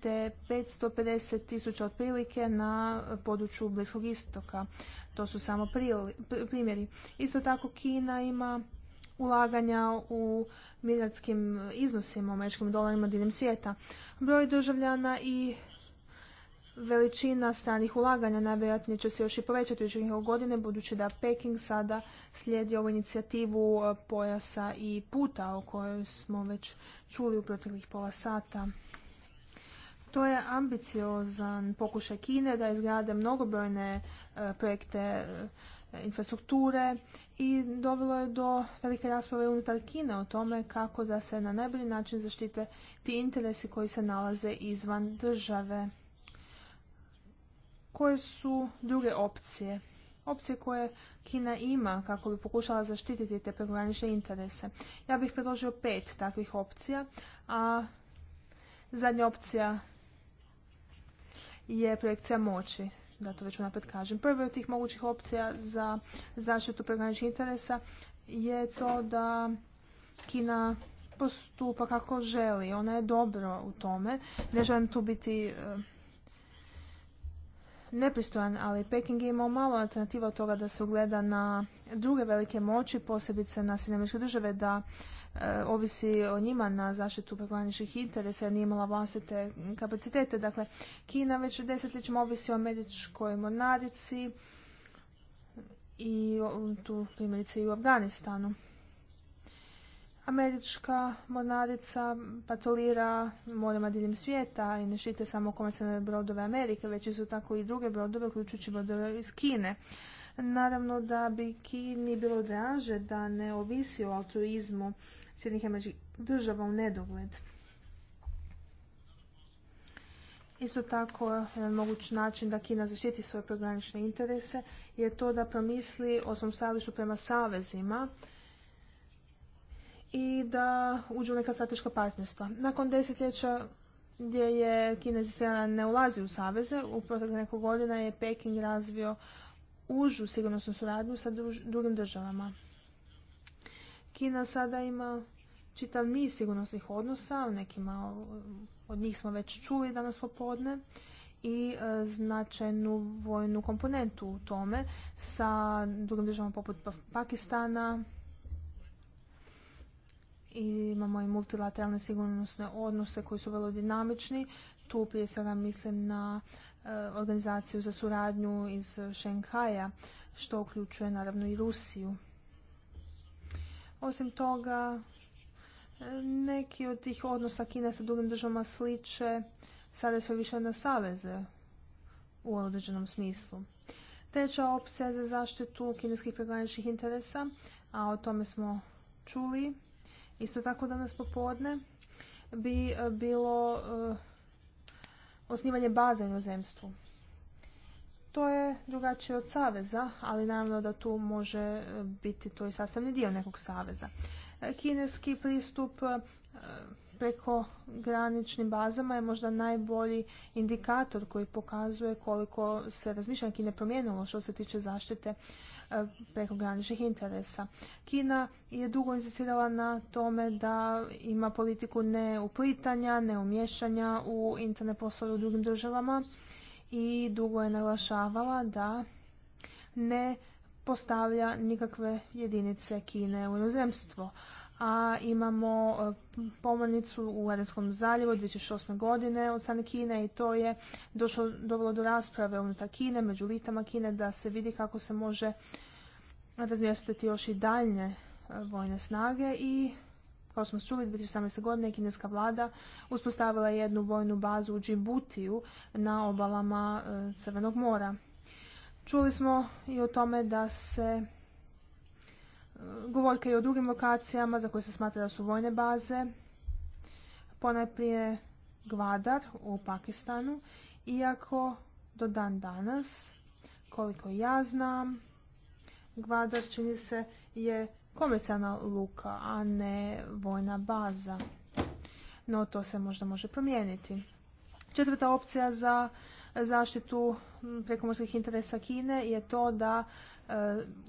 te 550 tisuća otprilike na području Bliskog istoka. To su samo primjeri. Isto tako Kina ima ulaganja u milijardskim iznosima, u američkim dolarima diljem svijeta. Broj državljana i veličina stranih ulaganja najvjerojatnije će se još i povećati u njihove godine budući da Peking sada slijedi ovu inicijativu e, pojasa i puta o kojoj smo već čuli u proteklih pola sata. To je ambiciozan pokušaj Kine da izgrade mnogobrojne e, projekte e, infrastrukture i dovelo je do velike rasprave unutar Kine o tome kako da se na najbolji način zaštite ti interesi koji se nalaze izvan države koje su druge opcije. Opcije koje Kina ima kako bi pokušala zaštititi te prekogranične interese. Ja bih predložio pet takvih opcija, a zadnja opcija je projekcija moći. Da to već unaprijed kažem. Prva od tih mogućih opcija za zaštitu pregraničnih interesa je to da Kina postupa kako želi. Ona je dobro u tome. Ne želim tu biti eh, nepristojan, ali Peking je imao malo alternativa od toga da se ugleda na druge velike moći, posebice na sinemičke države, da eh, ovisi o njima na zaštitu preklaničnih interesa, jer nije imala vlastite kapacitete. Dakle, Kina već desetljećima ovisi o američkoj mornarici i tu primjerice i u Afganistanu. Američka mornarica patolira morama diljem svijeta i ne štite samo komercijalne brodove Amerike, već su tako i druge brodove, uključujući brodove iz Kine. Naravno da bi Kini bilo draže da ne ovisi o altruizmu Sjednih američkih država u nedogled. Isto tako, jedan moguć način da Kina zaštiti svoje pogranične interese je to da promisli o svom stavišu prema savezima, i da uđu neka strateška partnerstva. Nakon desetljeća gdje je Kina strana ne ulazi u saveze, u proteklih nekog godina je Peking razvio užu sigurnosnu suradnju sa drugim državama. Kina sada ima čitav niz sigurnosnih odnosa, nekima od njih smo već čuli danas popodne, i e, značajnu vojnu komponentu u tome sa drugim državama poput pa-, Pakistana, imamo i multilateralne sigurnosne odnose koji su vrlo dinamični. Tu prije svega mislim na e, organizaciju za suradnju iz Šenghaja, što uključuje naravno i Rusiju. Osim toga, e, neki od tih odnosa Kina sa drugim državama sliče sada sve više na saveze u određenom smislu. Treća opcija za zaštitu kineskih pregraničnih interesa, a o tome smo čuli, Isto tako danas popodne bi e, bilo e, osnivanje baze u inozemstvu. To je drugačije od saveza, ali naravno da tu može e, biti to i sastavni dio nekog saveza. Kineski pristup preko graničnim bazama je možda najbolji indikator koji pokazuje koliko se razmišljanje Kine promijenilo što se tiče zaštite E, prekograničnih interesa. Kina je dugo insistirala na tome da ima politiku neuplitanja, neumješanja u interne poslove u drugim državama i dugo je naglašavala da ne postavlja nikakve jedinice Kine u inozemstvo a imamo e, pomornicu u Arenskom zaljevu 2008. godine od strane Kine i to je došlo dovelo do rasprave unutar Kine, među litama Kine da se vidi kako se može razmjestiti još i daljnje e, vojne snage i kao smo čuli 2018. godine kineska vlada uspostavila jednu vojnu bazu u Džibutiju na obalama e, Crvenog mora. Čuli smo i o tome da se govorke i o drugim lokacijama za koje se smatra da su vojne baze. Ponajprije Gvadar u Pakistanu, iako do dan danas, koliko ja znam, Gvadar čini se je komercijalna luka, a ne vojna baza. No to se možda može promijeniti. Četvrta opcija za zaštitu prekomorskih interesa Kine je to da e,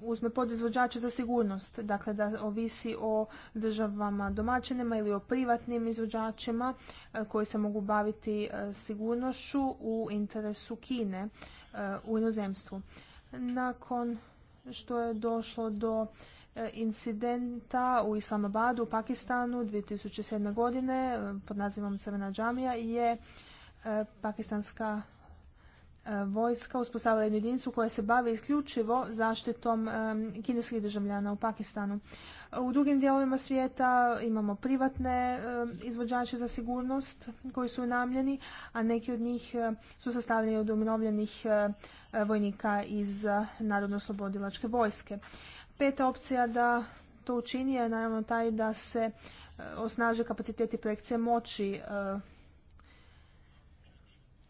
uzme podizvođače za sigurnost, dakle da ovisi o državama domaćinima ili o privatnim izvođačima e, koji se mogu baviti e, sigurnošću u interesu Kine u inozemstvu. Nakon što je došlo do incidenta u Islamabadu u Pakistanu 2007. godine pod nazivom Crvena džamija je pakistanska E, vojska uspostavila jednu jedinicu koja se bavi isključivo zaštitom e, kineskih državljana u Pakistanu. U drugim dijelovima svijeta imamo privatne e, izvođače za sigurnost koji su namljeni, a neki od njih su sastavljeni od umirovljenih vojnika iz narodno oslobodilačke vojske. Peta opcija da to učini je naravno taj da se osnaže kapaciteti projekcije moći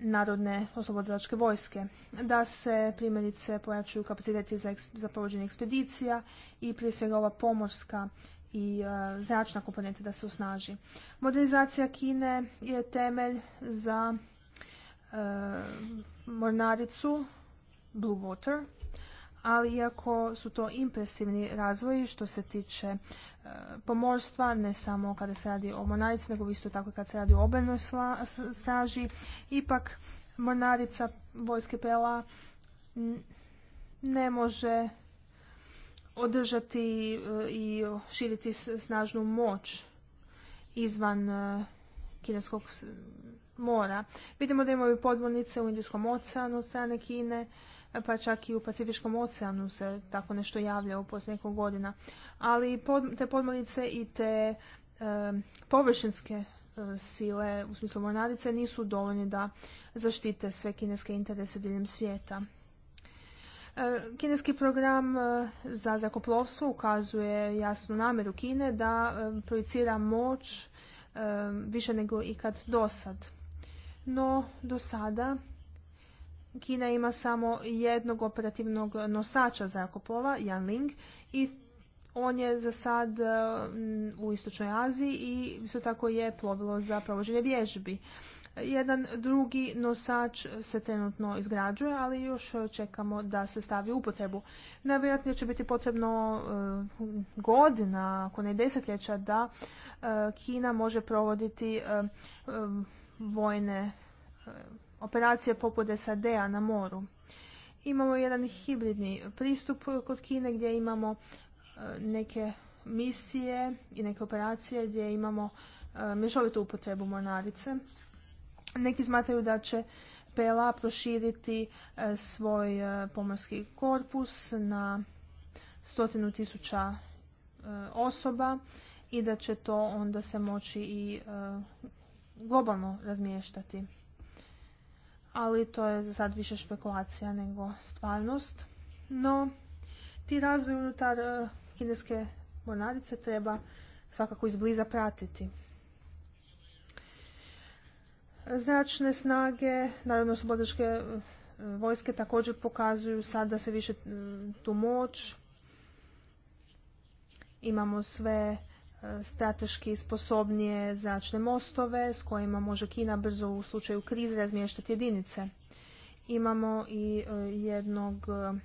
narodne oslobodilačke vojske, da se primjerice pojačuju kapaciteti za, provođenje ekspedicija i prije svega ova pomorska i e, zračna komponenta da se osnaži. Modernizacija Kine je temelj za e, mornaricu Blue Water ali iako su to impresivni razvoji što se tiče e, pomorstva, ne samo kada se radi o monarici, nego isto tako kada se radi o obalnoj straži, ipak mornarica vojske PLA ne može održati e, i širiti snažnu moć izvan e, kineskog mora. Vidimo da imaju podmornice u Indijskom oceanu od strane Kine, pa čak i u Pacifičkom oceanu se tako nešto javlja u posljednjih nekog godina. Ali te podmornice i te površinske e, sile u smislu mornarice nisu dovoljni da zaštite sve kineske interese diljem svijeta. E, kineski program e, za zakoplovstvo ukazuje jasnu namjeru Kine da projicira moć više nego ikad dosad. No, do sada Kina ima samo jednog operativnog nosača zrakoplova, Yanling, i on je za sad e, u Istočnoj Aziji i isto tako je plovilo za provođenje vježbi. Jedan drugi nosač se trenutno izgrađuje, ali još čekamo da se stavi upotrebu. Najvjerojatnije će biti potrebno e, godina, ako ne desetljeća, da e, Kina može provoditi vojne operacije poput SAD-a na moru. Imamo jedan hibridni pristup kod Kine gdje imamo e, neke misije i neke operacije gdje imamo e, mješovitu upotrebu mornarice. Neki smatraju da će PLA proširiti e, svoj pomorski korpus na stotinu tisuća osoba i da će to onda se moći i globalno razmještati ali to je za sad više špekulacija nego stvarnost. No, ti razvoj unutar e, kineske mornarice treba svakako izbliza pratiti. Zračne snage, naravno slobodačke e, vojske također pokazuju sada sve više tu moć. Imamo sve strateški sposobnije zračne mostove s kojima može Kina brzo u slučaju krize razmještati jedinice. Imamo i e, jednog e,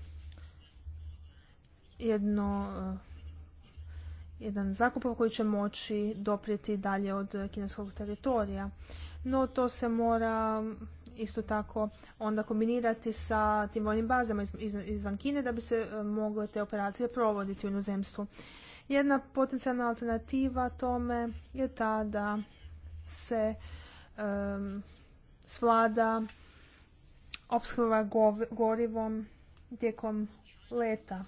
jedno e, jedan zakup koji će moći doprijeti dalje od kineskog teritorija. No to se mora isto tako onda kombinirati sa tim vojnim bazama izvan Kine da bi se mogle te operacije provoditi u inozemstvu. Jedna potencijalna alternativa tome je ta da se um, svlada opskrba gorivom tijekom leta.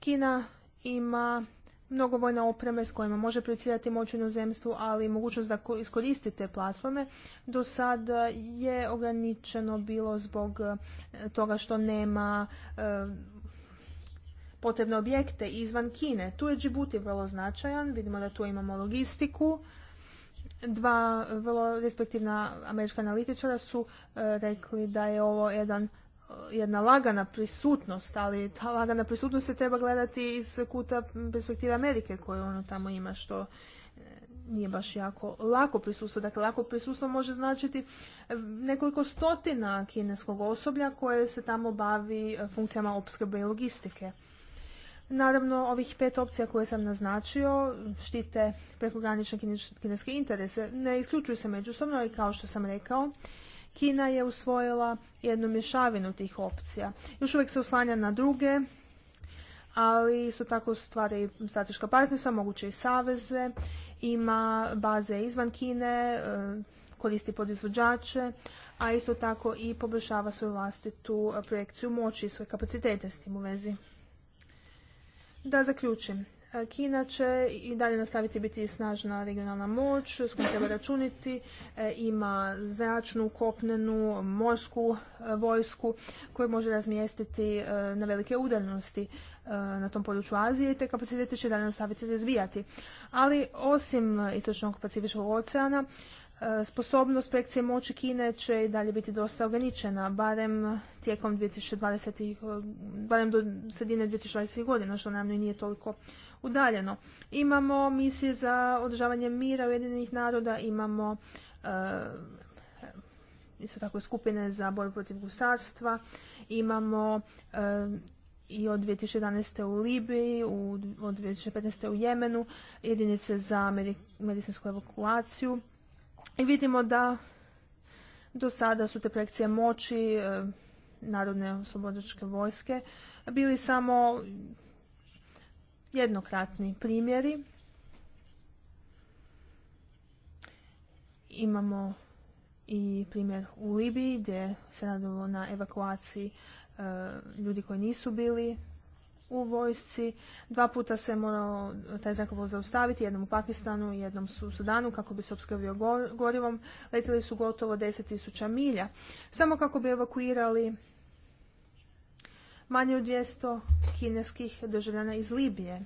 Kina ima mnogo vojne opreme s kojima može projecirati moć u zemstvu, ali mogućnost da iskoristite platforme do sada je ograničeno bilo zbog eh, toga što nema potrebne objekte izvan Kine. Tu je Djibouti vrlo značajan, vidimo da tu imamo logistiku. Dva vrlo respektivna američka analitičara su e, rekli da je ovo jedan e, jedna lagana prisutnost, ali ta lagana prisutnost se treba gledati iz kuta perspektive Amerike koju ono tamo ima, što e, nije baš jako lako prisustvo. Dakle, lako prisustvo može značiti nekoliko stotina kineskog osoblja koje se tamo bavi funkcijama opskrbe i logistike. Naravno, ovih pet opcija koje sam naznačio štite prekogranične kineske interese. Ne isključuju se međusobno i kao što sam rekao, Kina je usvojila jednu mješavinu tih opcija. Još uvijek se uslanja na druge, ali isto tako stvari i strateška partnerstva, moguće i saveze, ima baze izvan Kine, e, koristi podizvođače, a isto tako i poboljšava svoju vlastitu projekciju moći i svoje kapacitete s tim u vezi. Da zaključim. E, Kina će i dalje nastaviti biti snažna regionalna moć s kojom treba računiti. E, ima zračnu, kopnenu, morsku e, vojsku koju može razmjestiti na velike udaljenosti na tom području Azije i te kapacitete će dalje nastaviti razvijati. Ali osim Istočnog Pacifičkog oceana, E, sposobnost projekcije moći Kine će i dalje biti dosta ograničena, barem tijekom 2020. E, barem do sredine 2020. godina, što nam nije toliko udaljeno. Imamo misije za održavanje mira Ujedinjenih naroda, imamo e, isto tako skupine za borbu protiv gusarstva, imamo i od 2011. u Libiji, u, od 2015. u Jemenu, jedinice za medicinsku evakuaciju, i vidimo da do sada su te projekcije moći e, Narodne oslobodačke vojske bili samo jednokratni primjeri. Imamo i primjer u Libiji gdje se radilo na evakuaciji e, ljudi koji nisu bili u vojsci. Dva puta se morao taj zrakoplov zaustaviti, jednom u Pakistanu i jednom u Sudanu kako bi se opskrbio gorivom. Letjeli su gotovo 10.000 milja. Samo kako bi evakuirali manje od 200 kineskih državljana iz Libije.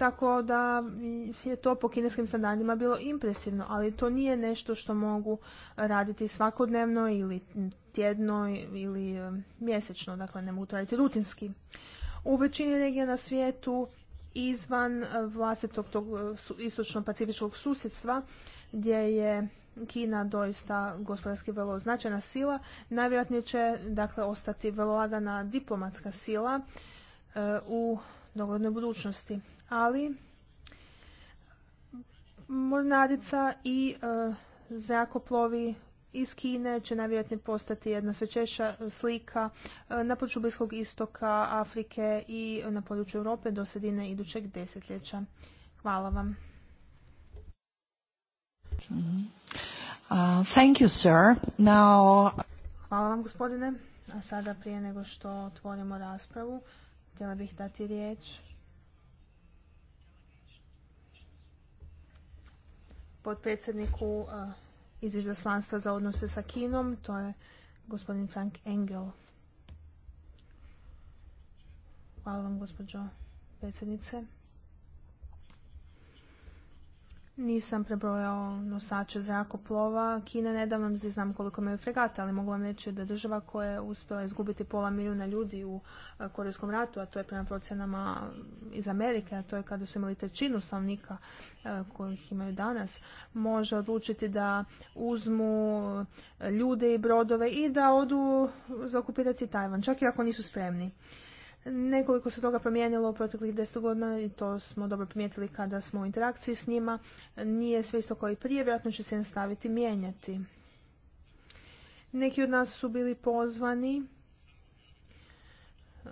Tako da je to po kineskim standardima bilo impresivno, ali to nije nešto što mogu raditi svakodnevno ili tjedno ili e, mjesečno, dakle ne mogu to raditi rutinski. U većini regija na svijetu izvan e, vlastitog tog e, istočno-pacifičkog susjedstva gdje je Kina doista gospodarski vrlo značajna sila, najvjerojatnije će dakle ostati vrlo lagana diplomatska sila u doglednoj budućnosti. Ali mornarica i e, zrakoplovi iz Kine će najvjerojatnije postati jedna sve češća slika e, na području Bliskog istoka, Afrike i na području Europe do sredine idućeg desetljeća. Hvala vam. Uh, Hvala vam, gospodine. A sada prije nego što otvorimo raspravu, Htjela bih dati riječ potpredsjedniku iz izaslanstva za odnose sa Kinom, to je gospodin Frank Engel. Hvala vam gospođo predsjednice. Nisam prebrojao nosače zrakoplova Kina nedavno, niti znam koliko imaju fregata, ali mogu vam reći da država koja je uspjela izgubiti pola milijuna ljudi u e, Korejskom ratu, a to je prema procenama iz Amerike, a to je kada su imali trećinu stanovnika e, kojih imaju danas, može odlučiti da uzmu e, ljude i brodove i da odu zaokupirati Tajvan, čak i ako nisu spremni. Nekoliko se toga promijenilo u proteklih deset godina i to smo dobro primijetili kada smo u interakciji s njima. Nije sve isto kao i prije, vjerojatno će se nastaviti mijenjati. Neki od nas su bili pozvani e,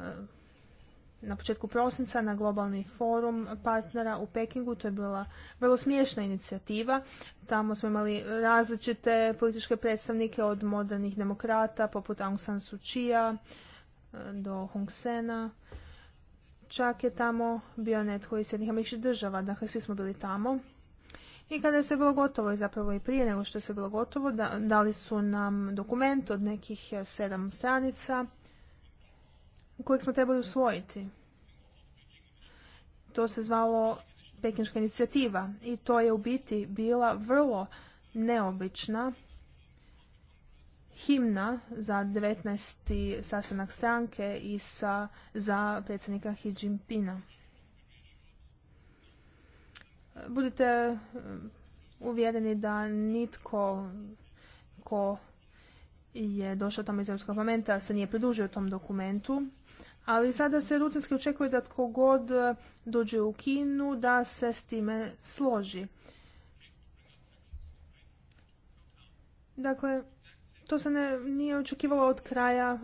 na početku prosinca na globalni forum partnera u Pekingu. To je bila vrlo smiješna inicijativa. Tamo smo imali različite političke predstavnike od modernih demokrata poput Aung San Suu Kyi, do Hongsena, Čak je tamo bio netko iz Sjednih američkih država, dakle svi smo bili tamo. I kada je sve bilo gotovo, i zapravo i prije nego što je sve bilo gotovo, dali su nam dokument od nekih e, sedam stranica kojeg smo trebali usvojiti. To se zvalo Pekinška inicijativa i to je u biti bila vrlo neobična himna za 19. sastanak stranke i za predsjednika Xi Jinpinga. Budite um, uvjereni da nitko ko je došao tamo iz Europskog parlamenta se nije pridružio tom dokumentu, ali sada se rutinski očekuje da tko god dođe u Kinu da se s time složi. Dakle, to se ne, nije očekivalo od kraja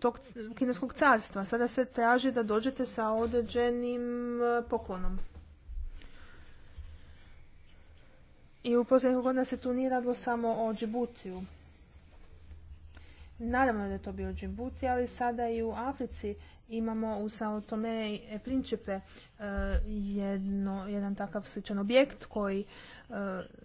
tog kineskog carstva. Sada se traži da dođete sa određenim e, poklonom. I u posljednjih godina se tu nije radilo samo o Džibutiju. Naravno da je to bio Džibuti, ali sada i u Africi imamo u Sao Tome e Principe jedno, jedan takav sličan objekt koji e,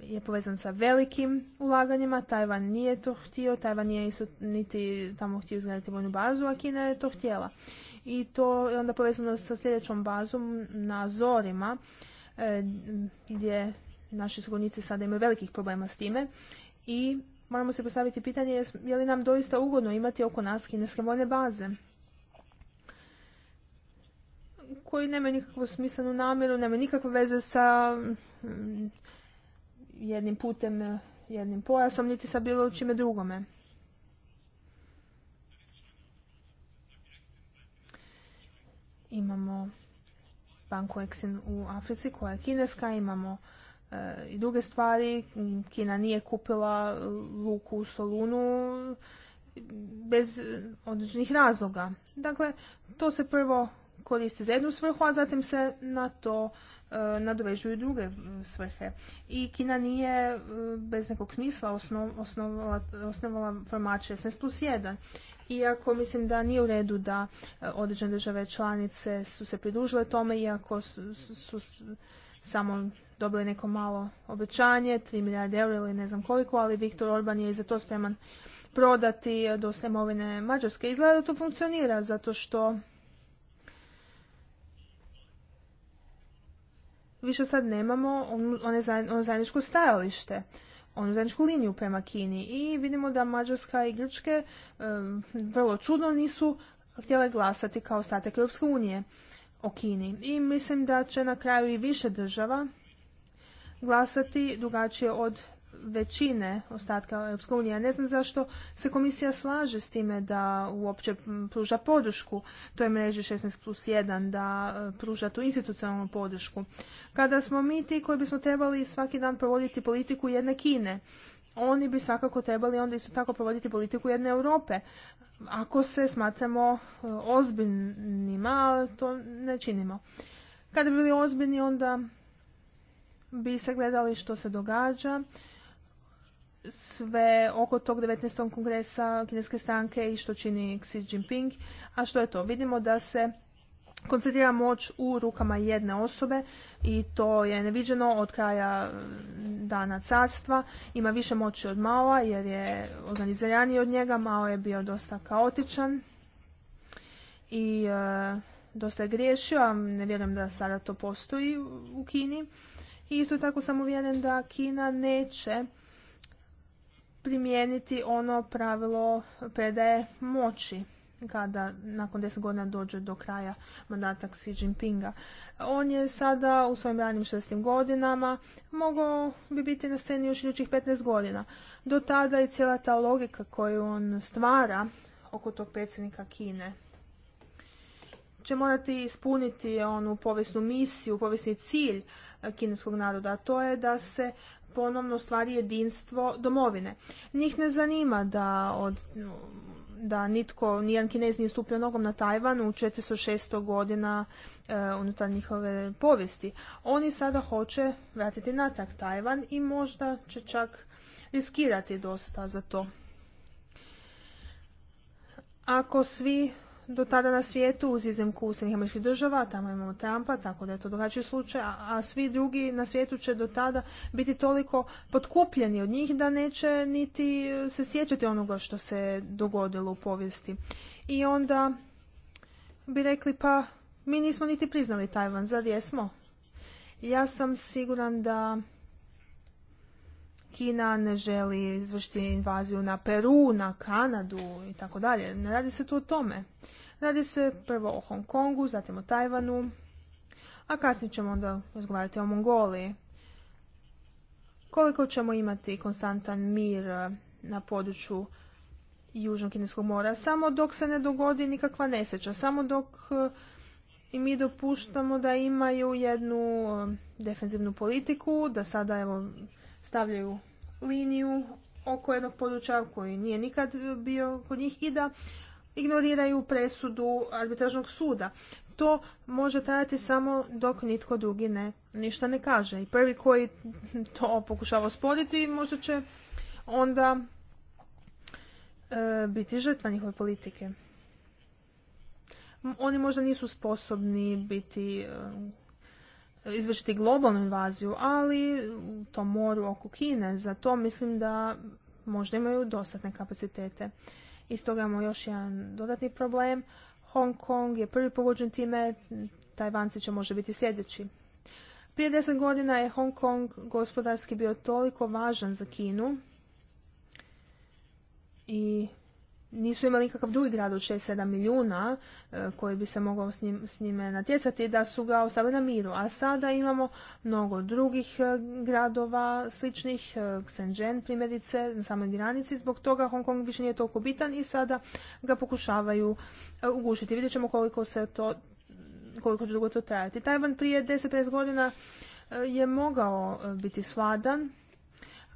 je povezan sa velikim ulaganjima. Tajvan nije to htio, Tajvan nije niti tamo htio izgraditi vojnu bazu, a Kina je to htjela. I to je onda povezano sa sljedećom bazom na Zorima, e, gdje naši sugodnici sada imaju velikih problema s time. I moramo se postaviti pitanje je li nam doista ugodno imati oko nas kineske vojne baze koji nema nikakvu smislenu namjeru, nema nikakve veze sa mm, jednim putem, jednim pojasom, niti sa bilo čime drugome. Imamo banku Exin u Africi koja je kineska, imamo e, i druge stvari. Kina nije kupila luku u Solunu bez određenih razloga. Dakle, to se prvo koristi za jednu svrhu, a zatim se na to e, nadovežuju druge svrhe. I Kina nije e, bez nekog smisla osnovala, osnovala format 16 plus 1. Iako mislim da nije u redu da e, određene države članice su se pridružile tome, iako su, samo dobili neko malo obećanje, 3 milijarde eura ili ne znam koliko, ali Viktor Orban je i za to spreman prodati do imovine Mađarske. Izgleda da to funkcionira, zato što više sad nemamo ono zajedničko stajalište onu zajedničku liniju prema Kini i vidimo da Mađarska i Grčke vrlo čudno nisu htjele glasati kao ostatak Europske unije o Kini. I mislim da će na kraju i više država glasati drugačije od većine ostatka EU, ja Ne znam zašto se komisija slaže s time da uopće pruža podršku toj mreži 16 plus 1, da e, pruža tu institucionalnu podršku. Kada smo mi ti koji bismo trebali svaki dan provoditi politiku jedne Kine, oni bi svakako trebali onda isto tako provoditi politiku jedne Europe. Ako se smatramo e, ozbiljnima, to ne činimo. Kada bi bili ozbiljni, onda bi se gledali što se događa, sve oko tog 19. kongresa kineske stranke i što čini Xi Jinping. A što je to? Vidimo da se koncentrira moć u rukama jedne osobe i to je neviđeno od kraja mm, dana carstva. Ima više moći od Mao jer je organiziraniji od njega. Mao je bio dosta kaotičan i e, dosta je griješio, a ne vjerujem da sada to postoji u Kini. I isto tako sam uvjeren da Kina neće primijeniti ono pravilo predaje moći kada nakon deset godina dođe do kraja mandata Xi Jinpinga. On je sada u svojim ranim 16 godinama mogao bi biti na sceni još idućih 15 godina. Do tada i cijela ta logika koju on stvara oko tog predsjednika Kine će morati ispuniti onu povijesnu misiju, povijesni cilj kineskog naroda, a to je da se ponovno stvari jedinstvo domovine. Njih ne zanima da od da nitko, nijedan kinez nije stupio nogom na Tajvan u 406. godina e, unutar njihove povijesti. Oni sada hoće vratiti natrag Tajvan i možda će čak riskirati dosta za to. Ako svi do tada na svijetu, uz iznimku Usljednjih američkih država, tamo imamo Trumpa, tako da je to drugačiji slučaj, a, a, svi drugi na svijetu će do tada biti toliko potkupljeni od njih da neće niti e, se sjećati onoga što se dogodilo u povijesti. I onda bi rekli pa mi nismo niti priznali Tajvan, zar jesmo? Ja sam siguran da Kina ne želi izvršiti invaziju na Peru, na Kanadu i tako dalje. Ne radi se tu o tome. Radi se prvo o Hong Kongu, zatim o Tajvanu, a kasnije ćemo onda razgovarati o Mongoliji. Koliko ćemo imati konstantan mir eh, na području Južnog Kineskog mora, samo dok se ne dogodi nikakva nesreća, samo dok eh, i mi dopuštamo da imaju jednu eh, defensivnu politiku, da sada evo stavljaju liniju oko jednog područja koji nije nikad bio kod njih i da ignoriraju presudu arbitražnog suda. To može trajati samo dok nitko drugi ne, ništa ne kaže. I prvi koji to pokušava osporiti možda će onda e, biti žrtva njihove politike. Oni možda nisu sposobni biti e, izvršiti globalnu invaziju, ali u tom moru oko Kine, za to mislim da možda imaju dostatne kapacitete. Iz toga imamo još jedan dodatni problem. Hong Kong je prvi pogođen time, Tajvanci će možda biti sljedeći. Prije deset godina je Hong Kong gospodarski bio toliko važan za Kinu i nisu imali nikakav drugi grad od 6-7 milijuna e, koji bi se mogao s, njime natjecati da su ga ostavili na miru. A sada imamo mnogo drugih e, gradova sličnih, e, Xenjen primjerice, na samoj granici. Zbog toga Hong Kong više nije toliko bitan i sada ga pokušavaju e, ugušiti. Vidjet ćemo koliko, se to, koliko će dugo to trajati. Tajvan prije 10-15 godina je mogao biti svadan,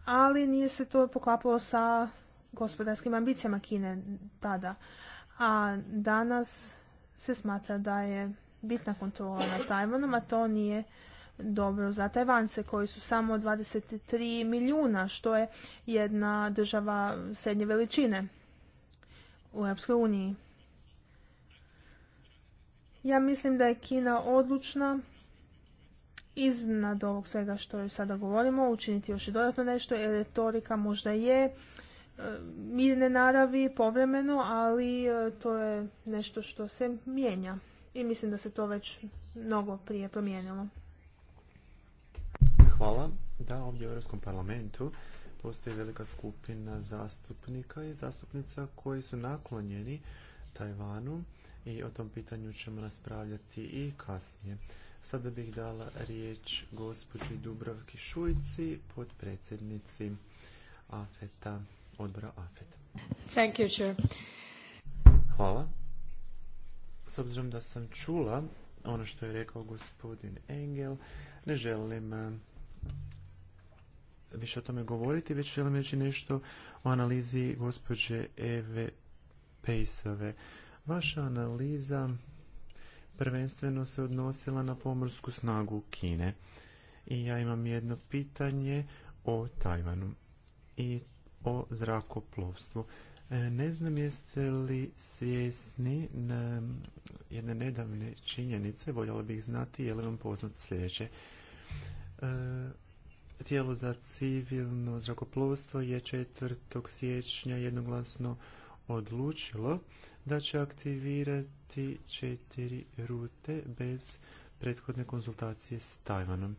ali nije se to poklapalo sa gospodarskim ambicijama Kine tada. A danas se smatra da je bitna kontrola nad Tajvanom, a to nije dobro za Tajvance koji su samo 23 milijuna, što je jedna država srednje veličine u Europskoj uniji. Ja mislim da je Kina odlučna iznad ovog svega što sada govorimo, učiniti još i dodatno nešto, jer retorika možda je mirne naravi povremeno, ali e, to je nešto što se mijenja. I mislim da se to već mnogo prije promijenilo. Hvala. Da, ovdje u Europskom parlamentu postoji velika skupina zastupnika i zastupnica koji su naklonjeni Tajvanu i o tom pitanju ćemo raspravljati i kasnije. Sada bih dala riječ gospođi Dubravki Šujci, podpredsjednici AFETA odbora AFET. Thank you, Hvala. S obzirom da sam čula ono što je rekao gospodin Engel, ne želim eh, više o tome govoriti, već želim reći nešto o analizi gospođe Eve Pejsove. Vaša analiza prvenstveno se odnosila na pomorsku snagu Kine. I ja imam jedno pitanje o Tajvanu. I o zrakoplovstvu. E, ne znam jeste li svjesni na jedne nedavne činjenice, voljela bih znati je li vam poznato sljedeće. E, tijelo za civilno zrakoplovstvo je 4. siječnja jednoglasno odlučilo da će aktivirati četiri rute bez prethodne konzultacije s Tajvanom.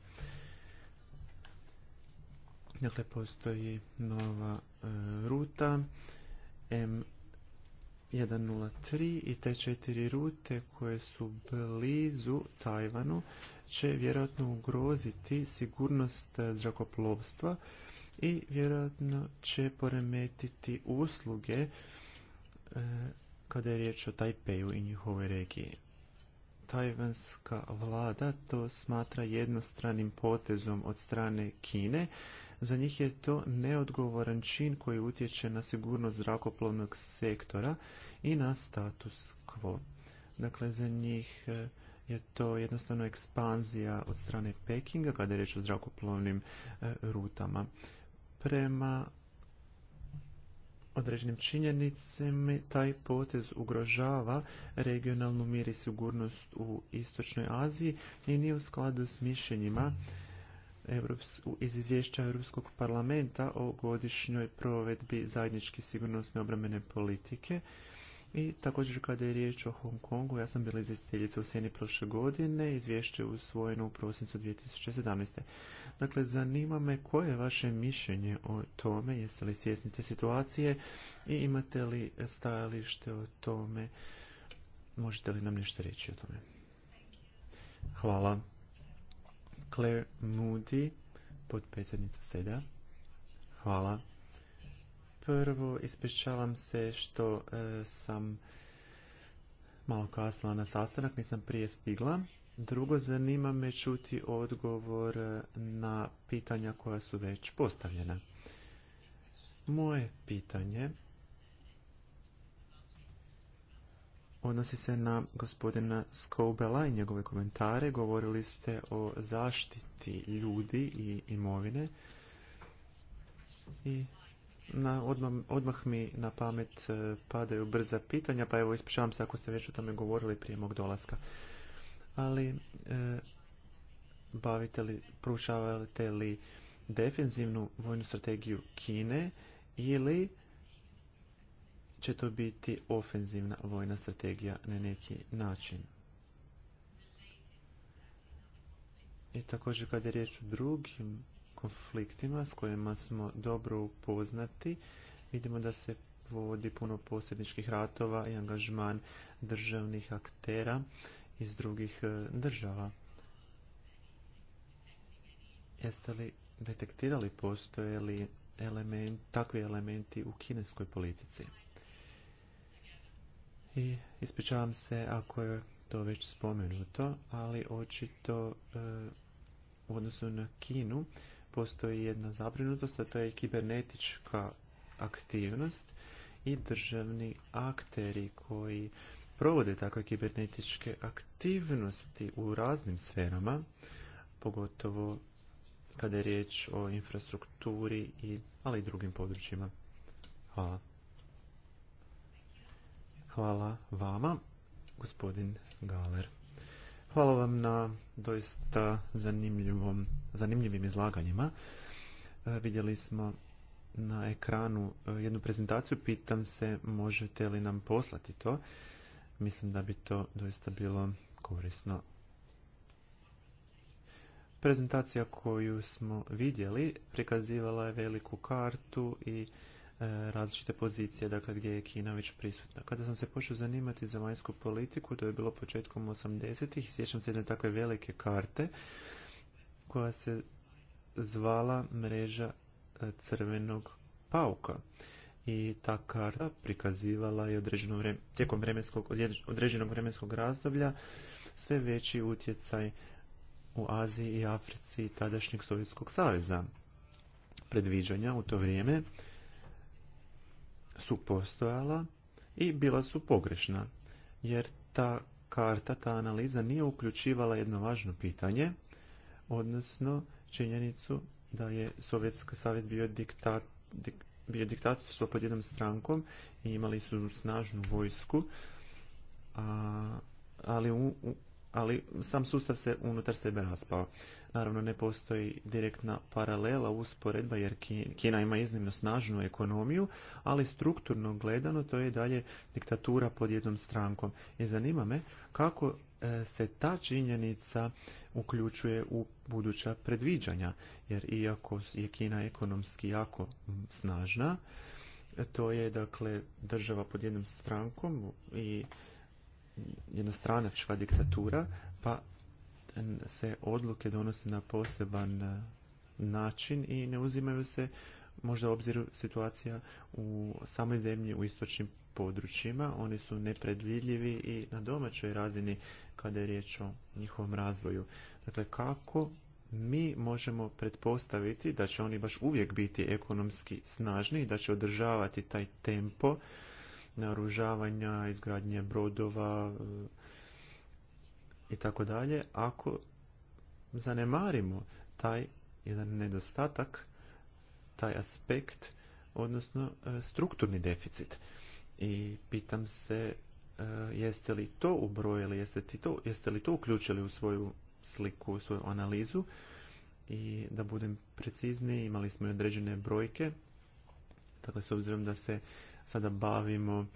Dakle, postoji nova E, ruta M103 i te četiri rute koje su blizu Tajvanu će vjerojatno ugroziti sigurnost zrakoplovstva i vjerojatno će poremetiti usluge e, kada je riječ o Tajpeju i njihovoj regiji. Tajvanska vlada to smatra jednostranim potezom od strane Kine za njih je to neodgovoran čin koji utječe na sigurnost zrakoplovnog sektora i na status quo. Dakle, za njih e, je to jednostavno ekspanzija od strane Pekinga kada je reč o zrakoplovnim e, rutama. Prema određenim činjenicama taj potez ugrožava regionalnu mir i sigurnost u Istočnoj Aziji i nije u skladu s mišljenjima iz izvješća Europskog parlamenta o godišnjoj provedbi zajedničke sigurnosne obrambene politike. I također kada je riječ o Hong Kongu, ja sam bila izvjestiteljica u sjeni prošle godine, izvješće je usvojeno u prosincu 2017. Dakle, zanima me koje je vaše mišljenje o tome, jeste li svjesni te situacije i imate li stajalište o tome, možete li nam nešto reći o tome? Hvala. Claire Moody, podpredsjednica SEDA. Hvala. Prvo, ispričavam se što e, sam malo kasnila na sastanak, nisam prije stigla. Drugo, zanima me čuti odgovor e, na pitanja koja su već postavljena. Moje pitanje odnosi se na gospodina Skobela i njegove komentare. Govorili ste o zaštiti ljudi i imovine. I na, odmah, odmah mi na pamet e, padaju brza pitanja, pa evo ispričavam se ako ste već o tome govorili prije mog dolaska. Ali e, bavite li, proučavate li defensivnu vojnu strategiju Kine ili će to biti ofenzivna vojna strategija na neki način. I također kada je riječ o drugim konfliktima s kojima smo dobro upoznati, vidimo da se vodi puno posljedničkih ratova i angažman državnih aktera iz drugih e, država. Jeste li detektirali postoje li element, takvi elementi u kineskoj politici? I ispričavam se ako je to već spomenuto, ali očito e, u odnosu na Kinu postoji jedna zabrinutost, a to je kibernetička aktivnost i državni akteri koji provode takve kibernetičke aktivnosti u raznim sferama, pogotovo kada je riječ o infrastrukturi, i, ali i drugim područjima. Hvala. Hvala vama, gospodin Galer. Hvala vam na doista zanimljivim izlaganjima. E, vidjeli smo na ekranu e, jednu prezentaciju. Pitam se možete li nam poslati to. Mislim da bi to doista bilo korisno. Prezentacija koju smo vidjeli prikazivala je veliku kartu i E, različite pozicije, dakle gdje je Kina već prisutna. Kada sam se počeo zanimati za vanjsku politiku, to je bilo početkom 80-ih, sjećam se jedne takve velike karte koja se zvala mreža e, crvenog pauka. I ta karta prikazivala je određeno tijekom vremenskog, određenog vremenskog razdoblja sve veći utjecaj u Aziji i Africi tadašnjeg Sovjetskog saveza. Predviđanja u to vrijeme su postojala i bila su pogrešna, jer ta karta, ta analiza nije uključivala jedno važno pitanje, odnosno činjenicu da je Sovjetski savez bio, diktat, dik, bio diktatorstvo pod jednom strankom i imali su snažnu vojsku, a, ali u, ali sam sustav se unutar sebe raspao. Naravno, ne postoji direktna paralela usporedba jer Kina ima iznimno snažnu ekonomiju, ali strukturno gledano to je dalje diktatura pod jednom strankom. I zanima me kako e, se ta činjenica uključuje u buduća predviđanja, jer iako je Kina ekonomski jako snažna, to je dakle država pod jednom strankom i jednostranačka diktatura, pa se odluke donose na poseban e, način i ne uzimaju se možda u obzir situacija u samoj zemlji u istočnim područjima. Oni su nepredvidljivi i na domaćoj razini kada je riječ o njihovom razvoju. Dakle, kako mi možemo pretpostaviti da će oni baš uvijek biti ekonomski snažni i da će održavati taj tempo naoružavanja, izgradnje brodova e, i tako dalje, ako zanemarimo taj jedan nedostatak, taj aspekt, odnosno e, strukturni deficit. I pitam se e, jeste li to ubrojili, jeste, to, jeste li to uključili u svoju sliku, u svoju analizu i da budem precizniji, imali smo i određene brojke, dakle s obzirom da se sada bavimo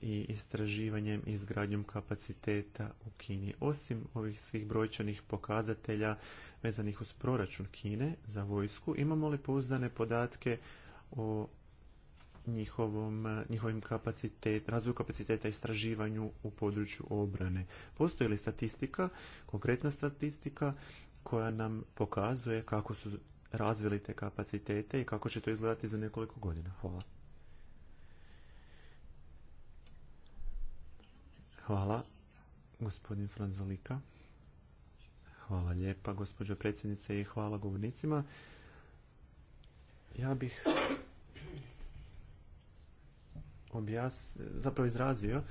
i istraživanjem i izgradnjom kapaciteta u Kini. Osim ovih svih brojčanih pokazatelja vezanih uz proračun Kine za vojsku, imamo li pouzdane podatke o njihovim kapacitet, razvoju kapaciteta istraživanju u području obrane. Postoji li statistika, konkretna statistika koja nam pokazuje kako su razvili te kapacitete i kako će to izgledati za nekoliko godina? Hvala. Hvala, gospodin Franzolika. Hvala lijepa, gospođo predsjednice i hvala govornicima. Ja bih objas, zapravo izrazio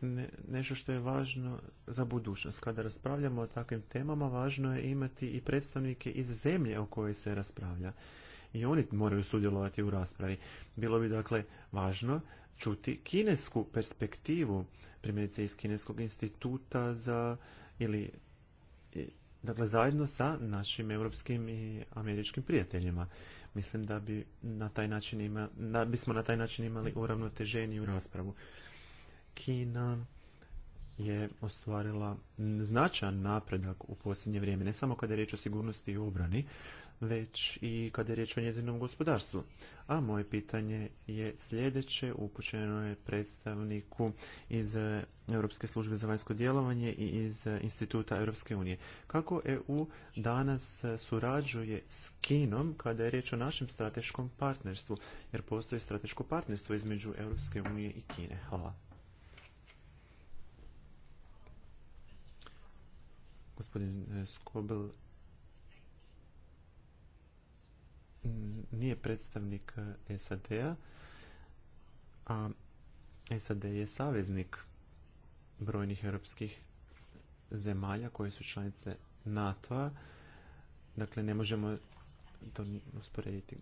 ne, nešto što je važno za budućnost. Kada raspravljamo o takvim temama, važno je imati i predstavnike iz zemlje o kojoj se raspravlja i oni moraju sudjelovati u raspravi. Bilo bi dakle važno čuti kinesku perspektivu, primjerice iz Kineskog instituta za ili dakle zajedno sa našim europskim i američkim prijateljima. Mislim da bi na taj način ima, bismo na taj način imali uravnoteženiju raspravu. Kina je ostvarila značajan napredak u posljednje vrijeme, ne samo kada je riječ o sigurnosti i obrani, već i kada je riječ o njezinom gospodarstvu. A moje pitanje je sljedeće, upućeno je predstavniku iz Europske službe za vanjsko djelovanje i iz Instituta Europske unije. Kako EU danas surađuje s Kinom kada je riječ o našem strateškom partnerstvu? Jer postoji strateško partnerstvo između Europske unije i Kine. Hvala. Gospodin Skobel nije predstavnik e, SAD-a, a SAD je saveznik brojnih europskih zemalja koje su članice NATO-a. Dakle, ne možemo to usporediti.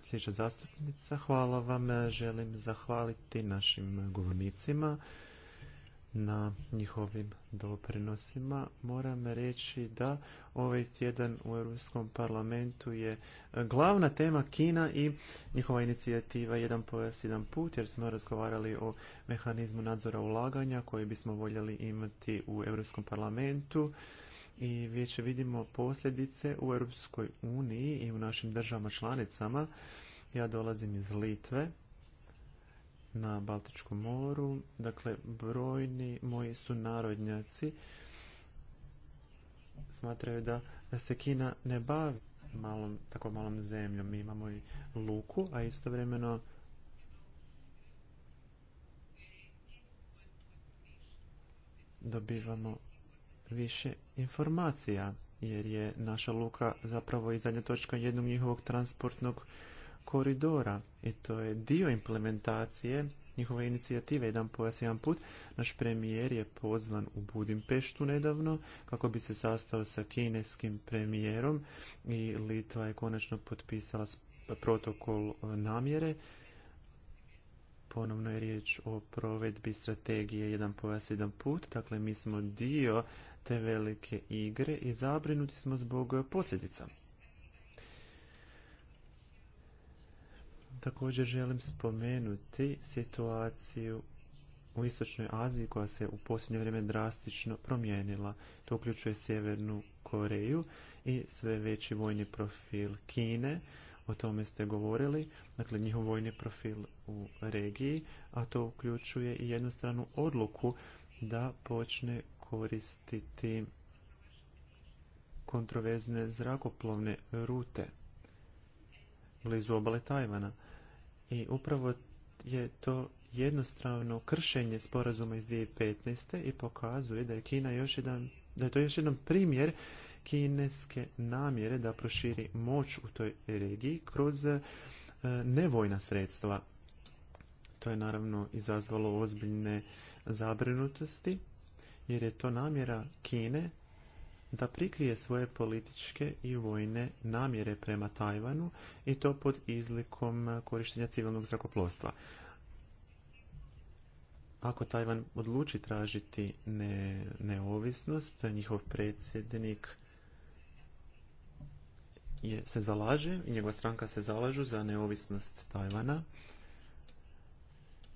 Sljedeća zastupnica, hvala vam. Želim zahvaliti našim govornicima na njihovim doprinosima. Moram reći da ovaj tjedan u Europskom parlamentu je glavna tema Kina i njihova inicijativa Jedan pojas, jedan put, jer smo razgovarali o mehanizmu nadzora ulaganja koji bismo voljeli imati u Europskom parlamentu i već vidimo posljedice u Europskoj uniji i u našim državama članicama. Ja dolazim iz Litve na Baltičkom moru. Dakle, brojni moji su narodnjaci smatraju da se Kina ne bavi malom, tako malom zemljom. Mi imamo i luku, a istovremeno dobivamo više informacija jer je naša luka zapravo i zadnja točka jednog njihovog transportnog koridora i to je dio implementacije njihove inicijative Jedan pojas, jedan put. Naš premijer je pozvan u Budimpeštu nedavno kako bi se sastao sa kineskim premijerom i Litva je konačno potpisala protokol namjere. Ponovno je riječ o provedbi strategije Jedan pojas, jedan put. Dakle, mi smo dio te velike igre i zabrinuti smo zbog posljedica. Također želim spomenuti situaciju u Istočnoj Aziji koja se u posljednje vrijeme drastično promijenila. To uključuje Sjevernu Koreju i sve veći vojni profil Kine. O tome ste govorili, dakle njihov vojni profil u regiji, a to uključuje i jednostranu odluku da počne koristiti kontroverzne zrakoplovne rute blizu obale Tajvana i upravo je to jednostrano kršenje sporazuma iz 2015. i pokazuje da je Kina još jedan, da je to još jedan primjer kineske namjere da proširi moć u toj regiji kroz e, nevojna sredstva. To je naravno izazvalo ozbiljne zabrinutosti jer je to namjera Kine da prikrije svoje političke i vojne namjere prema Tajvanu i to pod izlikom korištenja civilnog zrakoplovstva. Ako Tajvan odluči tražiti neovisnost, njihov predsjednik je, se zalaže i njegova stranka se zalažu za neovisnost Tajvana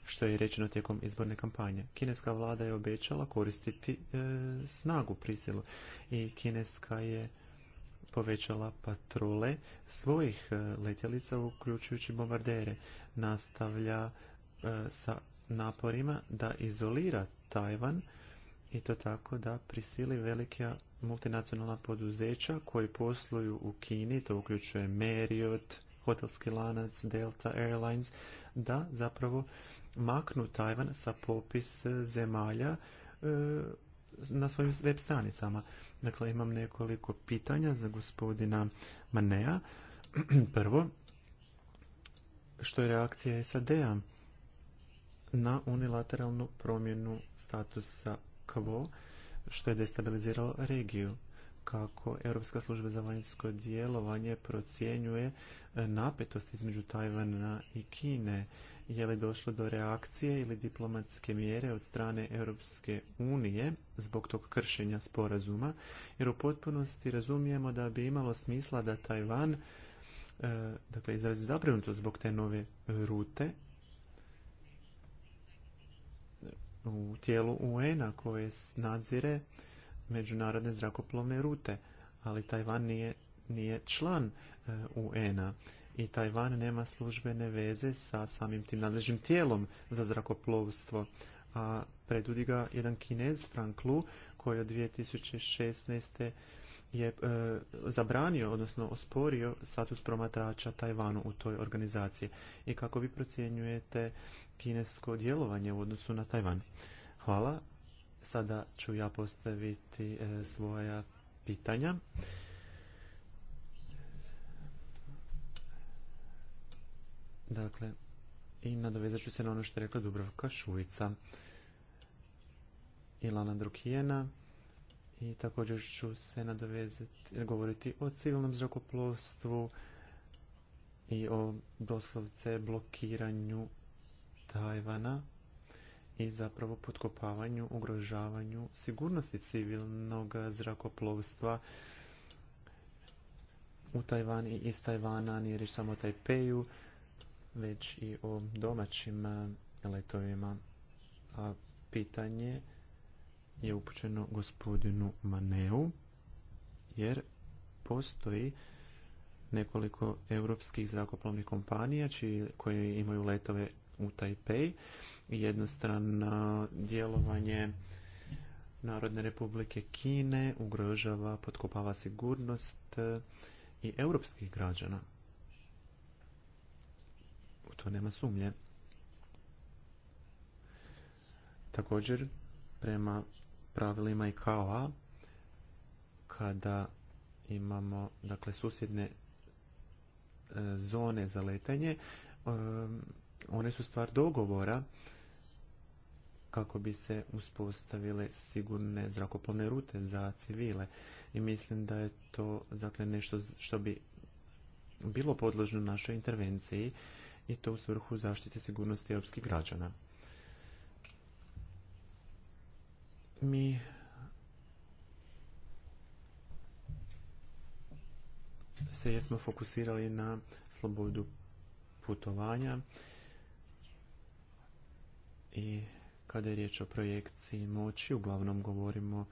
što je rečeno tijekom izborne kampanje. Kineska vlada je obećala koristiti e, snagu prisilu i kineska je povećala patrole svojih e, letjelica, uključujući bombardere. Nastavlja e, sa naporima da izolira Tajvan i to tako da prisili velika multinacionalna poduzeća koji posluju u Kini, to uključuje Marriott, hotelski lanac Delta Airlines, da zapravo maknu Tajvan sa popis e, zemalja e, na svojim web stranicama. Dakle, imam nekoliko pitanja za gospodina Manea. Prvo, što je reakcija SAD-a na unilateralnu promjenu statusa quo, što je destabiliziralo regiju kako Europska služba za vanjsko djelovanje procjenjuje napetost između Tajvana i Kine je li došlo do reakcije ili diplomatske mjere od strane Europske unije zbog tog kršenja sporazuma, jer u potpunosti razumijemo da bi imalo smisla da Tajvan e, dakle, izrazi zabrinutost zbog te nove rute u tijelu UN-a koje nadzire međunarodne zrakoplovne rute, ali Tajvan nije, nije član e, UN-a i Tajvan nema službene veze sa samim tim nadležnim tijelom za zrakoplovstvo. A predudi ga jedan kinez, Frank Lu, koji od 2016. je e, zabranio, odnosno osporio status promatrača Tajvanu u toj organizaciji. I kako vi procjenjujete kinesko djelovanje u odnosu na Tajvan? Hvala. Sada ću ja postaviti e, svoja pitanja. Dakle, i nadovezat ću se na ono što je rekla Dubrovka Šuica i Lana Drukijena i također ću se nadovezati, govoriti o civilnom zrakoplovstvu i o doslovce blokiranju Tajvana i zapravo potkopavanju, ugrožavanju sigurnosti civilnog zrakoplovstva u Tajvani i iz Tajvana, nije riječ samo o Tajpeju, već i o domaćim e, letovima. A pitanje je upućeno gospodinu Maneu, jer postoji nekoliko europskih zrakoplovnih kompanija koje imaju letove u Tajpej. Jednostrano djelovanje Narodne republike Kine ugrožava, potkopava sigurnost e, i europskih građana to nema sumnje. Također, prema pravilima i kao kada imamo dakle, susjedne e, zone za letanje, e, one su stvar dogovora kako bi se uspostavile sigurne zrakoplovne rute za civile. I mislim da je to dakle, nešto što bi bilo podložno našoj intervenciji i to u svrhu zaštite sigurnosti europskih građana. Mi se jesmo fokusirali na slobodu putovanja i kada je riječ o projekciji moći, uglavnom govorimo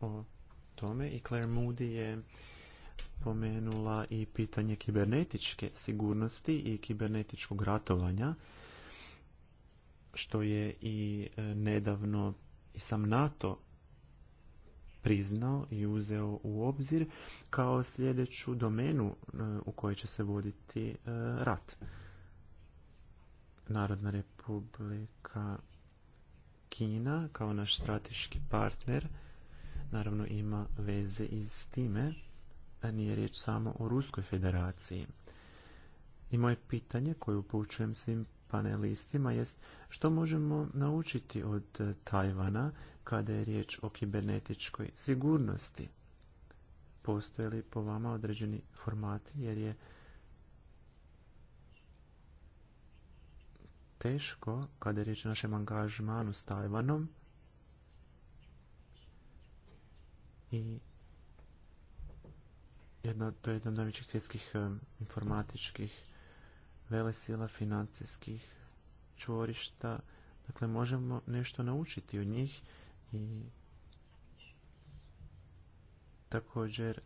o tome i Claire Moody je spomenula i pitanje kibernetičke sigurnosti i kibernetičkog ratovanja, što je i e, nedavno i sam NATO priznao i uzeo u obzir kao sljedeću domenu e, u kojoj će se voditi e, rat. Narodna republika Kina kao naš strateški partner naravno ima veze i s time nije riječ samo o Ruskoj federaciji. I moje pitanje koje upućujem svim panelistima jest što možemo naučiti od e, Tajvana kada je riječ o kibernetičkoj sigurnosti. Postoje li po vama određeni formati jer je teško kada je riječ o našem angažmanu s Tajvanom i jedna, to je jedna od najvećih svjetskih eh, informatičkih velesila, financijskih čvorišta. Dakle, možemo nešto naučiti od njih i također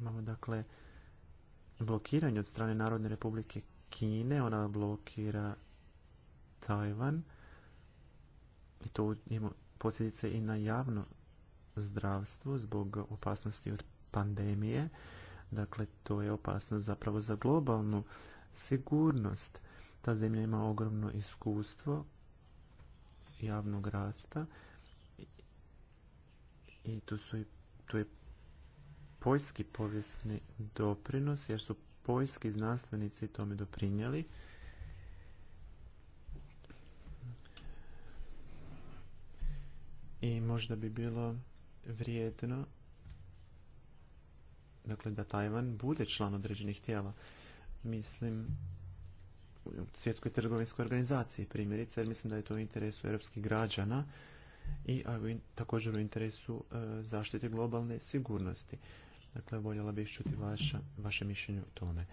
imamo dakle blokiranje od strane Narodne republike Kine, ona blokira Tajvan i to ima posljedice i na javno zdravstvu zbog opasnosti od pandemije. Dakle, to je opasnost zapravo za globalnu sigurnost. Ta zemlja ima ogromno iskustvo javnog rasta i tu, su i, tu je poljski povijesni doprinos jer su poljski znanstvenici tome doprinijeli. I možda bi bilo vrijedno dakle da Tajvan bude član određenih tijela. Mislim u svjetskoj trgovinskoj organizaciji primjerice, jer mislim da je to u interesu europskih građana i također u interesu e, zaštite globalne sigurnosti. Dakle, voljela bih čuti vaša, vaše mišljenje o tome.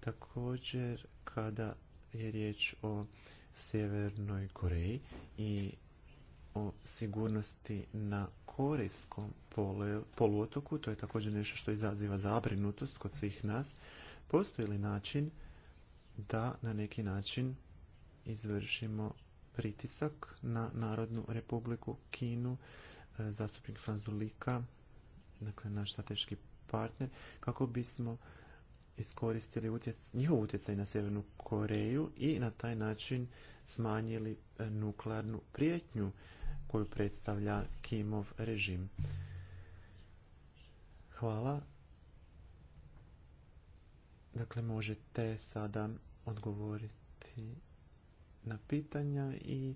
Također, kada je riječ o Sjevernoj Koreji i o sigurnosti na Korejskom poluotoku, to je također nešto što izaziva zabrinutost kod svih nas, postoji li način da na neki način izvršimo pritisak na Narodnu republiku Kinu, e, zastupnik Franzulika, dakle naš strateški partner, kako bismo iskoristili njihov utjecaj na Sjevernu Koreju i na taj način smanjili e, nuklearnu prijetnju koju predstavlja Kimov režim. Hvala. Dakle, možete sada odgovoriti na pitanja i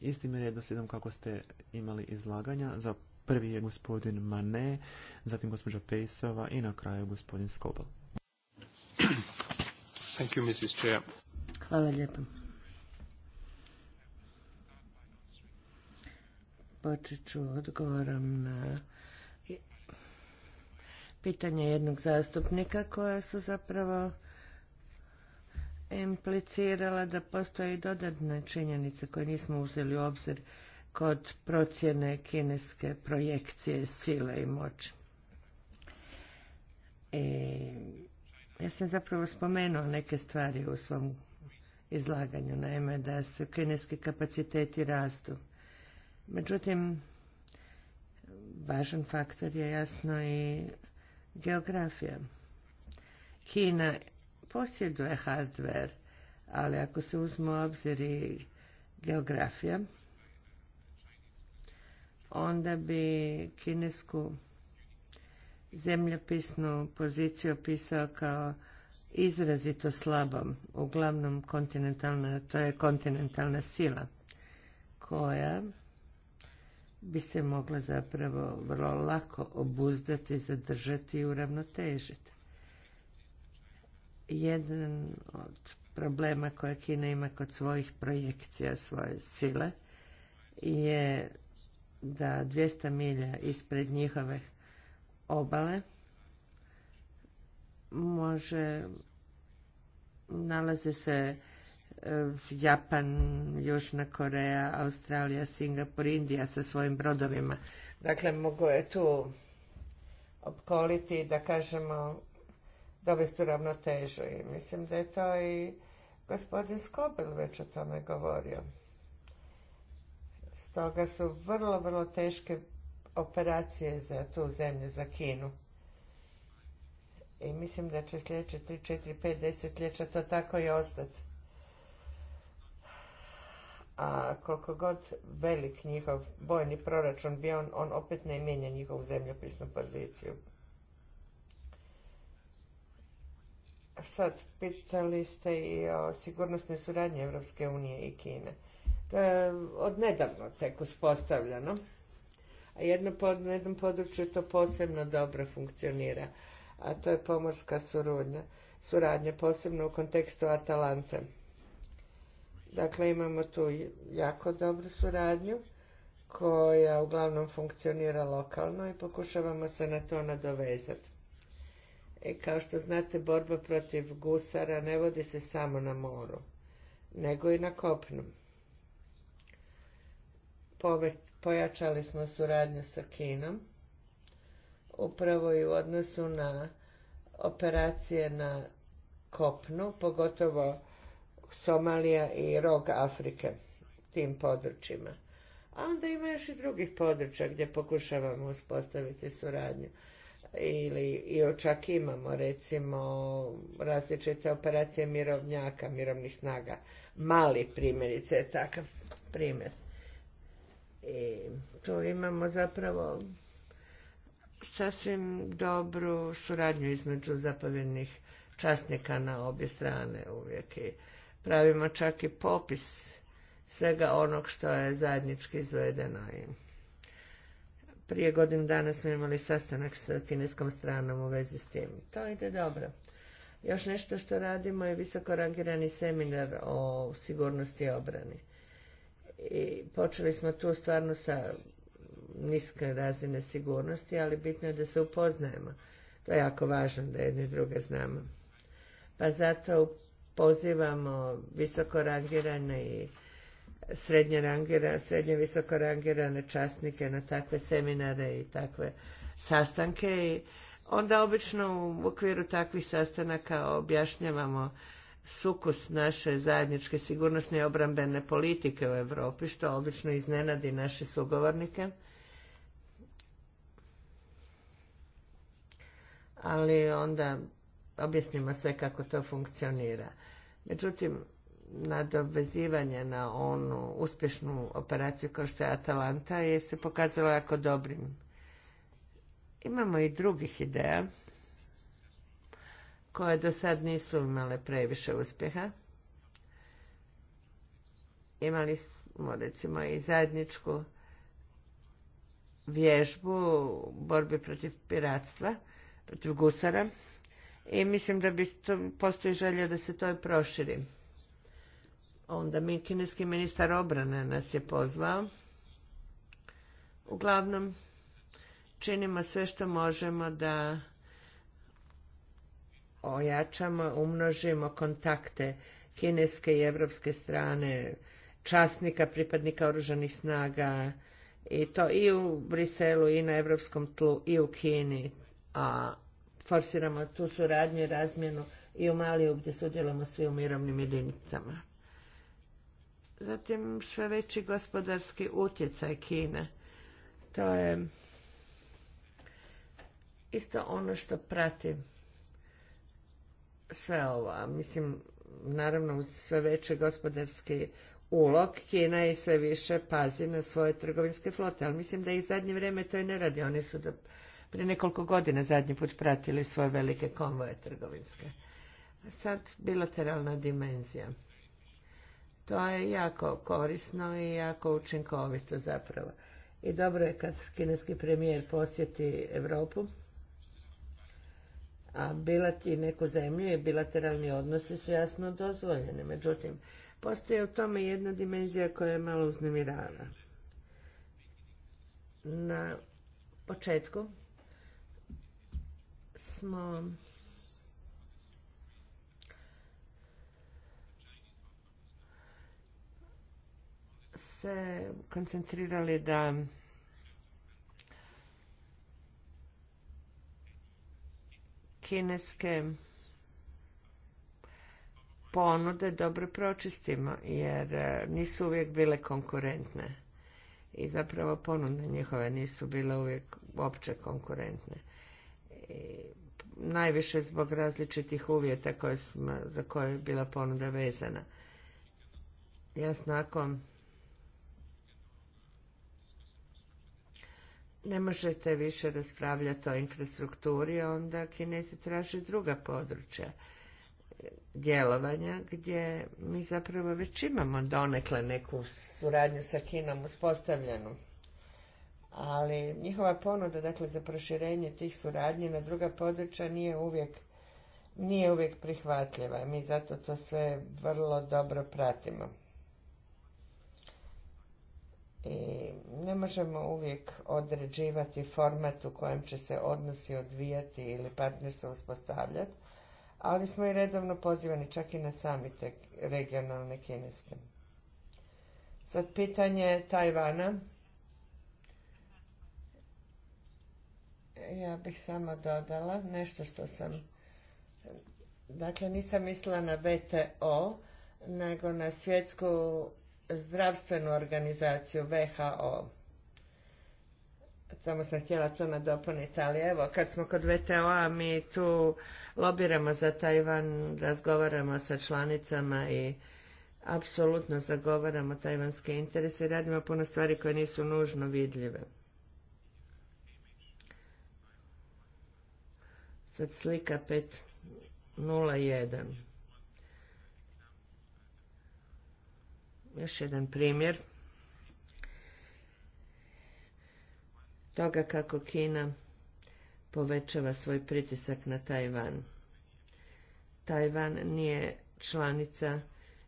istim redosljedom kako ste imali izlaganja. Za prvi je gospodin Mane, zatim gospođa Pejsova i na kraju gospodin Skobal. Thank you, Mrs. Chair. Hvala lijepo. Počet ću odgovorom na pitanje jednog zastupnika koja su zapravo implicirala da postoje i dodatne činjenice koje nismo uzeli u obzir kod procjene kineske projekcije sile i moći. E, ja sam zapravo spomenuo neke stvari u svom izlaganju, naime da se kineski kapaciteti rastu Međutim, važan faktor je jasno i geografija. Kina posjeduje hardware, ali ako se uzmu obzir i geografija, onda bi kinesku zemljopisnu poziciju opisao kao izrazito slabom. Uglavnom, kontinentalna, to je kontinentalna sila koja bi se mogla zapravo vrlo lako obuzdati, zadržati i uravnotežiti. Jedan od problema koje Kina ima kod svojih projekcija svoje sile je da 200 milja ispred njihove obale može nalaze se Japan, Južna Koreja, Australija, Singapur, Indija sa svojim brodovima. Dakle, mogu je tu opkoliti, da kažemo, dovesti u ravnotežu. I mislim da je to i gospodin Skobel već o tome govorio. Stoga su vrlo, vrlo teške operacije za tu zemlju, za Kinu. I mislim da će sljedeće 3, 4, 5 desetljeća to tako i ostati a koliko god velik njihov vojni proračun bio, on, on opet ne mijenja njihovu zemljopisnu poziciju. Sad, pitali ste i o sigurnosne suradnje Evropske unije i Kine. To je odnedavno tek uspostavljeno. A jedno pod, na jednom području to posebno dobro funkcionira, a to je pomorska suradnja, suradnja posebno u kontekstu Atalante. Dakle, imamo tu jako dobru suradnju koja uglavnom funkcionira lokalno i pokušavamo se na to nadovezati. I e, kao što znate, borba protiv gusara ne vodi se samo na moru, nego i na kopnu. pojačali smo suradnju sa Kinom, upravo i u odnosu na operacije na kopnu, pogotovo Somalija i rog Afrike, tim područjima. A onda ima još i drugih područja gdje pokušavamo uspostaviti suradnju. Ili i čak imamo recimo različite operacije mirovnjaka, mirovnih snaga. Mali primjerice je takav primjer. I tu imamo zapravo sasvim dobru suradnju između zapovjednih časnika na obje strane uvijek i pravimo čak i popis svega onog što je zajednički izvedeno. prije godinu dana smo imali sastanak sa kineskom stranom u vezi s tim. To ide dobro. Još nešto što radimo je visoko rangirani seminar o sigurnosti i obrani. I počeli smo tu stvarno sa niske razine sigurnosti, ali bitno je da se upoznajemo. To je jako važno da jedni druge znamo. Pa zato pozivamo visoko rangirane i srednje rangirane, srednje visoko rangirane časnike na takve seminare i takve sastanke i onda obično u okviru takvih sastanaka objašnjavamo sukus naše zajedničke sigurnosne i obrambene politike u Europi, što obično iznenadi naše sugovornike. Ali onda objasnimo sve kako to funkcionira. Međutim, nadovezivanje na onu uspješnu operaciju kao što je Atalanta je se pokazalo jako dobrim. Imamo i drugih ideja koje do sad nisu imale previše uspjeha. Imali smo recimo i zajedničku vježbu borbi protiv piratstva, protiv gusara i mislim da bi to postoji želja da se to i proširi. Onda mi, kineski ministar obrane nas je pozvao. Uglavnom, činimo sve što možemo da ojačamo, umnožimo kontakte kineske i evropske strane, časnika, pripadnika oružanih snaga, i to i u Briselu, i na evropskom tlu, i u Kini, a forsiramo tu suradnju i razmjenu i u Maliju gdje sudjelujemo svi u mirovnim jedinicama. Zatim sve veći gospodarski utjecaj Kine. To je isto ono što prati sve ovo. Mislim, naravno sve veći gospodarski ulog, Kina i sve više pazi na svoje trgovinske flote, ali mislim da i zadnje vrijeme to i ne radi. Oni su da prije nekoliko godina zadnji put pratili svoje velike konvoje trgovinske. sad bilateralna dimenzija. To je jako korisno i jako učinkovito zapravo. I dobro je kad kineski premijer posjeti Europu, a bilati neku zemlju i bilateralni odnosi su jasno dozvoljeni. Međutim, postoji u tome jedna dimenzija koja je malo uznemirana. Na početku smo se koncentrirali da kineske ponude dobro pročistimo, jer e, nisu uvijek bile konkurentne. I zapravo ponude njihove nisu bile uvijek opće konkurentne najviše zbog različitih uvjeta za koje je bila ponuda vezana. Jasno, ako ne možete više raspravljati o infrastrukturi, onda kinezi traže druga područja djelovanja gdje mi zapravo već imamo donekle neku suradnju sa Kinom uspostavljenu ali njihova ponuda dakle za proširenje tih suradnje na druga područja nije uvijek nije uvijek prihvatljiva. Mi zato to sve vrlo dobro pratimo. I ne možemo uvijek određivati format u kojem će se odnosi odvijati ili partnerstvo uspostavljati, ali smo i redovno pozivani čak i na samite regionalne kineske. Sad pitanje Tajvana. Ja bih samo dodala nešto što sam... Dakle, nisam mislila na VTO, nego na svjetsku zdravstvenu organizaciju WHO. Samo sam htjela to nadopuniti, ali evo, kad smo kod VTO-a, mi tu lobiramo za Tajvan, razgovaramo sa članicama i apsolutno zagovaramo tajvanske interese i radimo puno stvari koje nisu nužno vidljive. Sad slika 501. Još jedan primjer toga kako Kina povećava svoj pritisak na Tajvan. Tajvan nije članica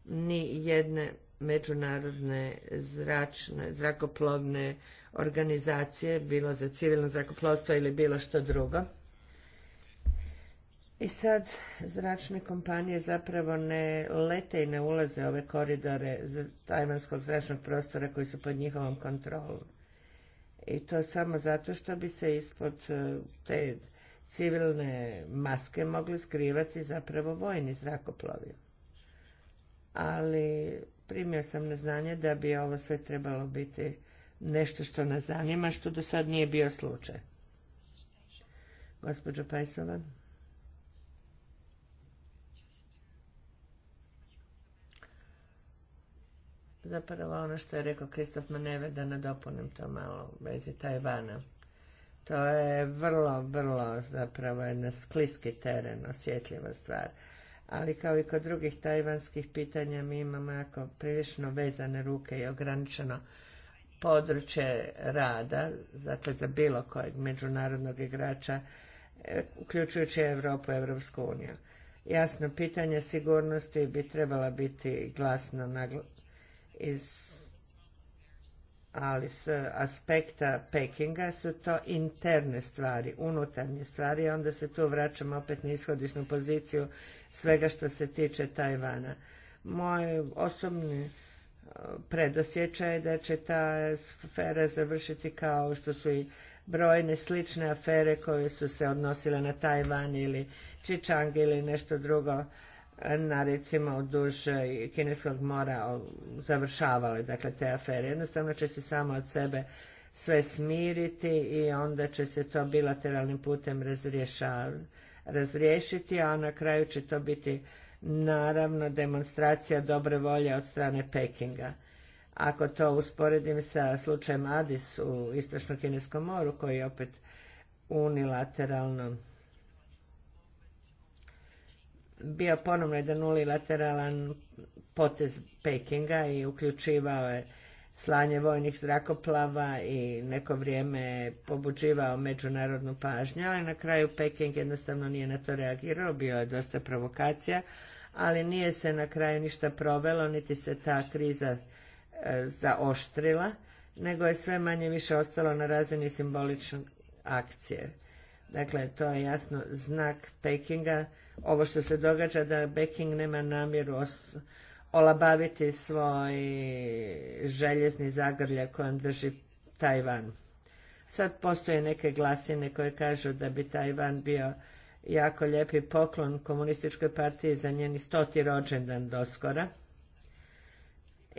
ni jedne međunarodne zračne, zrakoplovne organizacije, bilo za civilno zrakoplovstvo ili bilo što drugo. I sad zračne kompanije zapravo ne lete i ne ulaze ove koridore tajvanskog zračnog prostora koji su pod njihovom kontrolom. I to samo zato što bi se ispod e, te civilne maske mogli skrivati zapravo vojni zrakoplovi. Ali primio sam na znanje da bi ovo sve trebalo biti nešto što nas zanima, što do sad nije bio slučaj. Gospođo Pajsovan? zapravo ono što je rekao Kristof Maneve, da nadopunim to malo u vezi Tajvana. To je vrlo, vrlo zapravo jedna skliski teren, osjetljiva stvar. Ali kao i kod drugih tajvanskih pitanja mi imamo jako prilično vezane ruke i ograničeno područje rada, dakle za bilo kojeg međunarodnog igrača, e, uključujući Europu i Evropsku uniju. Jasno, pitanje sigurnosti bi trebala biti glasno iz ali s aspekta pekinga su to interne stvari, unutarnje stvari, i onda se tu vraćamo opet na ishodišnu poziciju svega što se tiče Tajvana. Moj osobni e, predosjećaj je da će ta afera završiti kao što su i brojne slične afere koje su se odnosile na Tajvan ili Čičang ili nešto drugo na recimo duž e, Kineskog mora završavale, dakle te afere. Jednostavno će se samo od sebe sve smiriti i onda će se to bilateralnim putem razriješiti, a na kraju će to biti naravno demonstracija dobre volje od strane Pekinga. Ako to usporedim sa slučajem Adis u Istočno-Kineskom moru, koji je opet unilateralno bio ponovno jedan unilateralan potez Pekinga i uključivao je slanje vojnih zrakoplava i neko vrijeme pobuđivao međunarodnu pažnju, ali na kraju Peking jednostavno nije na to reagirao, bio je dosta provokacija, ali nije se na kraju ništa provelo, niti se ta kriza e, zaoštrila, nego je sve manje više ostalo na razini simbolične akcije. Dakle, to je jasno znak Pekinga ovo što se događa da Beking nema namjeru olabaviti svoj željezni zagrlje kojem drži Tajvan. Sad postoje neke glasine koje kažu da bi Tajvan bio jako lijepi poklon komunističkoj partiji za njeni stoti rođendan doskora –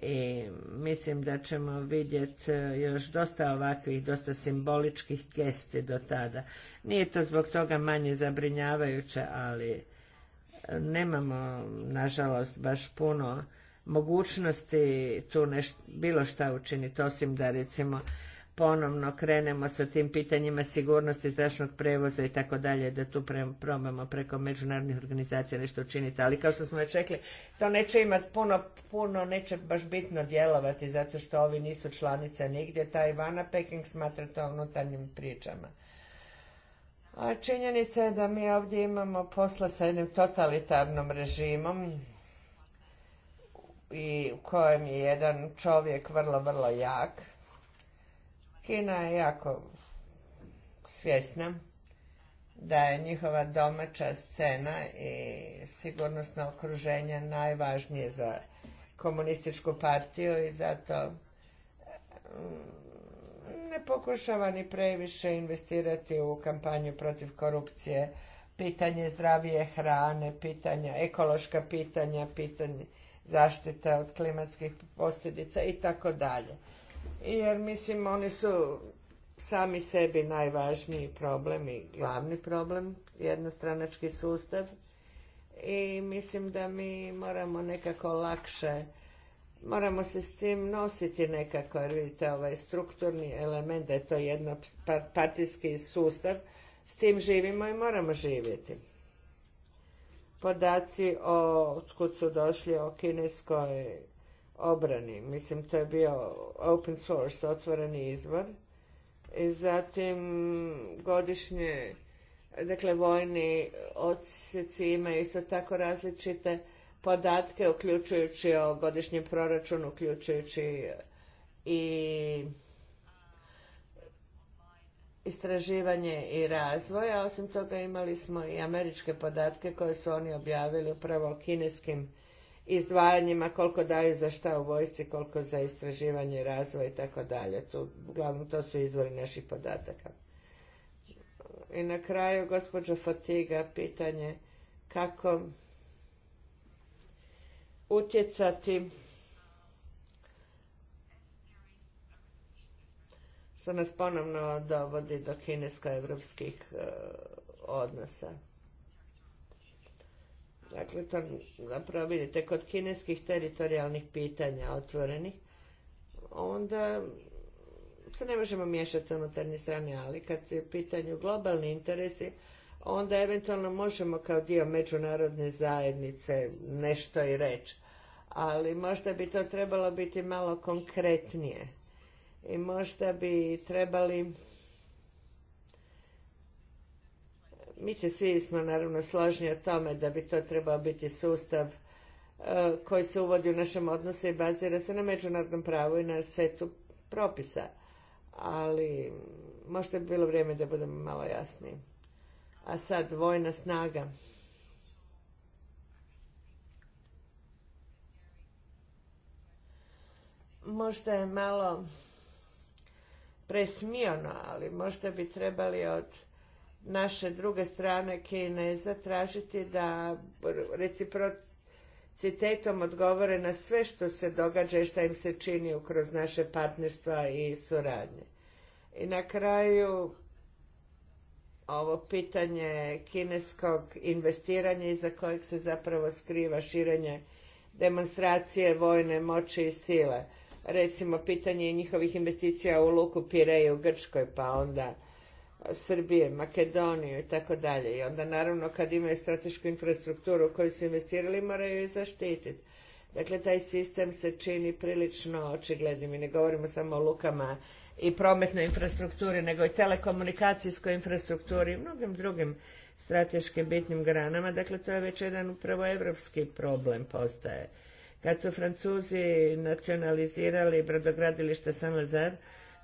i mislim da ćemo vidjeti e, još dosta ovakvih, dosta simboličkih gesti do tada. Nije to zbog toga manje zabrinjavajuće, ali e, nemamo, nažalost, baš puno mogućnosti tu bilo šta učiniti, osim da recimo ponovno krenemo sa tim pitanjima sigurnosti zračnog prevoza i tako dalje, da tu pre, probamo preko međunarodnih organizacija nešto učiniti. Ali kao što smo već rekli, to neće imati puno, puno, neće baš bitno djelovati zato što ovi nisu članice nigdje. Tajvana, Peking smatra to unutarnjim pričama. A činjenica je da mi ovdje imamo posla sa jednim totalitarnom režimom, i u kojem je jedan čovjek vrlo, vrlo jak Kina je jako svjesna da je njihova domaća scena i sigurnosno okruženje najvažnije za komunističku partiju i zato mm, ne pokušava ni previše investirati u kampanju protiv korupcije, pitanje zdravije hrane, pitanja, ekološka pitanja, pitanje zaštita od klimatskih posljedica i tako dalje jer mislim oni su sami sebi najvažniji problem i glavni problem, jednostranački sustav i mislim da mi moramo nekako lakše moramo se s tim nositi nekako, jer vidite, ovaj strukturni element, da je to jedno partijski sustav, s tim živimo i moramo živjeti. Podaci o kud su došli o kineskoj obrani. Mislim, to je bio open source, otvoreni izvor. I zatim godišnje, dakle vojni odsjeci imaju isto tako različite podatke, uključujući o godišnjem proračunu, uključujući i istraživanje i razvoj, a osim toga imali smo i američke podatke koje su oni objavili upravo o kineskim izdvajanjima, koliko daju za šta u vojsci, koliko za istraživanje, razvoj i tako dalje. uglavnom, to su izvori naših podataka. I na kraju, gospođo Fotiga, pitanje kako utjecati što nas ponovno dovodi do kinesko-evropskih eh, odnosa. Dakle, to zapravo vidite, kod kineskih teritorijalnih pitanja otvorenih, onda se ne možemo miješati unutarnje strane, ali kad se u pitanju globalni interesi, onda eventualno možemo kao dio međunarodne zajednice nešto i reći. Ali možda bi to trebalo biti malo konkretnije. I možda bi trebali Mi se svi smo naravno složni o tome da bi to trebao biti sustav e, koji se uvodi u našem odnose i bazira se na međunarodnom pravu i na setu propisa. Ali možda bi bilo vrijeme da budemo malo jasniji. A sad vojna snaga. Možda je malo presmijeno, ali možda bi trebali od naše druge strane Kineza tražiti da reciprocitetom odgovore na sve što se događa i što im se čini kroz naše partnerstva i suradnje. I na kraju ovo pitanje kineskog investiranja iza kojeg se zapravo skriva širenje demonstracije vojne moći i sile. Recimo pitanje njihovih investicija u Luku Pireju u Grčkoj, pa onda Srbije, Makedoniju i tako dalje. I onda naravno kad imaju stratešku infrastrukturu koju su investirali moraju je zaštititi. Dakle, taj sistem se čini prilično očiglednim i ne govorimo samo o lukama i prometnoj infrastrukturi, nego i telekomunikacijskoj infrastrukturi i mnogim drugim strateškim bitnim granama. Dakle, to je već jedan upravo evropski problem postaje. Kad su Francuzi nacionalizirali brodogradilište Saint-Lazare,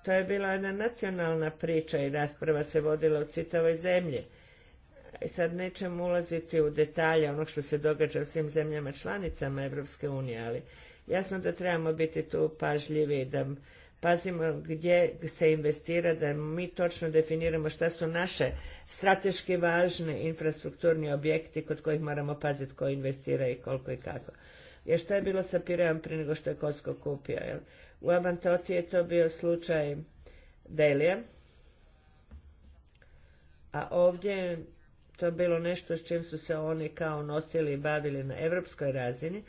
to je bila jedna nacionalna priča i rasprava se vodila u citavoj zemlji. I sad nećemo ulaziti u detalje onog što se događa u svim zemljama članicama Evropske unije, ali jasno da trebamo biti tu pažljivi, da pazimo gdje se investira, da mi točno definiramo šta su naše strateški važne infrastrukturni objekti kod kojih moramo paziti ko investira i koliko i kako. Jer što je bilo sa Pireom prije nego što je Kosko kupio, jel? U Avantoti je to bio slučaj Delije, a ovdje je to bilo nešto s čim su se oni kao nosili i bavili na evropskoj razini,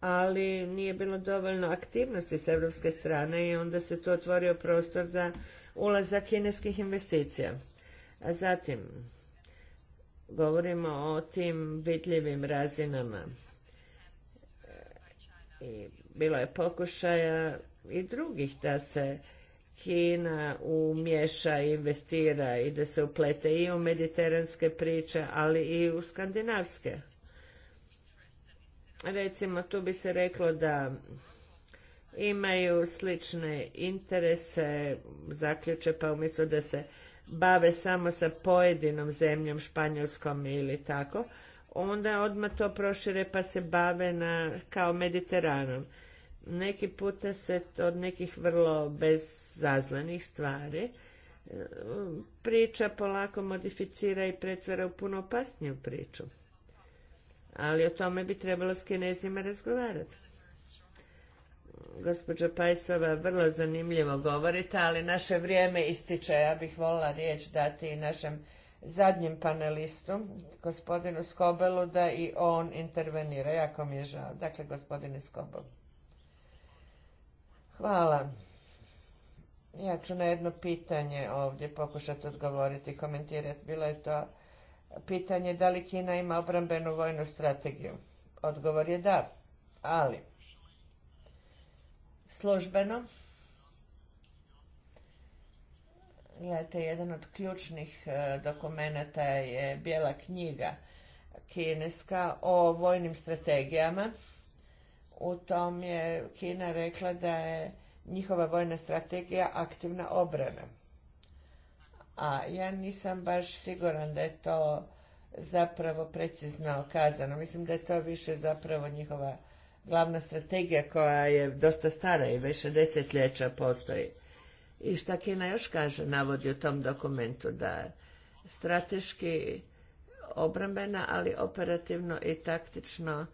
ali nije bilo dovoljno aktivnosti s evropske strane i onda se to otvorio prostor za ulazak kineskih investicija. A zatim, govorimo o tim vidljivim razinama. I bilo je pokušaja i drugih da se Kina umješa, investira i da se uplete i u mediteranske priče, ali i u skandinavske. Recimo, tu bi se reklo da imaju slične interese, zaključe pa umjesto da se bave samo sa pojedinom zemljom, Španjolskom ili tako, onda odmah to prošire pa se bave na, kao Mediteranom neki puta se od nekih vrlo bezazlenih stvari e, priča polako modificira i pretvara u puno opasniju priču. Ali o tome bi trebalo s kinezima razgovarati. Gospođa Pajsova, vrlo zanimljivo govorite, ali naše vrijeme ističe. Ja bih volila riječ dati i našem zadnjem panelistu, gospodinu Skobelu, da i on intervenira. Jako mi je žao. Dakle, gospodine Skobelu. Hvala. Ja ću na jedno pitanje ovdje pokušati odgovoriti i komentirati. Bilo je to pitanje da li Kina ima obrambenu vojnu strategiju. Odgovor je da, ali službeno Gledajte, jedan od ključnih e, dokumenata dokumenta je Bijela knjiga kineska o vojnim strategijama u tom je Kina rekla da je njihova vojna strategija aktivna obrana. A ja nisam baš siguran da je to zapravo precizno kazano. Mislim da je to više zapravo njihova glavna strategija koja je dosta stara i više desetljeća postoji. I šta Kina još kaže, navodi u tom dokumentu, da strateški obrambena, ali operativno i taktično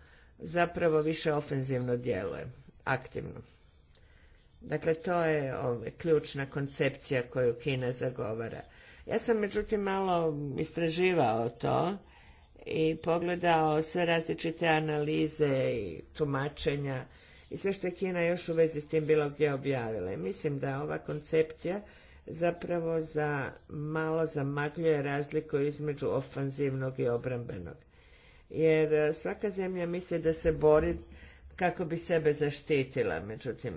zapravo više ofenzivno djeluje, aktivno. Dakle, to je ovaj, ključna koncepcija koju Kina zagovara. Ja sam međutim malo istraživao to i pogledao sve različite analize i tumačenja i sve što je Kina još u vezi s tim bilo gdje objavila. mislim da ova koncepcija zapravo za malo zamagljuje razliku između ofanzivnog i obrambenog jer e, svaka zemlja misli da se bori kako bi sebe zaštitila. Međutim,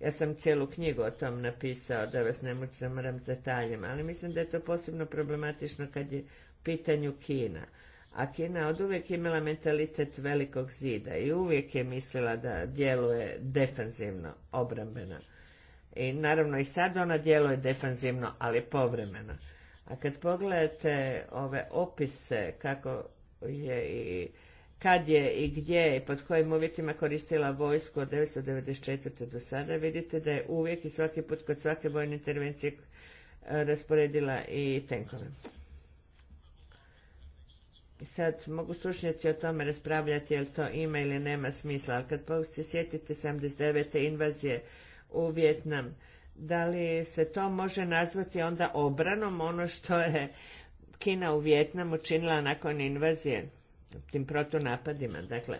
ja sam cijelu knjigu o tom napisao, da vas ne moću zamoram s detaljima, ali mislim da je to posebno problematično kad je u pitanju Kina. A Kina od uvijek imala mentalitet velikog zida i uvijek je mislila da djeluje defanzivno, obrambeno. I naravno i sad ona djeluje defanzivno, ali povremeno. A kad pogledate ove opise kako je i kad je i gdje i pod kojim uvjetima koristila vojsku od 1994. do sada, vidite da je uvijek i svaki put kod svake vojne intervencije e, rasporedila i tenkove. Sad mogu stručnjaci o tome raspravljati jel to ima ili nema smisla, ali kad se sjetite 79. invazije u Vjetnam, da li se to može nazvati onda obranom ono što je Kina u Vjetnamu činila nakon invazije, tim protunapadima, dakle,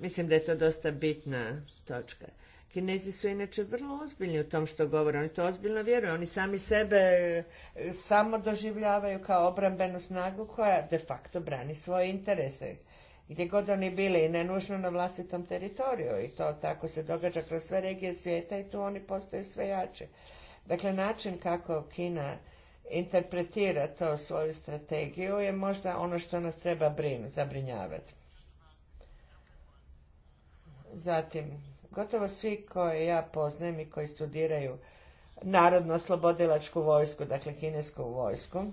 mislim da je to dosta bitna točka. Kinezi su inače vrlo ozbiljni u tom što govore, oni to ozbiljno vjeruju, oni sami sebe e, samo doživljavaju kao obrambenu snagu koja de facto brani svoje interese. Gdje god oni bili i nenužno na vlastitom teritoriju i to tako se događa kroz sve regije svijeta i tu oni postaju sve jači. Dakle, način kako Kina interpretira to svoju strategiju je možda ono što nas treba brin, zabrinjavati. Zatim, gotovo svi koje ja poznajem i koji studiraju narodno oslobodilačku vojsku, dakle kinesku vojsku,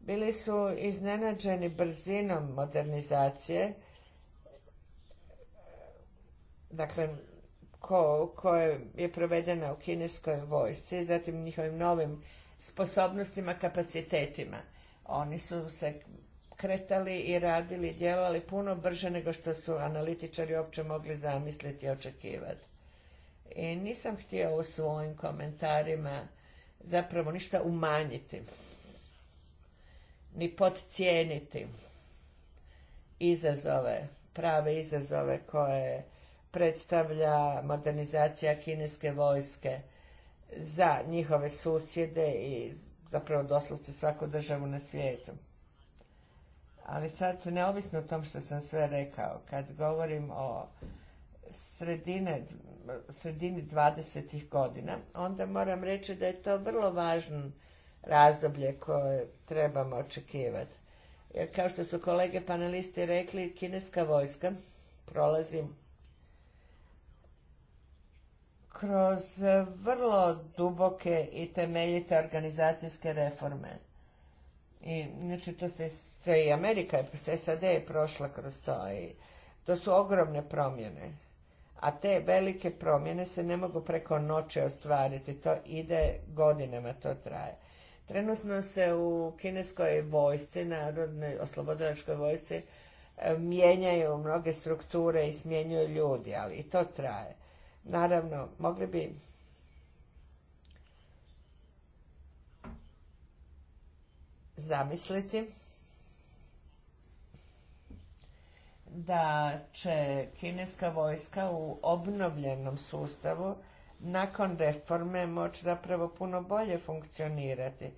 bili su iznenađeni brzinom modernizacije, dakle, ko, koje je provedena u kineskoj vojsci, zatim njihovim novim sposobnostima, kapacitetima. Oni su se kretali i radili i djelovali puno brže nego što su analitičari uopće mogli zamisliti i očekivati. I nisam htio u svojim komentarima zapravo ništa umanjiti, ni podcijeniti izazove, prave izazove koje predstavlja modernizacija kineske vojske za njihove susjede i zapravo doslovce svaku državu na svijetu. Ali sad, neovisno o tom što sam sve rekao, kad govorim o sredini 20. godina, onda moram reći da je to vrlo važno razdoblje koje trebamo očekivati. Jer kao što su kolege panelisti rekli, kineska vojska prolazi kroz vrlo duboke i temeljite organizacijske reforme. I, znači, to, se, to i Amerika, SAD je prošla kroz to i to su ogromne promjene. A te velike promjene se ne mogu preko noće ostvariti, to ide godinama, to traje. Trenutno se u kineskoj vojsci, narodnoj oslobodilačkoj vojsci, e, mijenjaju mnoge strukture i smjenjuju ljudi, ali i to traje. Naravno, mogli bi zamisliti da će kineska vojska u obnovljenom sustavu nakon reforme moći zapravo puno bolje funkcionirati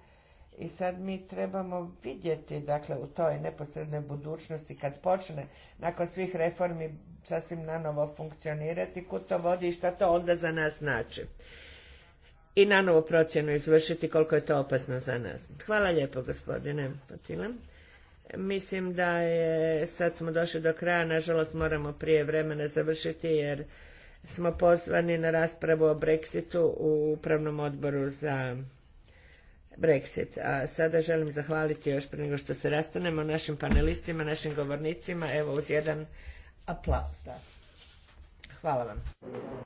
i sad mi trebamo vidjeti, dakle, u toj neposrednoj budućnosti, kad počne, nakon svih reformi, sasvim nanovo funkcionirati, kud to vodi i šta to onda za nas znači. I nanovo procjenu izvršiti koliko je to opasno za nas. Hvala lijepo, gospodine Potilam. Mislim da je, sad smo došli do kraja, nažalost moramo prije vremena završiti jer smo pozvani na raspravu o Brexitu u upravnom odboru za Brexit. A sada želim zahvaliti još prije nego što se rastanemo našim panelistima, našim govornicima. Evo uz jedan aplauz. Da. Hvala vam.